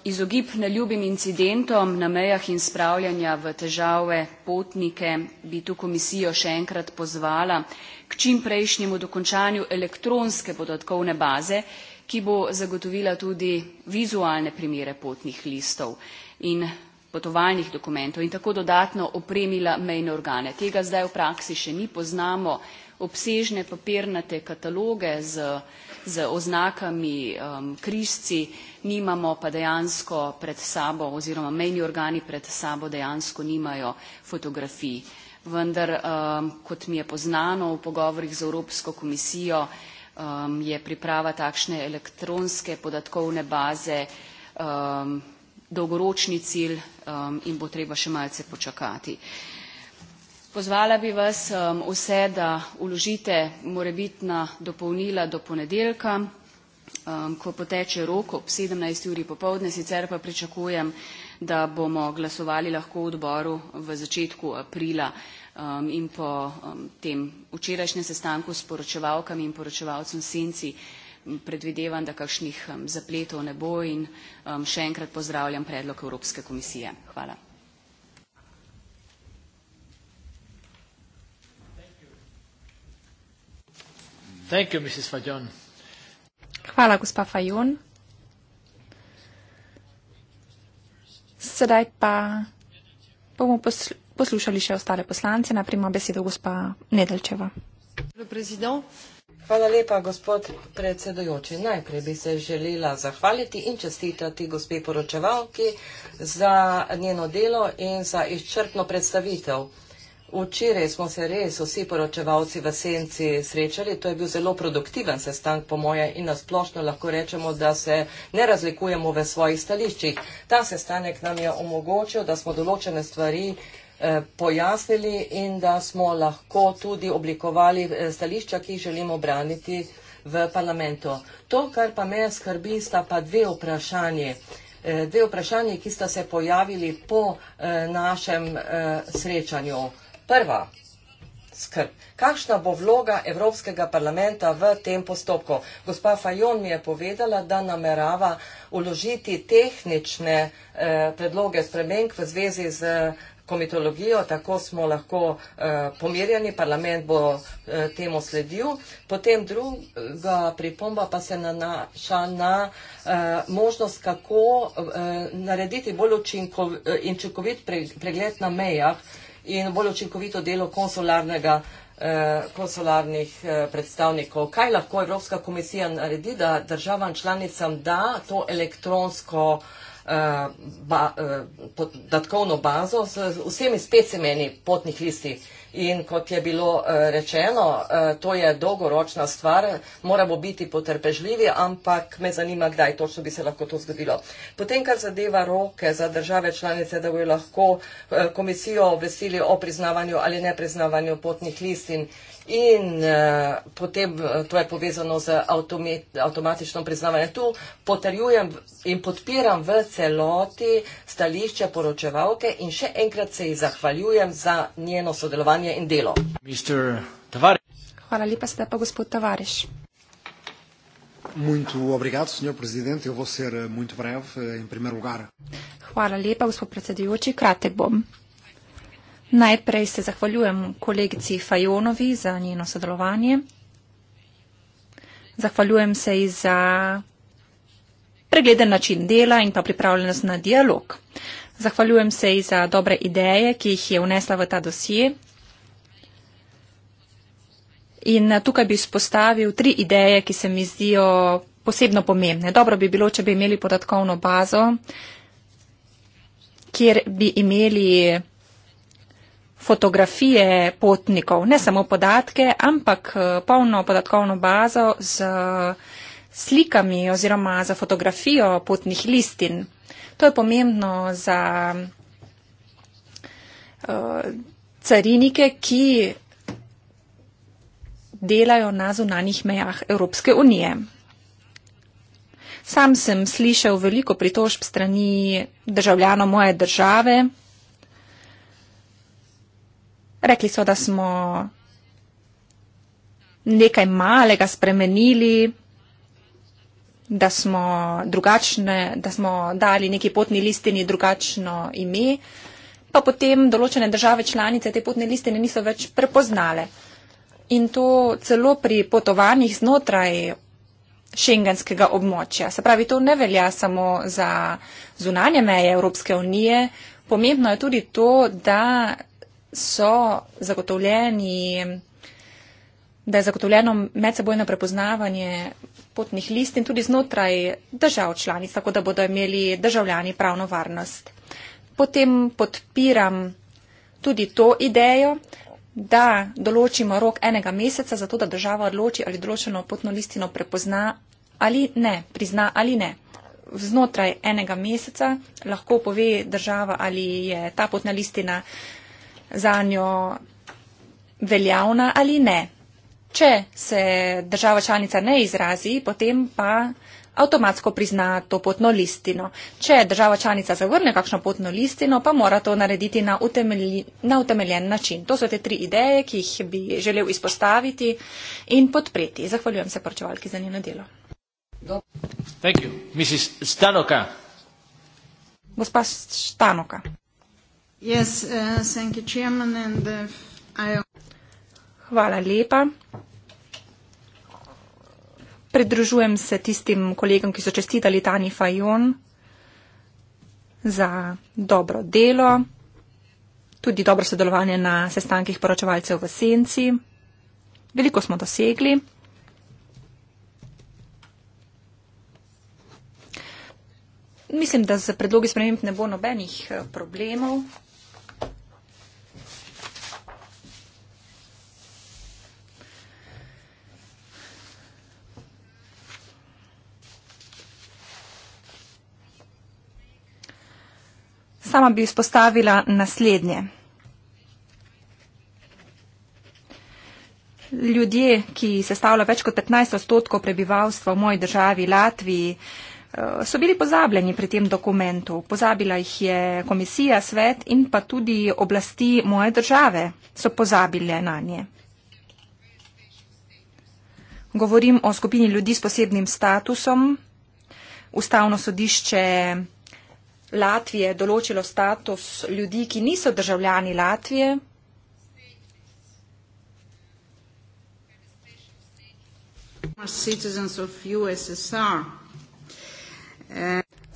izogib neljubim incidentom na mejah in spravljanja v težave potnike bi tu komisijo še enkrat pozvala k čim prejšnjemu dokončanju elektronske podatkovne baze, ki bo zagotovila tudi vizualne primere potnih listov in potovalnih dokumentov in tako dodatno opremila mejne organe. Tega zdaj v praksi še ni, poznamo obsežne papirnate kataloge z, z oznakami um, križci, nimamo pa dejansko pred sabo oziroma mejni organi pred sabo dejansko nimajo fotografij. Vendar, um, kot mi je poznano v pogovorih z Evropsko komisijo, um, je priprava takšne elektronske podatkovne baze um, dolgoročni cilj um, in bo treba še malce počakati. Pozvala bi vas um, vse, da uložite morebitna dopolnila do ponedeljka, um, ko poteče rok ob 17. uri popovdne, sicer pa pričakujem, da bomo glasovali lahko v odboru v začetku aprila um, in po um, tem včerajšnjem sestanku s poročevalkami in poročevalcem Senci predvidevam, da kakšnih um, zapletov ne bo in um, še enkrat pozdravljam predlog Evropske komisije. Hvala. Thank you, Mrs. Fajon. Hvala, gospa Fajon. Sedaj pa bomo posl poslušali še ostale poslance. Najprej ima besedo gospa Nedelčeva. Hvala lepa, gospod predsedojoči. Najprej bi se želela zahvaliti in čestitati gospe poročevalki za njeno delo in za izčrpno predstavitev. Včeraj smo se res vsi poročevalci v senci srečali. To je bil zelo produktiven sestank po moje in nasplošno lahko rečemo, da se ne razlikujemo v svojih stališčih. Ta sestanek nam je omogočil, da smo določene stvari Eh, pojasnili in da smo lahko tudi oblikovali eh, stališča, ki jih želimo braniti v parlamentu. To, kar pa me skrbi, sta pa dve vprašanje. Eh, dve vprašanje, ki sta se pojavili po našem srečanju. Prva skrb. Kakšna bo vloga Evropskega parlamenta v tem postopku? Gospa Fajon mi je povedala, da namerava uložiti tehnične predloge spremenk v zvezi z komitologijo, tako smo lahko eh, pomirjeni, parlament bo eh, temu sledil. Potem druga pripomba pa se nanaša na eh, možnost, kako eh, narediti bolj eh, učinkovit pregled na mejah in bolj učinkovito delo konsularnega eh, konsularnih eh, predstavnikov. Kaj lahko Evropska komisija naredi, da državam članicam da to elektronsko uh, Eh, eh, podatkovno bazo z vsemi specimeni potnih listi, In kot je bilo eh, rečeno, eh, to je dolgoročna stvar, moramo biti potrpežljivi, ampak me zanima, kdaj točno bi se lahko to zgodilo. Potem, kar zadeva roke za države članice, da bojo lahko eh, komisijo obvestili o priznavanju ali nepriznavanju potnih listin. In uh, potem to je povezano z avtomatično priznavanje. Tu potrjujem in podpiram v celoti stališče poročevalke in še enkrat se ji zahvaljujem za njeno sodelovanje. Stanje in delo. Hvala lepa, ste pa gospod Tavares. Eh, eh, Hvala lepa, gospod predsedujoči, kratek bom. Najprej se zahvaljujem kolegici Fajonovi za njeno sodelovanje. Zahvaljujem se ji za pregleden način dela in pa pripravljenost na dialog. Zahvaljujem se ji za dobre ideje, ki jih je vnesla v ta dosje In eh, tukaj bi spostavil tri ideje, ki se mi zdijo posebno pomembne. Dobro bi bilo, če bi imeli podatkovno bazo, kjer bi imeli fotografije potnikov, ne samo podatke, ampak eh, polno podatkovno bazo z eh, slikami oziroma za fotografijo potnih listin. To je pomembno za uh, carinike, ki delajo na zunanjih mejah Evropske unije. Sam sem slišal veliko pritožb strani državljano moje države. Rekli so, da smo nekaj malega spremenili, da smo, drugačne, da smo dali neki potni listini drugačno ime, pa potem določene države članice te potne listine niso več prepoznale in to celo pri potovanjih znotraj šengenskega območja. Se pravi, to ne velja samo za zunanje meje Evropske unije. Pomembno je tudi to, da so zagotovljeni, da je zagotovljeno medsebojno prepoznavanje potnih list in tudi znotraj držav članic, tako da bodo imeli državljani pravno varnost. Potem podpiram tudi to idejo, da določimo rok enega meseca, zato da država odloči, ali določeno potno listino prepozna ali ne, prizna ali ne. Znotraj enega meseca lahko pove država, ali je ta potna listina za njo veljavna ali ne. Če se država članica ne izrazi, potem pa avtomatsko prizna to potno listino. Če država članica zavrne kakšno potno listino, pa mora to narediti na, utemelji, na utemeljen način. To so te tri ideje, ki jih bi želel izpostaviti in podpreti. Zahvaljujem se poročevalki za njeno delo. Gospa Štanoka. Yes, uh, uh Hvala lepa. Pridružujem se tistim kolegom, ki so čestitali Tani Fajon za dobro delo, tudi dobro sodelovanje na sestankih poročevalcev v Senci. Veliko smo dosegli. Mislim, da z predlogi sprememb ne bo nobenih eh, problemov. sama bi izpostavila naslednje. Ljudje, ki sestavljajo več kot 15 odstotkov prebivalstva v moji državi Latviji, eh, so bili pozabljeni pri tem dokumentu. Pozabila jih je komisija, svet in pa tudi oblasti moje države so pozabile na nje. Govorim o skupini ljudi s posebnim statusom. Ustavno sodišče Latvije določilo status ljudi, ki niso državljani Latvije.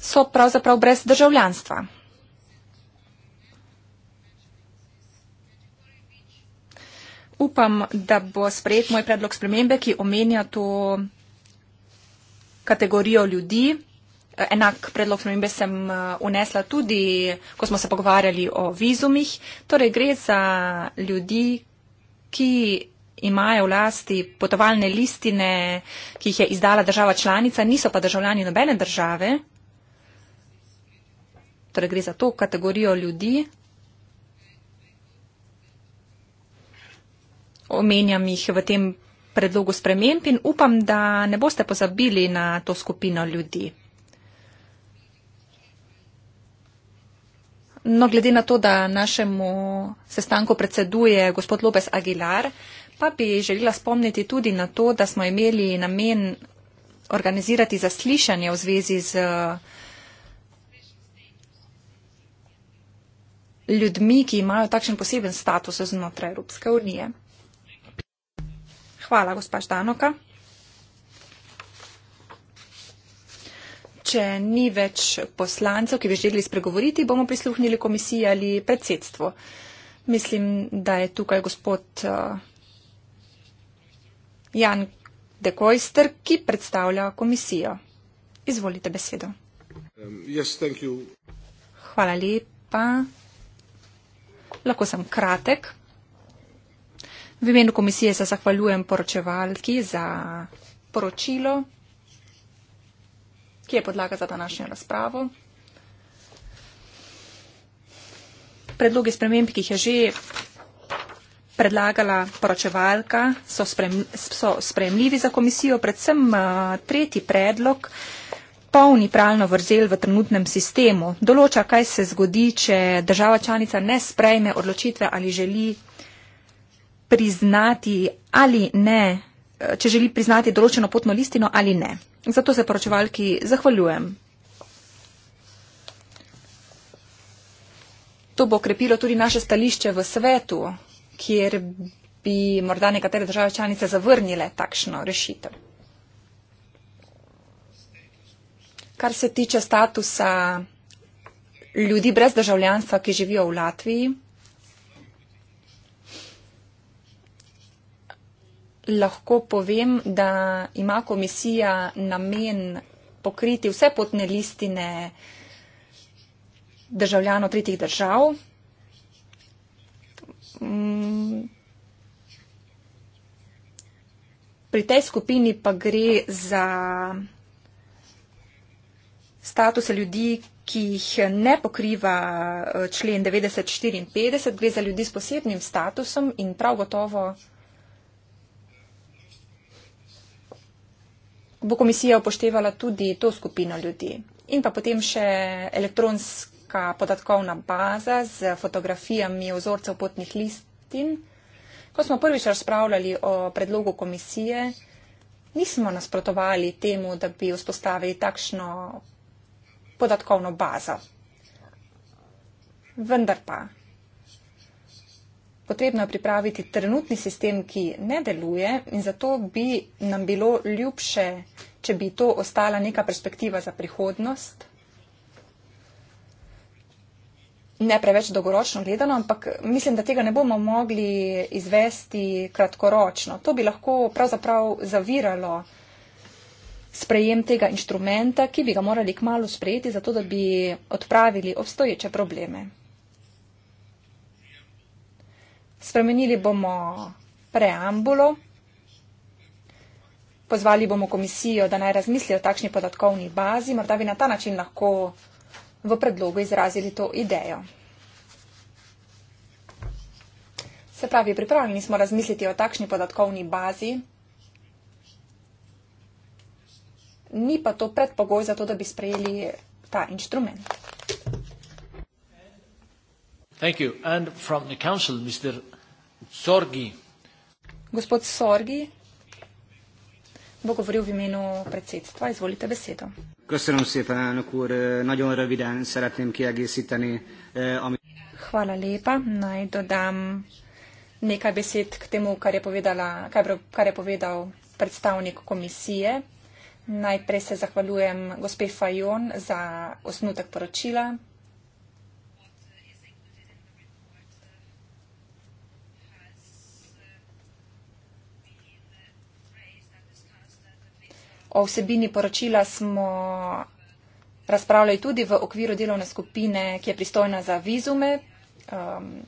So pravzaprav brez državljanstva. Upam, da bo sprejet moj predlog spremembe, ki omenja to kategorijo ljudi enak predlog spremembe sem eh, unesla tudi, ko smo se pogovarjali o vizumih. Torej, gre za ljudi, ki imajo vlasti potovalne listine, ki jih je izdala država članica, niso pa državljani nobene države. Torej, gre za to kategorijo ljudi. Omenjam jih v tem predlogu sprememb in upam, da ne boste pozabili na to skupino ljudi. No, glede na to, da našemu sestanku predseduje gospod Lopes Aguilar, pa bi želela spomniti tudi na to, da smo imeli namen organizirati zaslišanje v zvezi z ljudmi, ki imajo takšen poseben status znotraj Evropske unije. Hvala, gospa Ždanoka. Če ni več poslancev, ki bi želeli spregovoriti, bomo prisluhnili komisiji ali predsedstvo. Mislim, da je tukaj gospod uh, Jan Dekojster, ki predstavlja komisijo. Izvolite besedo. Um, yes, Hvala lepa. Lahko sem kratek. V imenu komisije se zahvaljujem poročevalki za poročilo ki je podlaga za današnjo razpravo. Predlogi sprememb, ki jih je že predlagala poročevalka, so, sprem, so spremljivi za komisijo, predvsem eh, tretji predlog. Polni pravno vrzel v trenutnem sistemu določa, kaj se zgodi, če država članica ne sprejme odločitve ali želi priznati ali ne, eh, če želi priznati določeno potno listino ali ne. Zato se poročevalki zahvaljujem. To bo krepilo tudi naše stališče v svetu, kjer bi morda nekatere države članice zavrnile takšno rešitev. Kar se tiče statusa ljudi brez državljanstva, ki živijo v Latviji, lahko povem, da ima komisija namen pokriti vse potne listine državljanov tretjih držav. Mm, pri tej skupini pa gre za statuse ljudi, ki jih ne pokriva eh, člen 94, gre za ljudi s posebnim statusom in prav gotovo. bo komisija upoštevala tudi to skupino ljudi. In pa potem še elektronska podatkovna baza z fotografijami ozorcev potnih listin. Ko smo prvič razpravljali o predlogu komisije, nismo nasprotovali temu, da bi vzpostavili takšno podatkovno bazo. Vendar pa potrebno je pripraviti trenutni sistem, ki ne deluje in zato bi nam bilo ljubše, če bi to ostala neka perspektiva za prihodnost. Ne preveč dolgoročno gledano, ampak mislim, da tega ne bomo mogli izvesti kratkoročno. To bi lahko pravzaprav zaviralo sprejem tega inštrumenta, ki bi ga morali kmalo sprejeti, zato da bi odpravili obstoječe probleme. Spremenili bomo preambulo, pozvali bomo komisijo, da naj razmisli o takšni podatkovni bazi, morda bi na ta način lahko v predlogu izrazili to idejo. Se pravi, pripravljeni smo razmisliti o takšni podatkovni bazi, ni pa to predpogoj za to, da bi sprejeli ta inštrument. Thank you. And from the council, Mr. Sorgi. Gospod Sorgi bo govoril v imenu predsedstva. Izvolite besedo. Köszönöm szépen, elnök úr. Nagyon röviden szeretném kiegészíteni, eh, amit... Hvala lepa. Naj dodam nekaj besed k temu, kar je, povedala, kar, kar je povedal predstavnik komisije. Najprej se zahvaljujem gospe Fajon za osnutek poročila, O vsebini poročila smo razpravljali tudi v okviru delovne skupine, ki je pristojna za vizume. Um,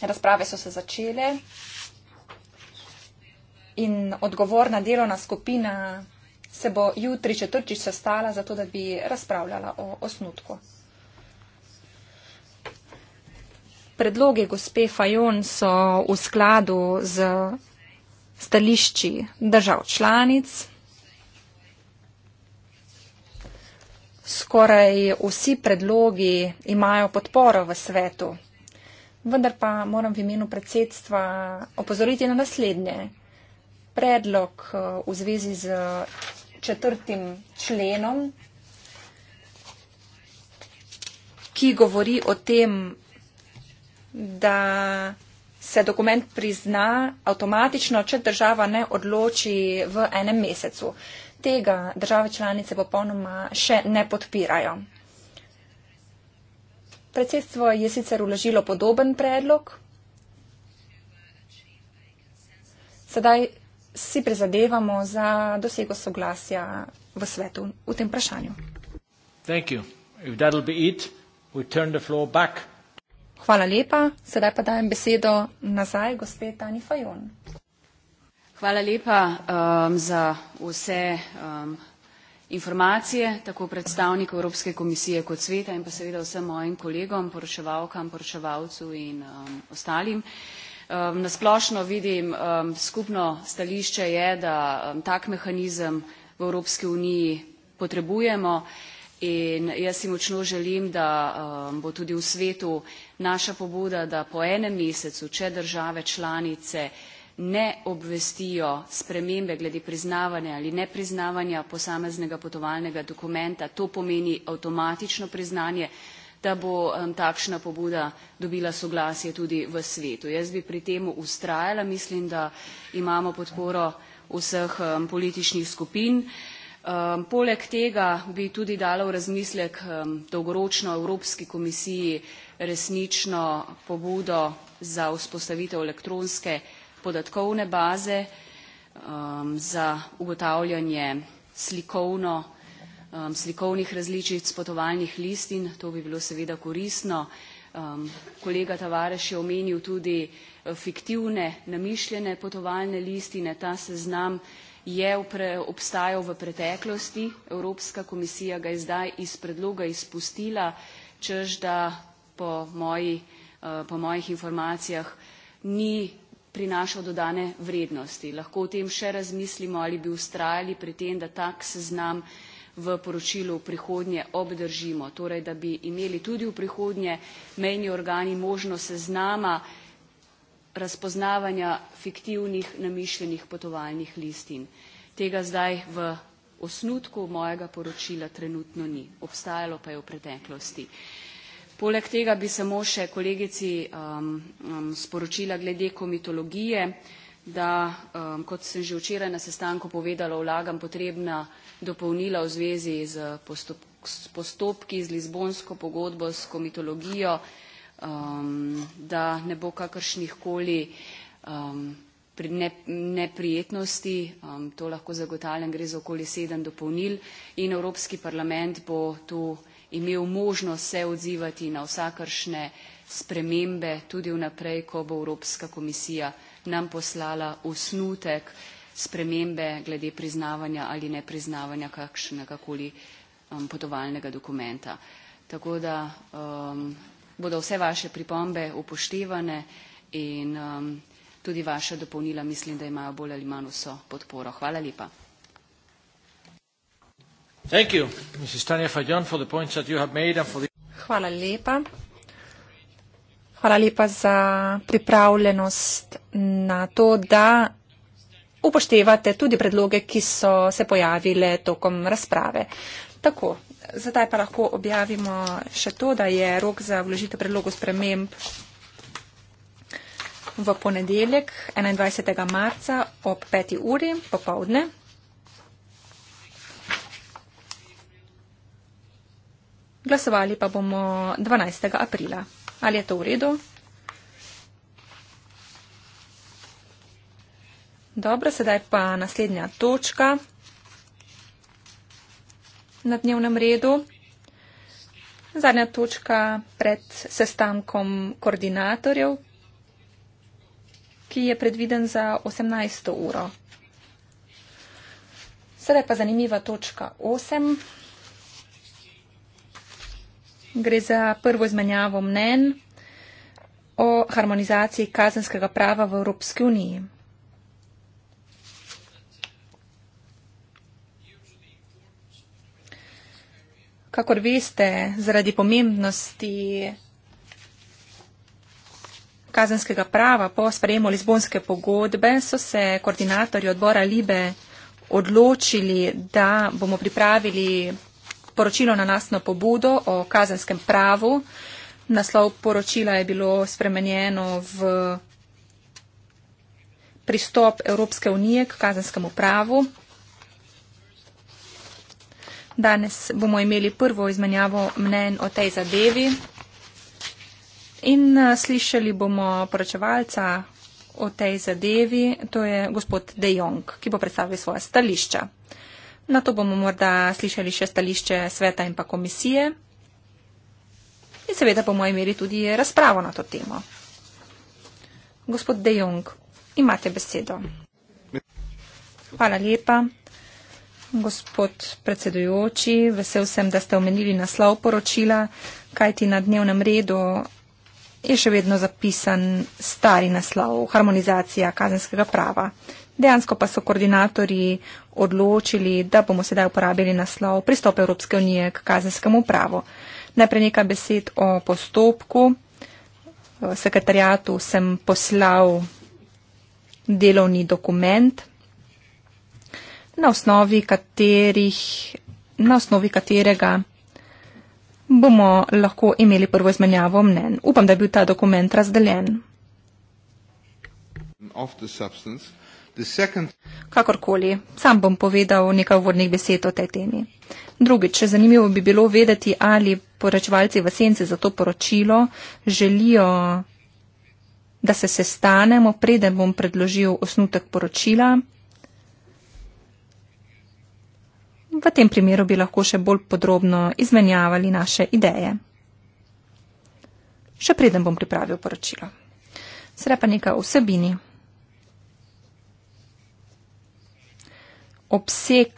razprave so se začele in odgovorna delovna skupina se bo jutri četrtič sestala, zato da bi razpravljala o osnutku. Predloge gospe Fajon so v skladu z stališči držav članic. Skoraj vsi predlogi imajo podporo v svetu. Vendar pa moram v imenu predsedstva opozoriti na naslednje. Predlog eh, v zvezi z četrtim členom, ki govori o tem, da se dokument prizna avtomatično, če država ne odloči v enem mesecu tega države članice popolnoma še ne podpirajo. Predsedstvo je sicer uložilo podoben predlog. Sedaj si prizadevamo za dosego soglasja v svetu v tem vprašanju. Hvala lepa. Sedaj pa dajem besedo nazaj gospe Tani Fajon. Hvala lepa um, za vse um, informacije, tako predstavnik Evropske komisije kot sveta in pa seveda vsem mojim kolegom, poročevalkam, poročevalcu in um, ostalim. Na splošno vidim, skupno stališče je, da tak mehanizem v Evropski uniji potrebujemo in jaz si močno želim, da bo tudi v svetu naša pobuda, da po enem mesecu, če države članice ne obvestijo spremembe glede priznavanja ali nepriznavanja posameznega potovalnega dokumenta. To pomeni avtomatično priznanje, da bo um, takšna pobuda dobila soglasje tudi v svetu. Jaz bi pri tem ustrajala, mislim, da imamo podporo vseh um, političnih skupin. Um, poleg tega bi tudi dala v razmislek um, dolgoročno Evropski komisiji resnično pobudo za vzpostavitev elektronske podatkovne baze um, za ugotavljanje slikovno, um, slikovnih različic potovalnih listin. To bi bilo seveda koristno. Um, kolega Tavares je omenil tudi uh, fiktivne, namišljene potovalne listine. Ta seznam je upre, obstajal v preteklosti. Evropska komisija ga je zdaj iz predloga izpustila, čež da po, moji, uh, po mojih informacijah ni prinašal dodane vrednosti. Lahko o tem še razmislimo ali bi ustrajali pri tem, da tak seznam v poročilu prihodnje obdržimo, torej da bi imeli tudi v prihodnje mejni organi možnost seznama razpoznavanja fiktivnih namišljenih potovalnih listin. Tega zdaj v osnutku mojega poročila trenutno ni, obstajalo pa je v preteklosti. Poleg tega bi samo še kolegici um, um, sporočila glede komitologije, da, um, kot sem že včeraj na sestanku povedala, vlagam potrebna dopolnila v zvezi z postop postopki, z Lizbonsko pogodbo, s komitologijo, um, da ne bo kakršnih koli um, ne, neprijetnosti, um, to lahko zagotavljam, gre za okoli sedem dopolnil in Evropski parlament bo tu imel možnost se odzivati na vsakršne spremembe tudi vnaprej, ko bo Evropska komisija nam poslala osnutek spremembe glede priznavanja ali nepriznavanja kakšnega koli um, potovalnega dokumenta. Tako da um, bodo vse vaše pripombe upoštevane in um, tudi vaša dopolnila mislim, da imajo bolj ali manj vso podporo. Hvala lepa. Hvala lepa. Hvala lepa za pripravljenost na to, da upoštevate tudi predloge, ki so se pojavile tokom razprave. Tako, zdaj pa lahko objavimo še to, da je rok za vložitev predlogov sprememb v ponedeljek 21. marca ob 5. uri popovdne. glasovali pa bomo 12. aprila. Ali je to v redu? Dobro, sedaj pa naslednja točka na dnevnem redu. Zadnja točka pred sestankom koordinatorjev, ki je predviden za 18. uro. Sedaj pa zanimiva točka 8 gre za prvo izmenjavo mnen o harmonizaciji kazenskega prava v Evropski uniji. Kakor veste, zaradi pomembnosti kazenskega prava po sprejemu Lizbonske pogodbe so se koordinatorji odbora Libe odločili, da bomo pripravili poročilo na nas na pobudo o kazenskem pravu. Naslov poročila je bilo spremenjeno v pristop Evropske unije k kazenskemu pravu. Danes bomo imeli prvo izmenjavo mnen o tej zadevi in eh, slišali bomo poročevalca o tej zadevi, to je gospod De Jong, ki bo predstavil svoje stališča. Na to bomo morda slišali še stališče sveta in pa komisije. In seveda bomo imeli tudi razpravo na to temo. Gospod De Jong, imate besedo. Hvala lepa. Gospod predsedujoči, vesel sem, da ste omenili naslov poročila, kajti na dnevnem redu je še vedno zapisan stari naslov, harmonizacija kazenskega prava dejansko pa so koordinatorji odločili, da bomo sedaj uporabili naslov pristop Evropske unije k kazenskemu pravu. Najprej nekaj besed o postopku. Eh, Sekretarjatu sem poslal delovni dokument, na osnovi, katerih, na osnovi katerega bomo lahko imeli prvo izmenjavo mnen. Upam, da je bil ta dokument razdeljen. Of the substance, Kakorkoli, sam bom povedal nekaj vodnih besed o tej temi. Drugič, zanimivo bi bilo vedeti, ali poročevalci v senci za to poročilo želijo, da se sestanemo, preden bom predložil osnutek poročila. V tem primeru bi lahko še bolj podrobno izmenjavali naše ideje. Še preden bom pripravil poročilo. Sreda pa nekaj o vsebini. obseg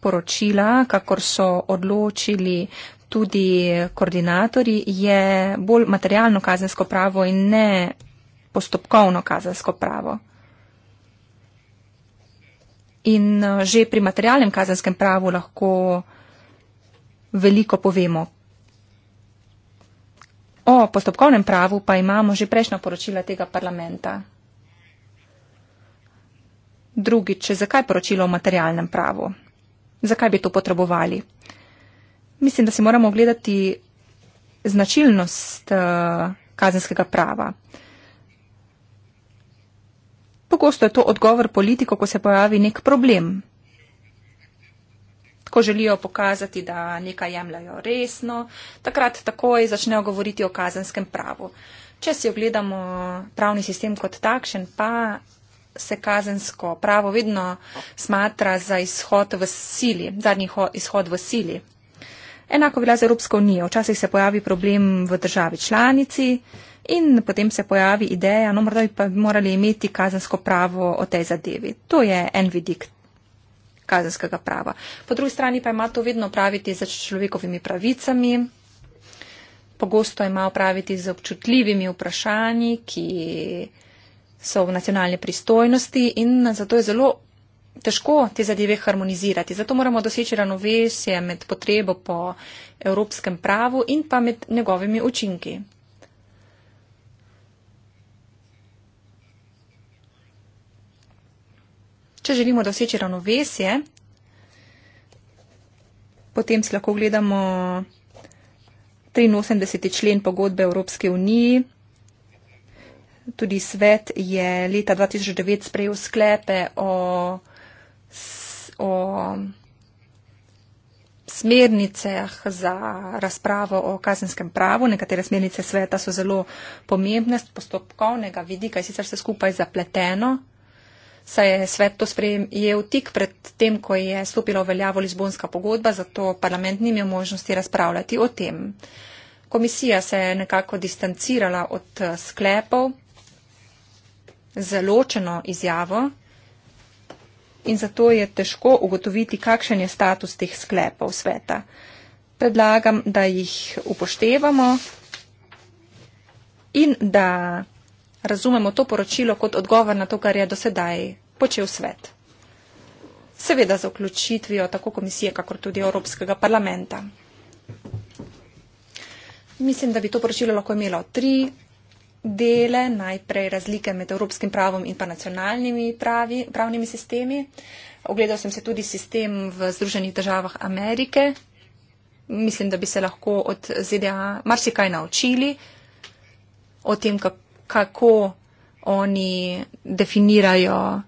poročila, kakor so odločili tudi koordinatorji, je bolj materialno kazensko pravo in ne postopkovno kazensko pravo. In eh, že pri materialnem kazenskem pravu lahko veliko povemo. O postopkovnem pravu pa imamo že prejšnja poročila tega parlamenta. Drugič, zakaj poročilo o materialnem pravu? Zakaj bi to potrebovali? Mislim, da si moramo ogledati značilnost eh, kazenskega prava. Pogosto je to odgovor politiko, ko se pojavi nek problem. Ko želijo pokazati, da nekaj jemljajo resno, takrat takoj začnejo govoriti o kazenskem pravu. Če si ogledamo pravni sistem kot takšen, pa se kazensko pravo vedno smatra za izhod v sili, zadnji izhod v sili. Enako velja za Evropsko unijo. Včasih se pojavi problem v državi članici in potem se pojavi ideja, no morda bi pa morali imeti kazensko pravo o tej zadevi. To je en vidik kazenskega prava. Po drugi strani pa ima to vedno praviti za človekovimi pravicami. Pogosto ima opraviti z občutljivimi vprašanji, ki so v nacionalni pristojnosti in zato je zelo težko te zadeve harmonizirati. Zato moramo doseči ravnovesje med potrebo po evropskem pravu in pa med njegovimi učinki. Če želimo doseči ravnovesje, potem si lahko gledamo 83. člen pogodbe Evropske unije, Tudi svet je leta 2009 sprejel sklepe o, o smernicah za razpravo o kazenskem pravu. Nekatere smernice sveta so zelo pomembne z postopkovnega vidika, je sicer se skupaj zapleteno. Saj je svet to sprejel tik pred tem, ko je stopila v veljavo Lizbonska pogodba, zato parlament ni imel možnosti razpravljati o tem. Komisija se je nekako distancirala od sklepov zeločeno izjavo in zato je težko ugotoviti, kakšen je status teh sklepov sveta. Predlagam, da jih upoštevamo in da razumemo to poročilo kot odgovor na to, kar je dosedaj počel svet. Seveda za vključitvijo tako komisije, kakor tudi Evropskega parlamenta. Mislim, da bi to poročilo lahko imelo tri dele, najprej razlike med evropskim pravom in pa nacionalnimi pravi, pravnimi sistemi. Ogledal sem se tudi sistem v Združenih državah Amerike. Mislim, da bi se lahko od ZDA marsikaj naučili o tem, kako oni definirajo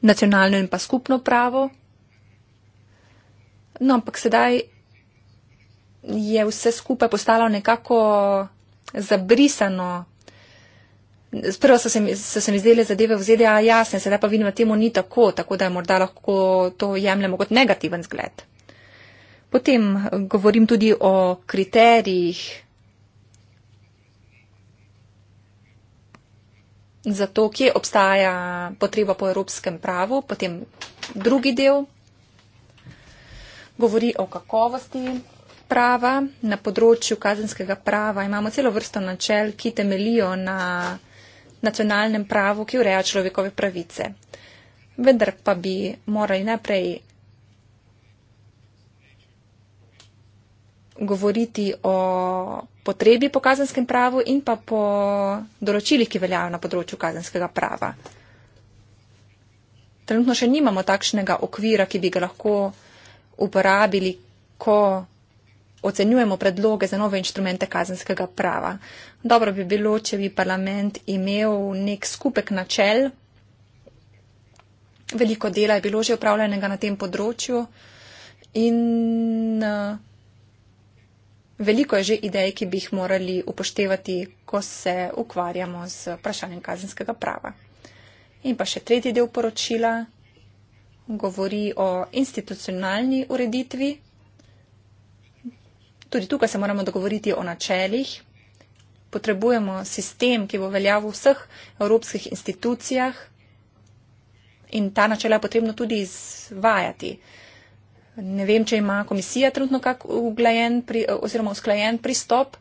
nacionalno in pa skupno pravo. No, ampak sedaj je vse skupaj postalo nekako zabrisano. Sprva so se, so se mi zdele zadeve v ZDA jasne, sedaj pa vidim, da temu ni tako, tako da morda lahko to jemljemo kot negativen zgled. Potem eh, govorim tudi o kriterijih za to, kje obstaja potreba po evropskem pravu. Potem drugi del govori o kakovosti prava, na področju kazenskega prava imamo celo vrsto načel, ki temelijo na nacionalnem pravu, ki ureja človekove pravice. Vendar pa bi morali najprej govoriti o potrebi po kazenskem pravu in pa po določilih, ki veljajo na področju kazenskega prava. Trenutno še nimamo takšnega okvira, ki bi ga lahko uporabili, ko ocenjujemo predloge za nove inštrumente kazenskega prava. Dobro bi bilo, če bi parlament imel nek skupek načel. Veliko dela je bilo že upravljenega na tem področju in eh, veliko je že idej, ki bi jih morali upoštevati, ko se ukvarjamo z vprašanjem kazenskega prava. In pa še tretji del poročila govori o institucionalni ureditvi tudi tukaj se moramo dogovoriti o načeljih. Potrebujemo sistem, ki bo veljal v vseh evropskih institucijah in ta načela je potrebno tudi izvajati. Ne vem, če ima komisija trenutno kak uglajen pri, oziroma usklajen pristop.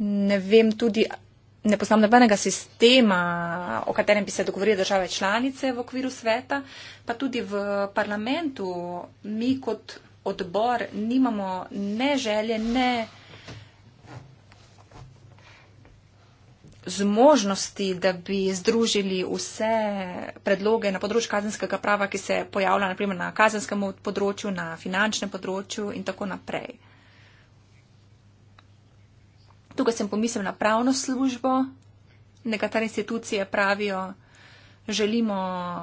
Ne vem tudi, ne poznam nobenega sistema, o katerem bi se dogovorili države članice v okviru sveta, pa tudi v parlamentu mi kot odbor, nimamo ne želje, ne zmožnosti, da bi združili vse predloge na področju kazenskega prava, ki se pojavlja naprimer na kazenskem področju, na finančnem področju in tako naprej. Tukaj sem pomislil na pravno službo. Nekatere institucije pravijo, želimo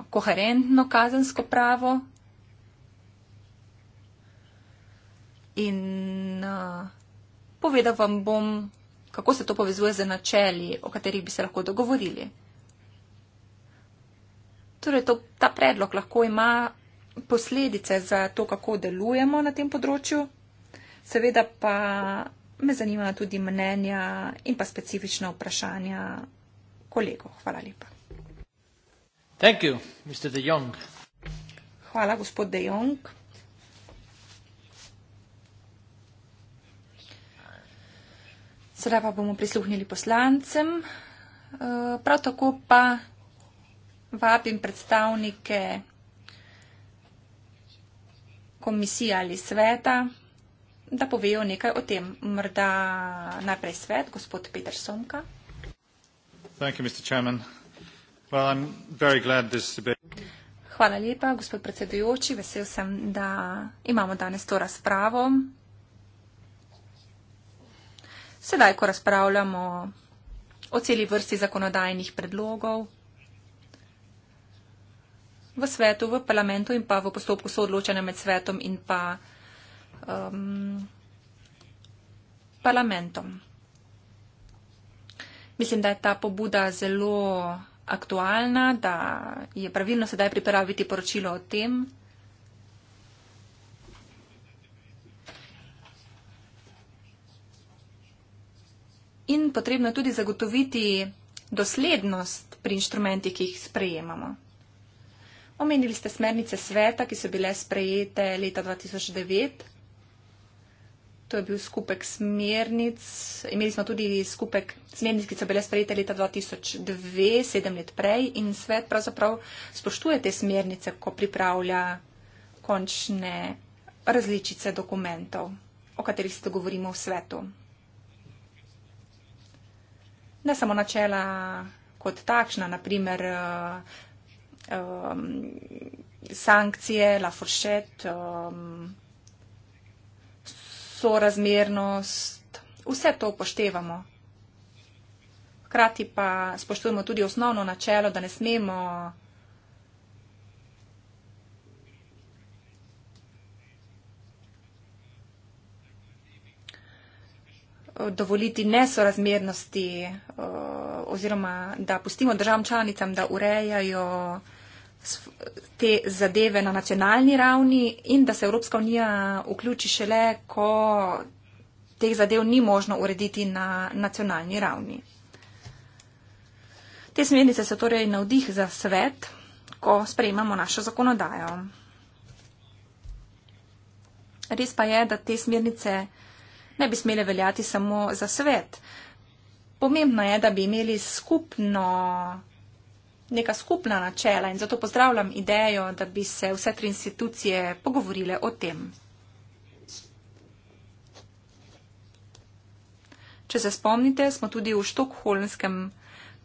koherentno kazensko pravo, in uh, povedal vam bom, kako se to povezuje z načeli, o katerih bi se lahko dogovorili. Torej, to, ta predlog lahko ima posledice za to, kako delujemo na tem področju. Seveda pa me zanimajo tudi mnenja in pa specifična vprašanja kolegov. Hvala lepa. Thank you, Mr. De Jong. Hvala, gospod De Jong. Sedaj pa bomo prisluhnili poslancem. E, prav tako pa vabim predstavnike komisije ali sveta, da povejo nekaj o tem. Morda najprej svet, gospod Peter Somka. Hvala lepa, gospod predsedujoči. Vesel sem, da imamo danes to razpravo sedaj, ko razpravljamo o celi vrsti zakonodajnih predlogov v svetu, v parlamentu in pa v postopku soodločanja med svetom in pa um, parlamentom. Mislim, da je ta pobuda zelo aktualna, da je pravilno sedaj pripraviti poročilo o tem. in potrebno je tudi zagotoviti doslednost pri inštrumentih, ki jih sprejemamo. Omenili ste smernice sveta, ki so bile sprejete leta 2009. To je bil skupek smernic. Imeli smo tudi skupek smernic, ki so bile sprejete leta 2002, sedem let prej. In svet pravzaprav spoštuje te smernice, ko pripravlja končne različice dokumentov, o katerih se dogovorimo v svetu ne samo načela kot takšna, naprimer um, eh, sankcije, la foršet, um, sorazmernost, vse to upoštevamo. Hkrati pa spoštujemo tudi osnovno načelo, da ne smemo dovoliti nesorazmernosti eh, oziroma da pustimo državam članicam, da urejajo te zadeve na nacionalni ravni in da se Evropska unija vključi šele, ko teh zadev ni možno urediti na nacionalni ravni. Te smernice so torej navdih za svet, ko sprejemamo našo zakonodajo. Res pa je, da te smernice ne bi smele veljati samo za svet. Pomembno je, da bi imeli skupno, neka skupna načela in zato pozdravljam idejo, da bi se vse tri institucije pogovorile o tem. Če se spomnite, smo tudi v štokholmskem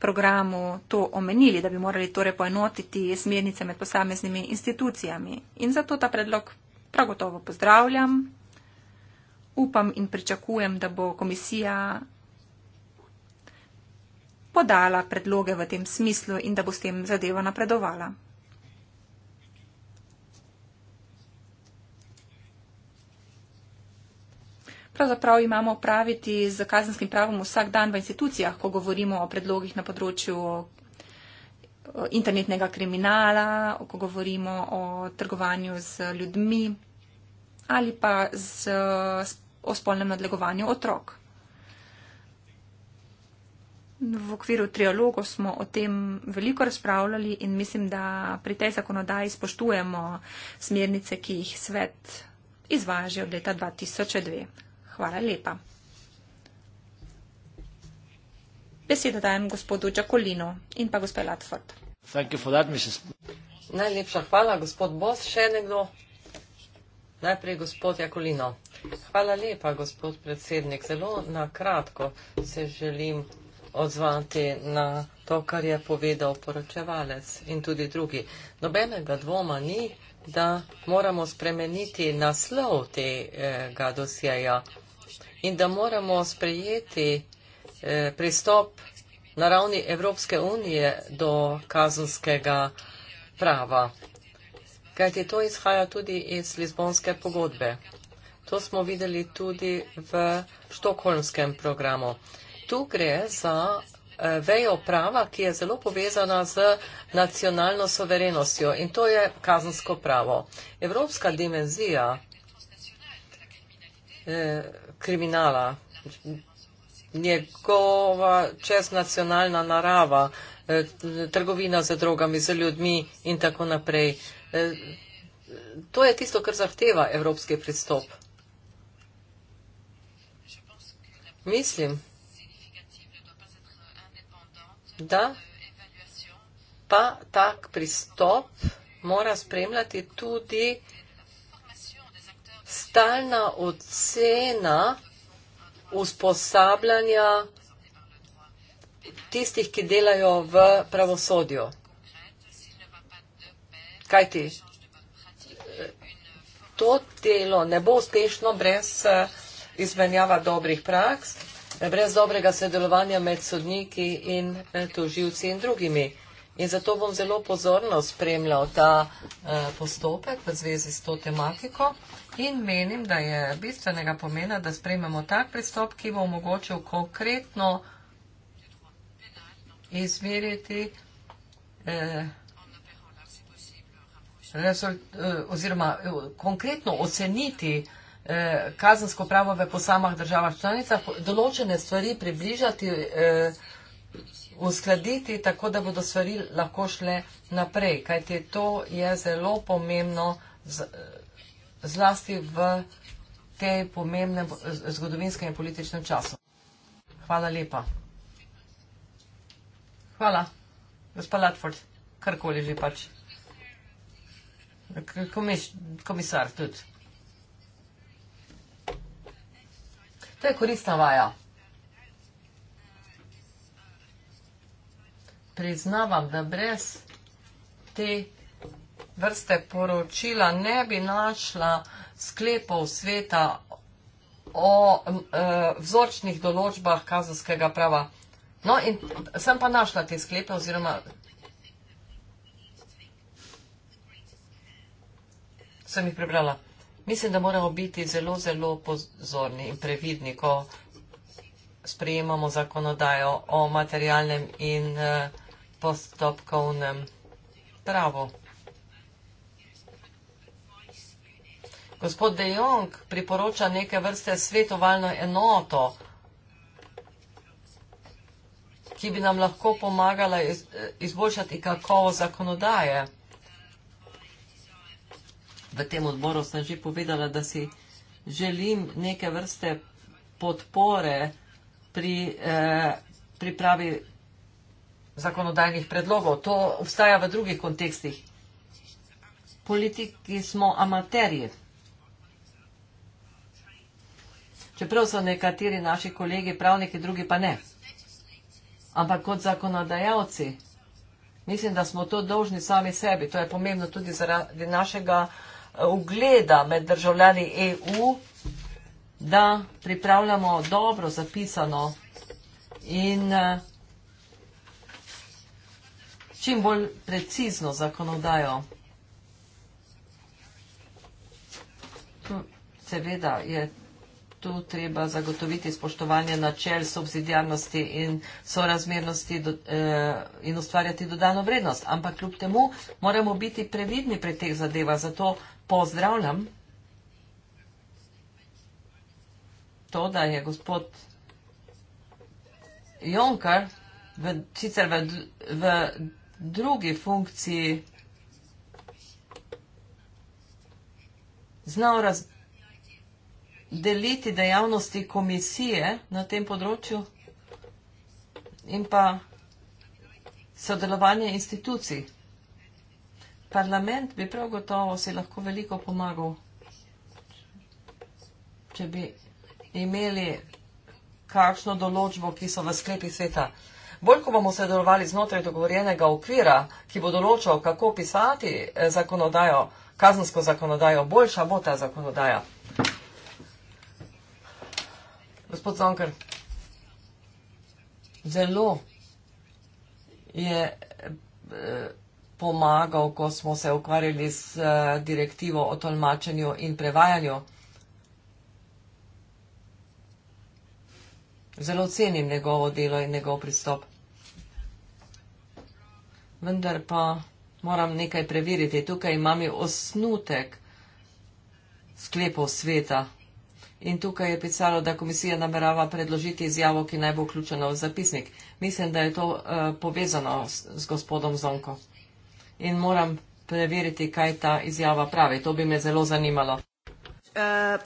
programu to omenili, da bi morali torej poenotiti smernice med posameznimi institucijami. In zato ta predlog prav gotovo pozdravljam upam in pričakujem, da bo komisija podala predloge v tem smislu in da bo s tem zadeva napredovala. Pravzaprav imamo praviti z kazenskim pravom vsak dan v institucijah, ko govorimo o predlogih na področju internetnega kriminala, ko govorimo o trgovanju z ljudmi ali pa z o spolnem nadlegovanju otrok. V okviru trialogo smo o tem veliko razpravljali in mislim, da pri tej zakonodaji spoštujemo smernice, ki jih svet izvaja že od leta 2002. Hvala lepa. Besedo dajem gospodu Čakolino in pa gospod Latford. That, Najlepša hvala, gospod Bos, še nekdo. Najprej gospod Jakolino. Hvala lepa, gospod predsednik. Zelo na kratko se želim odzvati na to, kar je povedal poročevalec in tudi drugi. Nobenega dvoma ni, da moramo spremeniti naslov tega dosjeja in da moramo sprejeti eh, pristop na ravni Evropske unije do kazenskega prava. Kajti to izhaja tudi iz Lizbonske pogodbe. To smo videli tudi v štokholmskem programu. Tu gre za eh, vejo prava, ki je zelo povezana z nacionalno soverenostjo in to je kazensko pravo. Evropska dimenzija eh, kriminala, njegova čestnacionalna narava, eh, trgovina z drogami, z ljudmi in tako naprej, to je tisto, kar zahteva evropski pristop. Mislim, da pa tak pristop mora spremljati tudi stalna ocena usposabljanja tistih, ki delajo v pravosodju. Kaj ti? Eh, to telo ne bo uspešno brez uh, izmenjava dobrih praks, brez dobrega sodelovanja med sodniki in eh, toživci in drugimi. In zato bom zelo pozorno spremljal ta eh, postopek v zvezi s to tematiko in menim, da je bistvenega pomena, da spremljamo tak pristop, ki bo omogočil konkretno izmeriti eh, rezult, eh, oziroma eh, konkretno oceniti eh, Eh, kazensko pravo v posamah državah članicah, določene stvari približati, eh, uskladiti, tako da bodo stvari lahko šle naprej. Kajti to je zelo pomembno eh, zlasti v tej pomembnem zgodovinskem in političnem času. Hvala lepa. Hvala, gospa Latford, karkoli že pač. Komisar tudi. To je koristna vaja. Priznavam, da brez te vrste poročila ne bi našla sklepov sveta o e, vzorčnih določbah kazanskega prava. No, in sem pa našla te sklepe oziroma. Sem jih prebrala. Mislim, da moramo biti zelo, zelo pozorni in previdni, ko sprejemamo zakonodajo o materialnem in eh, postopkovnem pravu. Gospod De Jong priporoča neke vrste svetovalno enoto, ki bi nam lahko pomagala eh, izboljšati kakovo zakonodaje v tem odboru sem že povedala, da si želim neke vrste podpore pri eh, pripravi zakonodajnih predlogov. To obstaja v drugih kontekstih. Politiki smo amaterji. Čeprav so nekateri naši kolegi pravniki, drugi pa ne. Ampak kot zakonodajalci, mislim, da smo to dolžni sami sebi. To je pomembno tudi zaradi našega eh, ugleda med državljani EU, da pripravljamo dobro zapisano in eh, čim bolj precizno zakonodajo. Hm, seveda je tu treba zagotoviti spoštovanje načel subsidijarnosti in sorazmernosti do, eh, in ustvarjati dodano vrednost. Ampak kljub temu moramo biti previdni pri teh zadevah, zato pozdravljam to, da je gospod Jonkar v, sicer v, v drugi funkciji znal razdeliti dejavnosti komisije na tem področju in pa sodelovanje institucij parlament bi prav gotovo si lahko veliko pomagal, če bi imeli kakšno določbo, ki so v sklepi sveta. Bolj, ko bomo sodelovali znotraj dogovorjenega okvira, ki bo določal, kako pisati eh, zakonodajo, kazensko zakonodajo, boljša bo ta zakonodaja. Gospod Zonker, zelo je. Eh, pomagal, ko smo se ukvarjali s eh, direktivo o tolmačenju in prevajanju. Zelo cenim njegovo delo in njegov pristop. Vendar pa moram nekaj preveriti. Tukaj imam osnutek sklepov sveta. In tukaj je pisalo, da komisija namerava predložiti izjavo, ki naj bo vključena v zapisnik. Mislim, da je to uh, povezano s, s gospodom Zonko in moram preveriti, kaj ta izjava pravi. To bi me zelo zanimalo. Uh,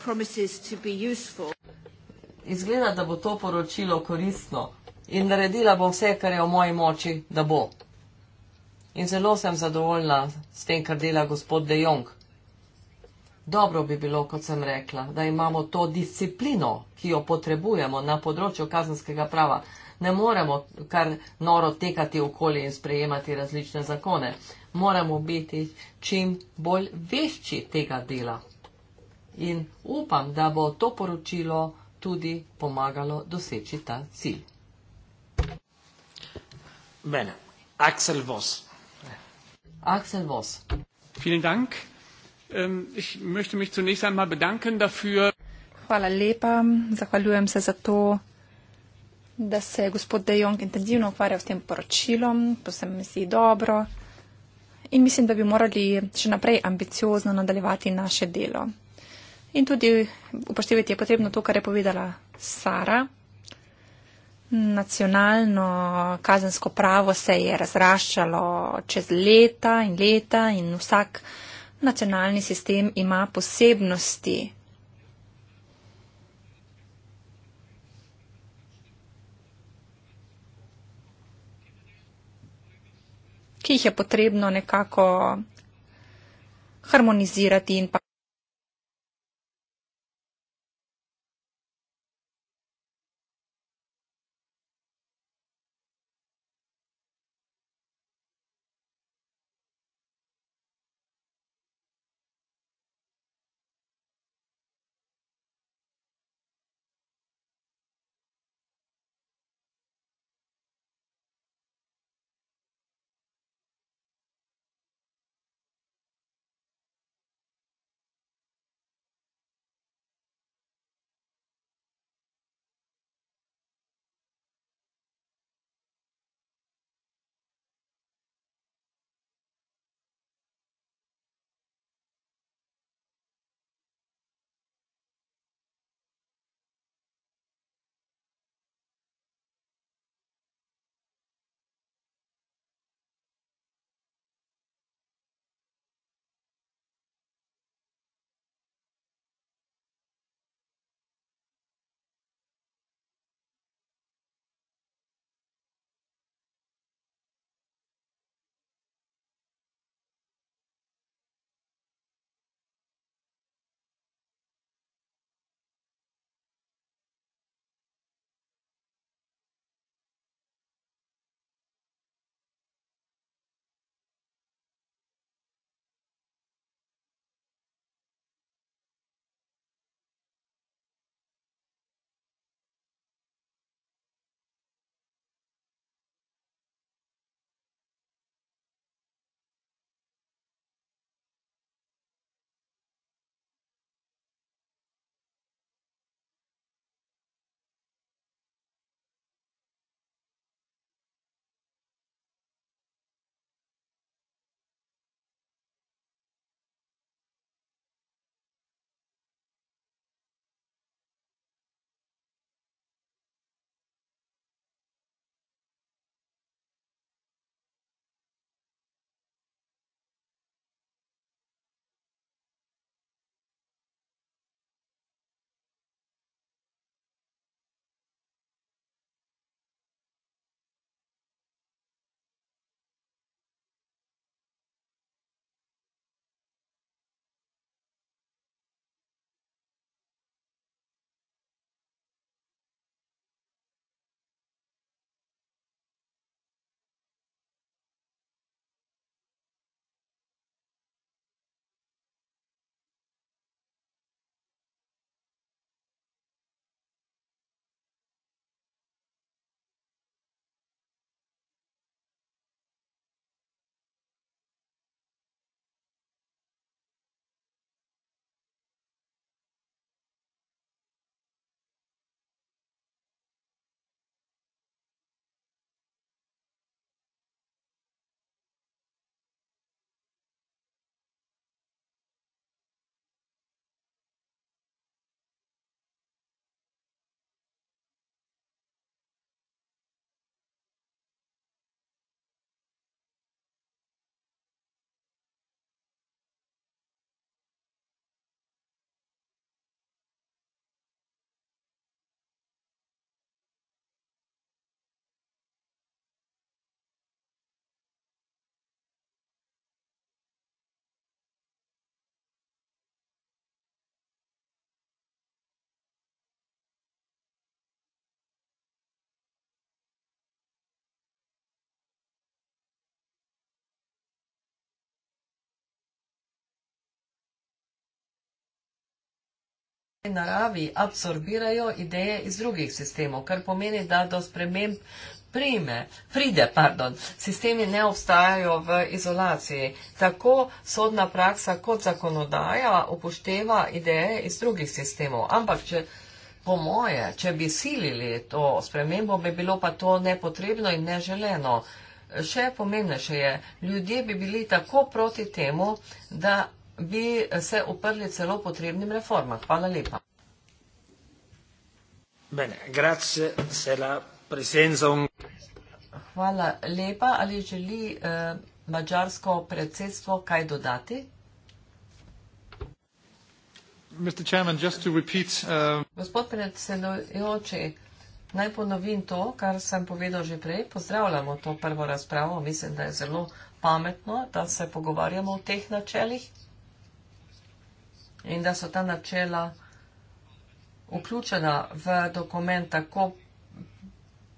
Izgleda, da bo to poročilo koristno in naredila bom vse, kar je v moji moči, da bo. In zelo sem zadovoljna s tem, kar dela gospod De Jong. Dobro bi bilo, kot sem rekla, da imamo to disciplino, ki jo potrebujemo na področju kazenskega prava. Ne moremo kar noro tekati okoli in sprejemati različne zakone moramo biti čim bolj vešči tega dela. In upam, da bo to poročilo tudi pomagalo doseči ta cilj. Bene, Axel Voss. Axel Voss. Vielen Dank. Ähm, ich möchte mich zunächst einmal bedanken dafür. Hvala lepa, zahvaljujem se za to, da se je gospod De Jong intenzivno ukvarjal s tem poročilom, to se mi zdi dobro in mislim, da bi morali še naprej ambiciozno nadaljevati naše delo. In tudi upoštevati je potrebno to, kar je povedala Sara. Nacionalno kazensko pravo se je razraščalo čez leta in leta in vsak nacionalni sistem ima posebnosti, ki jih je potrebno nekako harmonizirati in pa naravi absorbirajo ideje iz drugih sistemov, kar pomeni, da do sprememb prime, pride, pardon, sistemi ne obstajajo v izolaciji. Tako sodna praksa kot zakonodaja upošteva ideje iz drugih sistemov. Ampak, če po moje, če bi silili to spremembo, bi bilo pa to nepotrebno in neželeno. Še pomembnejše je, ljudje bi bili tako proti temu, da bi se oprli celo potrebnim reformam. Hvala lepa. Bene, grazie, sera presenza. Hvala lepa. Ali želi eh, mađarsko predsedstvo kaj dodati? Mr. Chairman, just to repeat, uh... Gospod predsedujoči, naj ponovim to, kar sem povedal že prej. Pozdravljamo to prvo razpravo. Mislim, da je zelo pametno, da se pogovarjamo o teh načelih in da so ta načela vključena v dokument tako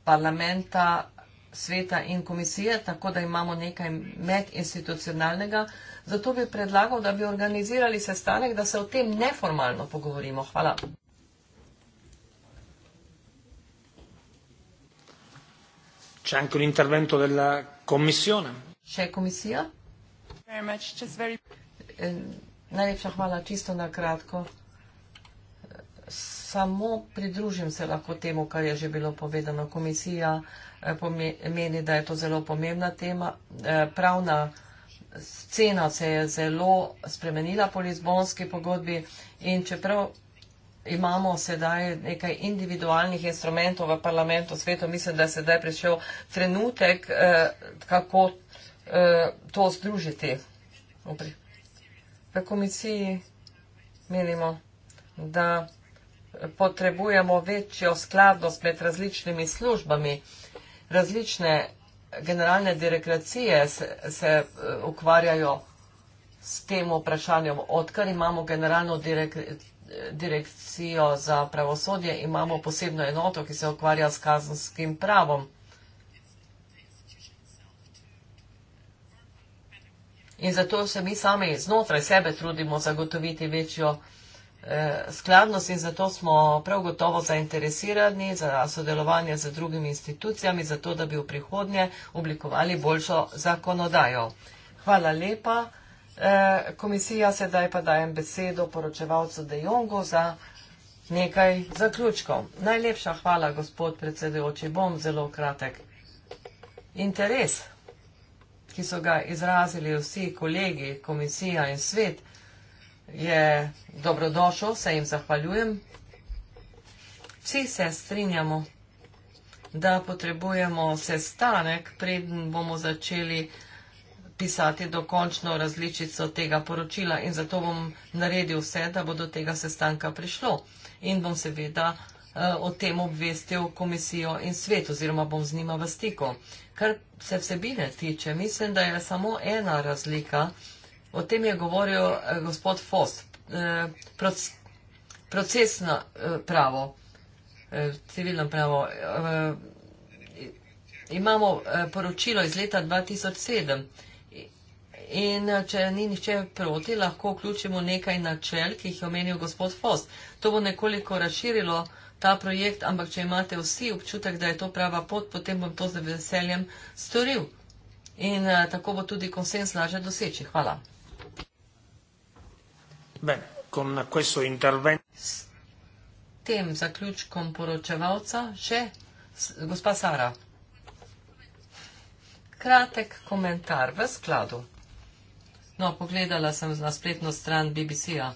parlamenta, sveta in komisije, tako da imamo nekaj medinstitucionalnega. Zato bi predlagal, da bi organizirali sestanek, da se o tem neformalno pogovorimo. Hvala. C'è anche un intervento della Commissione. C'è Commissione? Very much, just very... Eh... Najlepša hvala, čisto na kratko. Samo pridružim se lahko temu, kar je že bilo povedano. Komisija eh, meni, da je to zelo pomembna tema. Eh, pravna scena se je zelo spremenila po Lizbonski pogodbi in čeprav imamo sedaj nekaj individualnih instrumentov v parlamentu, svetu, mislim, da je sedaj prišel trenutek, eh, kako to združiti. Upri v komisiji menimo, da potrebujemo večjo skladnost med različnimi službami. Različne generalne direkracije se, se eh, ukvarjajo s tem vprašanjem, odkar imamo generalno direk, direkcijo za pravosodje, imamo posebno enoto, ki se ukvarja s kazenskim pravom. In zato se mi sami znotraj sebe trudimo zagotoviti večjo eh, skladnost in zato smo prav gotovo zainteresirani za sodelovanje z drugimi institucijami, zato da bi v prihodnje oblikovali boljšo zakonodajo. Hvala lepa. Eh, komisija sedaj pa dajem besedo poročevalcu De Jongu za nekaj zaključkov. Najlepša hvala, gospod predsedujoči. Bom zelo kratek. Interes ki so ga izrazili vsi kolegi, komisija in svet, je dobrodošel, se jim zahvaljujem. Vsi se strinjamo, da potrebujemo sestanek, preden bomo začeli pisati dokončno različico tega poročila in zato bom naredil vse, da bo do tega sestanka prišlo in bom seveda Eh, o tem obvestil komisijo in svet oziroma bom z njima v stiku. Kar se vsebine tiče, mislim, da je samo ena razlika. O tem je govoril eh, gospod Fost. Eh, Procesno pravo, civilno pravo. Imamo poročilo iz leta 2007. In če ni nihče proti, lahko vključimo nekaj načel, ki jih je omenil gospod Fost. To bo nekoliko razširilo ta projekt, ampak če imate vsi občutek, da je to prava pot, potem bom to z veseljem storil. In uh, tako bo tudi konsens lažje doseči. Hvala. Ben, con questo interven... S tem zaključkom poročevalca še gospa Sara. Kratek komentar v skladu. No, pogledala sem na spletno stran BBC-a.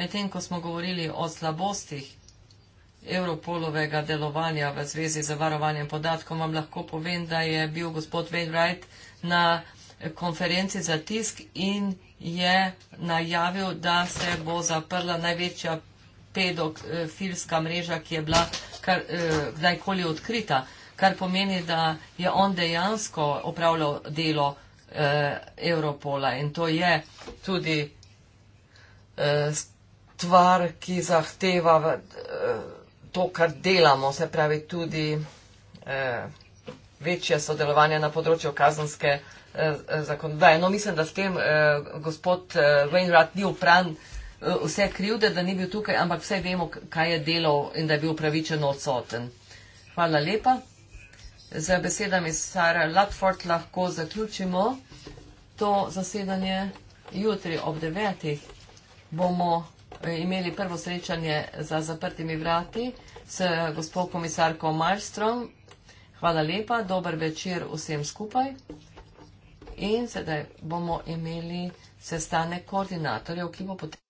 Medtem, ko smo govorili o slabostih Europolovega delovanja v zvezi z varovanjem podatkov, vam lahko povem, da je bil gospod Wainwright na konferenci za tisk in je najavil, da se bo zaprla največja pedofilska mreža, ki je bila kar, eh, najkoli odkrita, kar pomeni, da je on dejansko opravljal delo eh, Europola in to je tudi eh, stvar, ki zahteva. Eh, to, kar delamo, se pravi tudi eh, večje sodelovanje na področju kazanske eh, eh, zakonodaje. No, mislim, da s tem eh, gospod eh, Wainwright ni upran eh, vse krivde, da ni bil tukaj, ampak vse vemo, kaj je delal in da je bil pravičeno odsoten. Hvala lepa. Z besedami Sara Latford lahko zaključimo to zasedanje. Jutri ob devetih bomo eh, imeli prvo srečanje za zaprtimi vrati z gospod komisarko Malmstrom. Hvala lepa, dober večer vsem skupaj. In sedaj bomo imeli sestanek koordinatorjev, ki bo potem.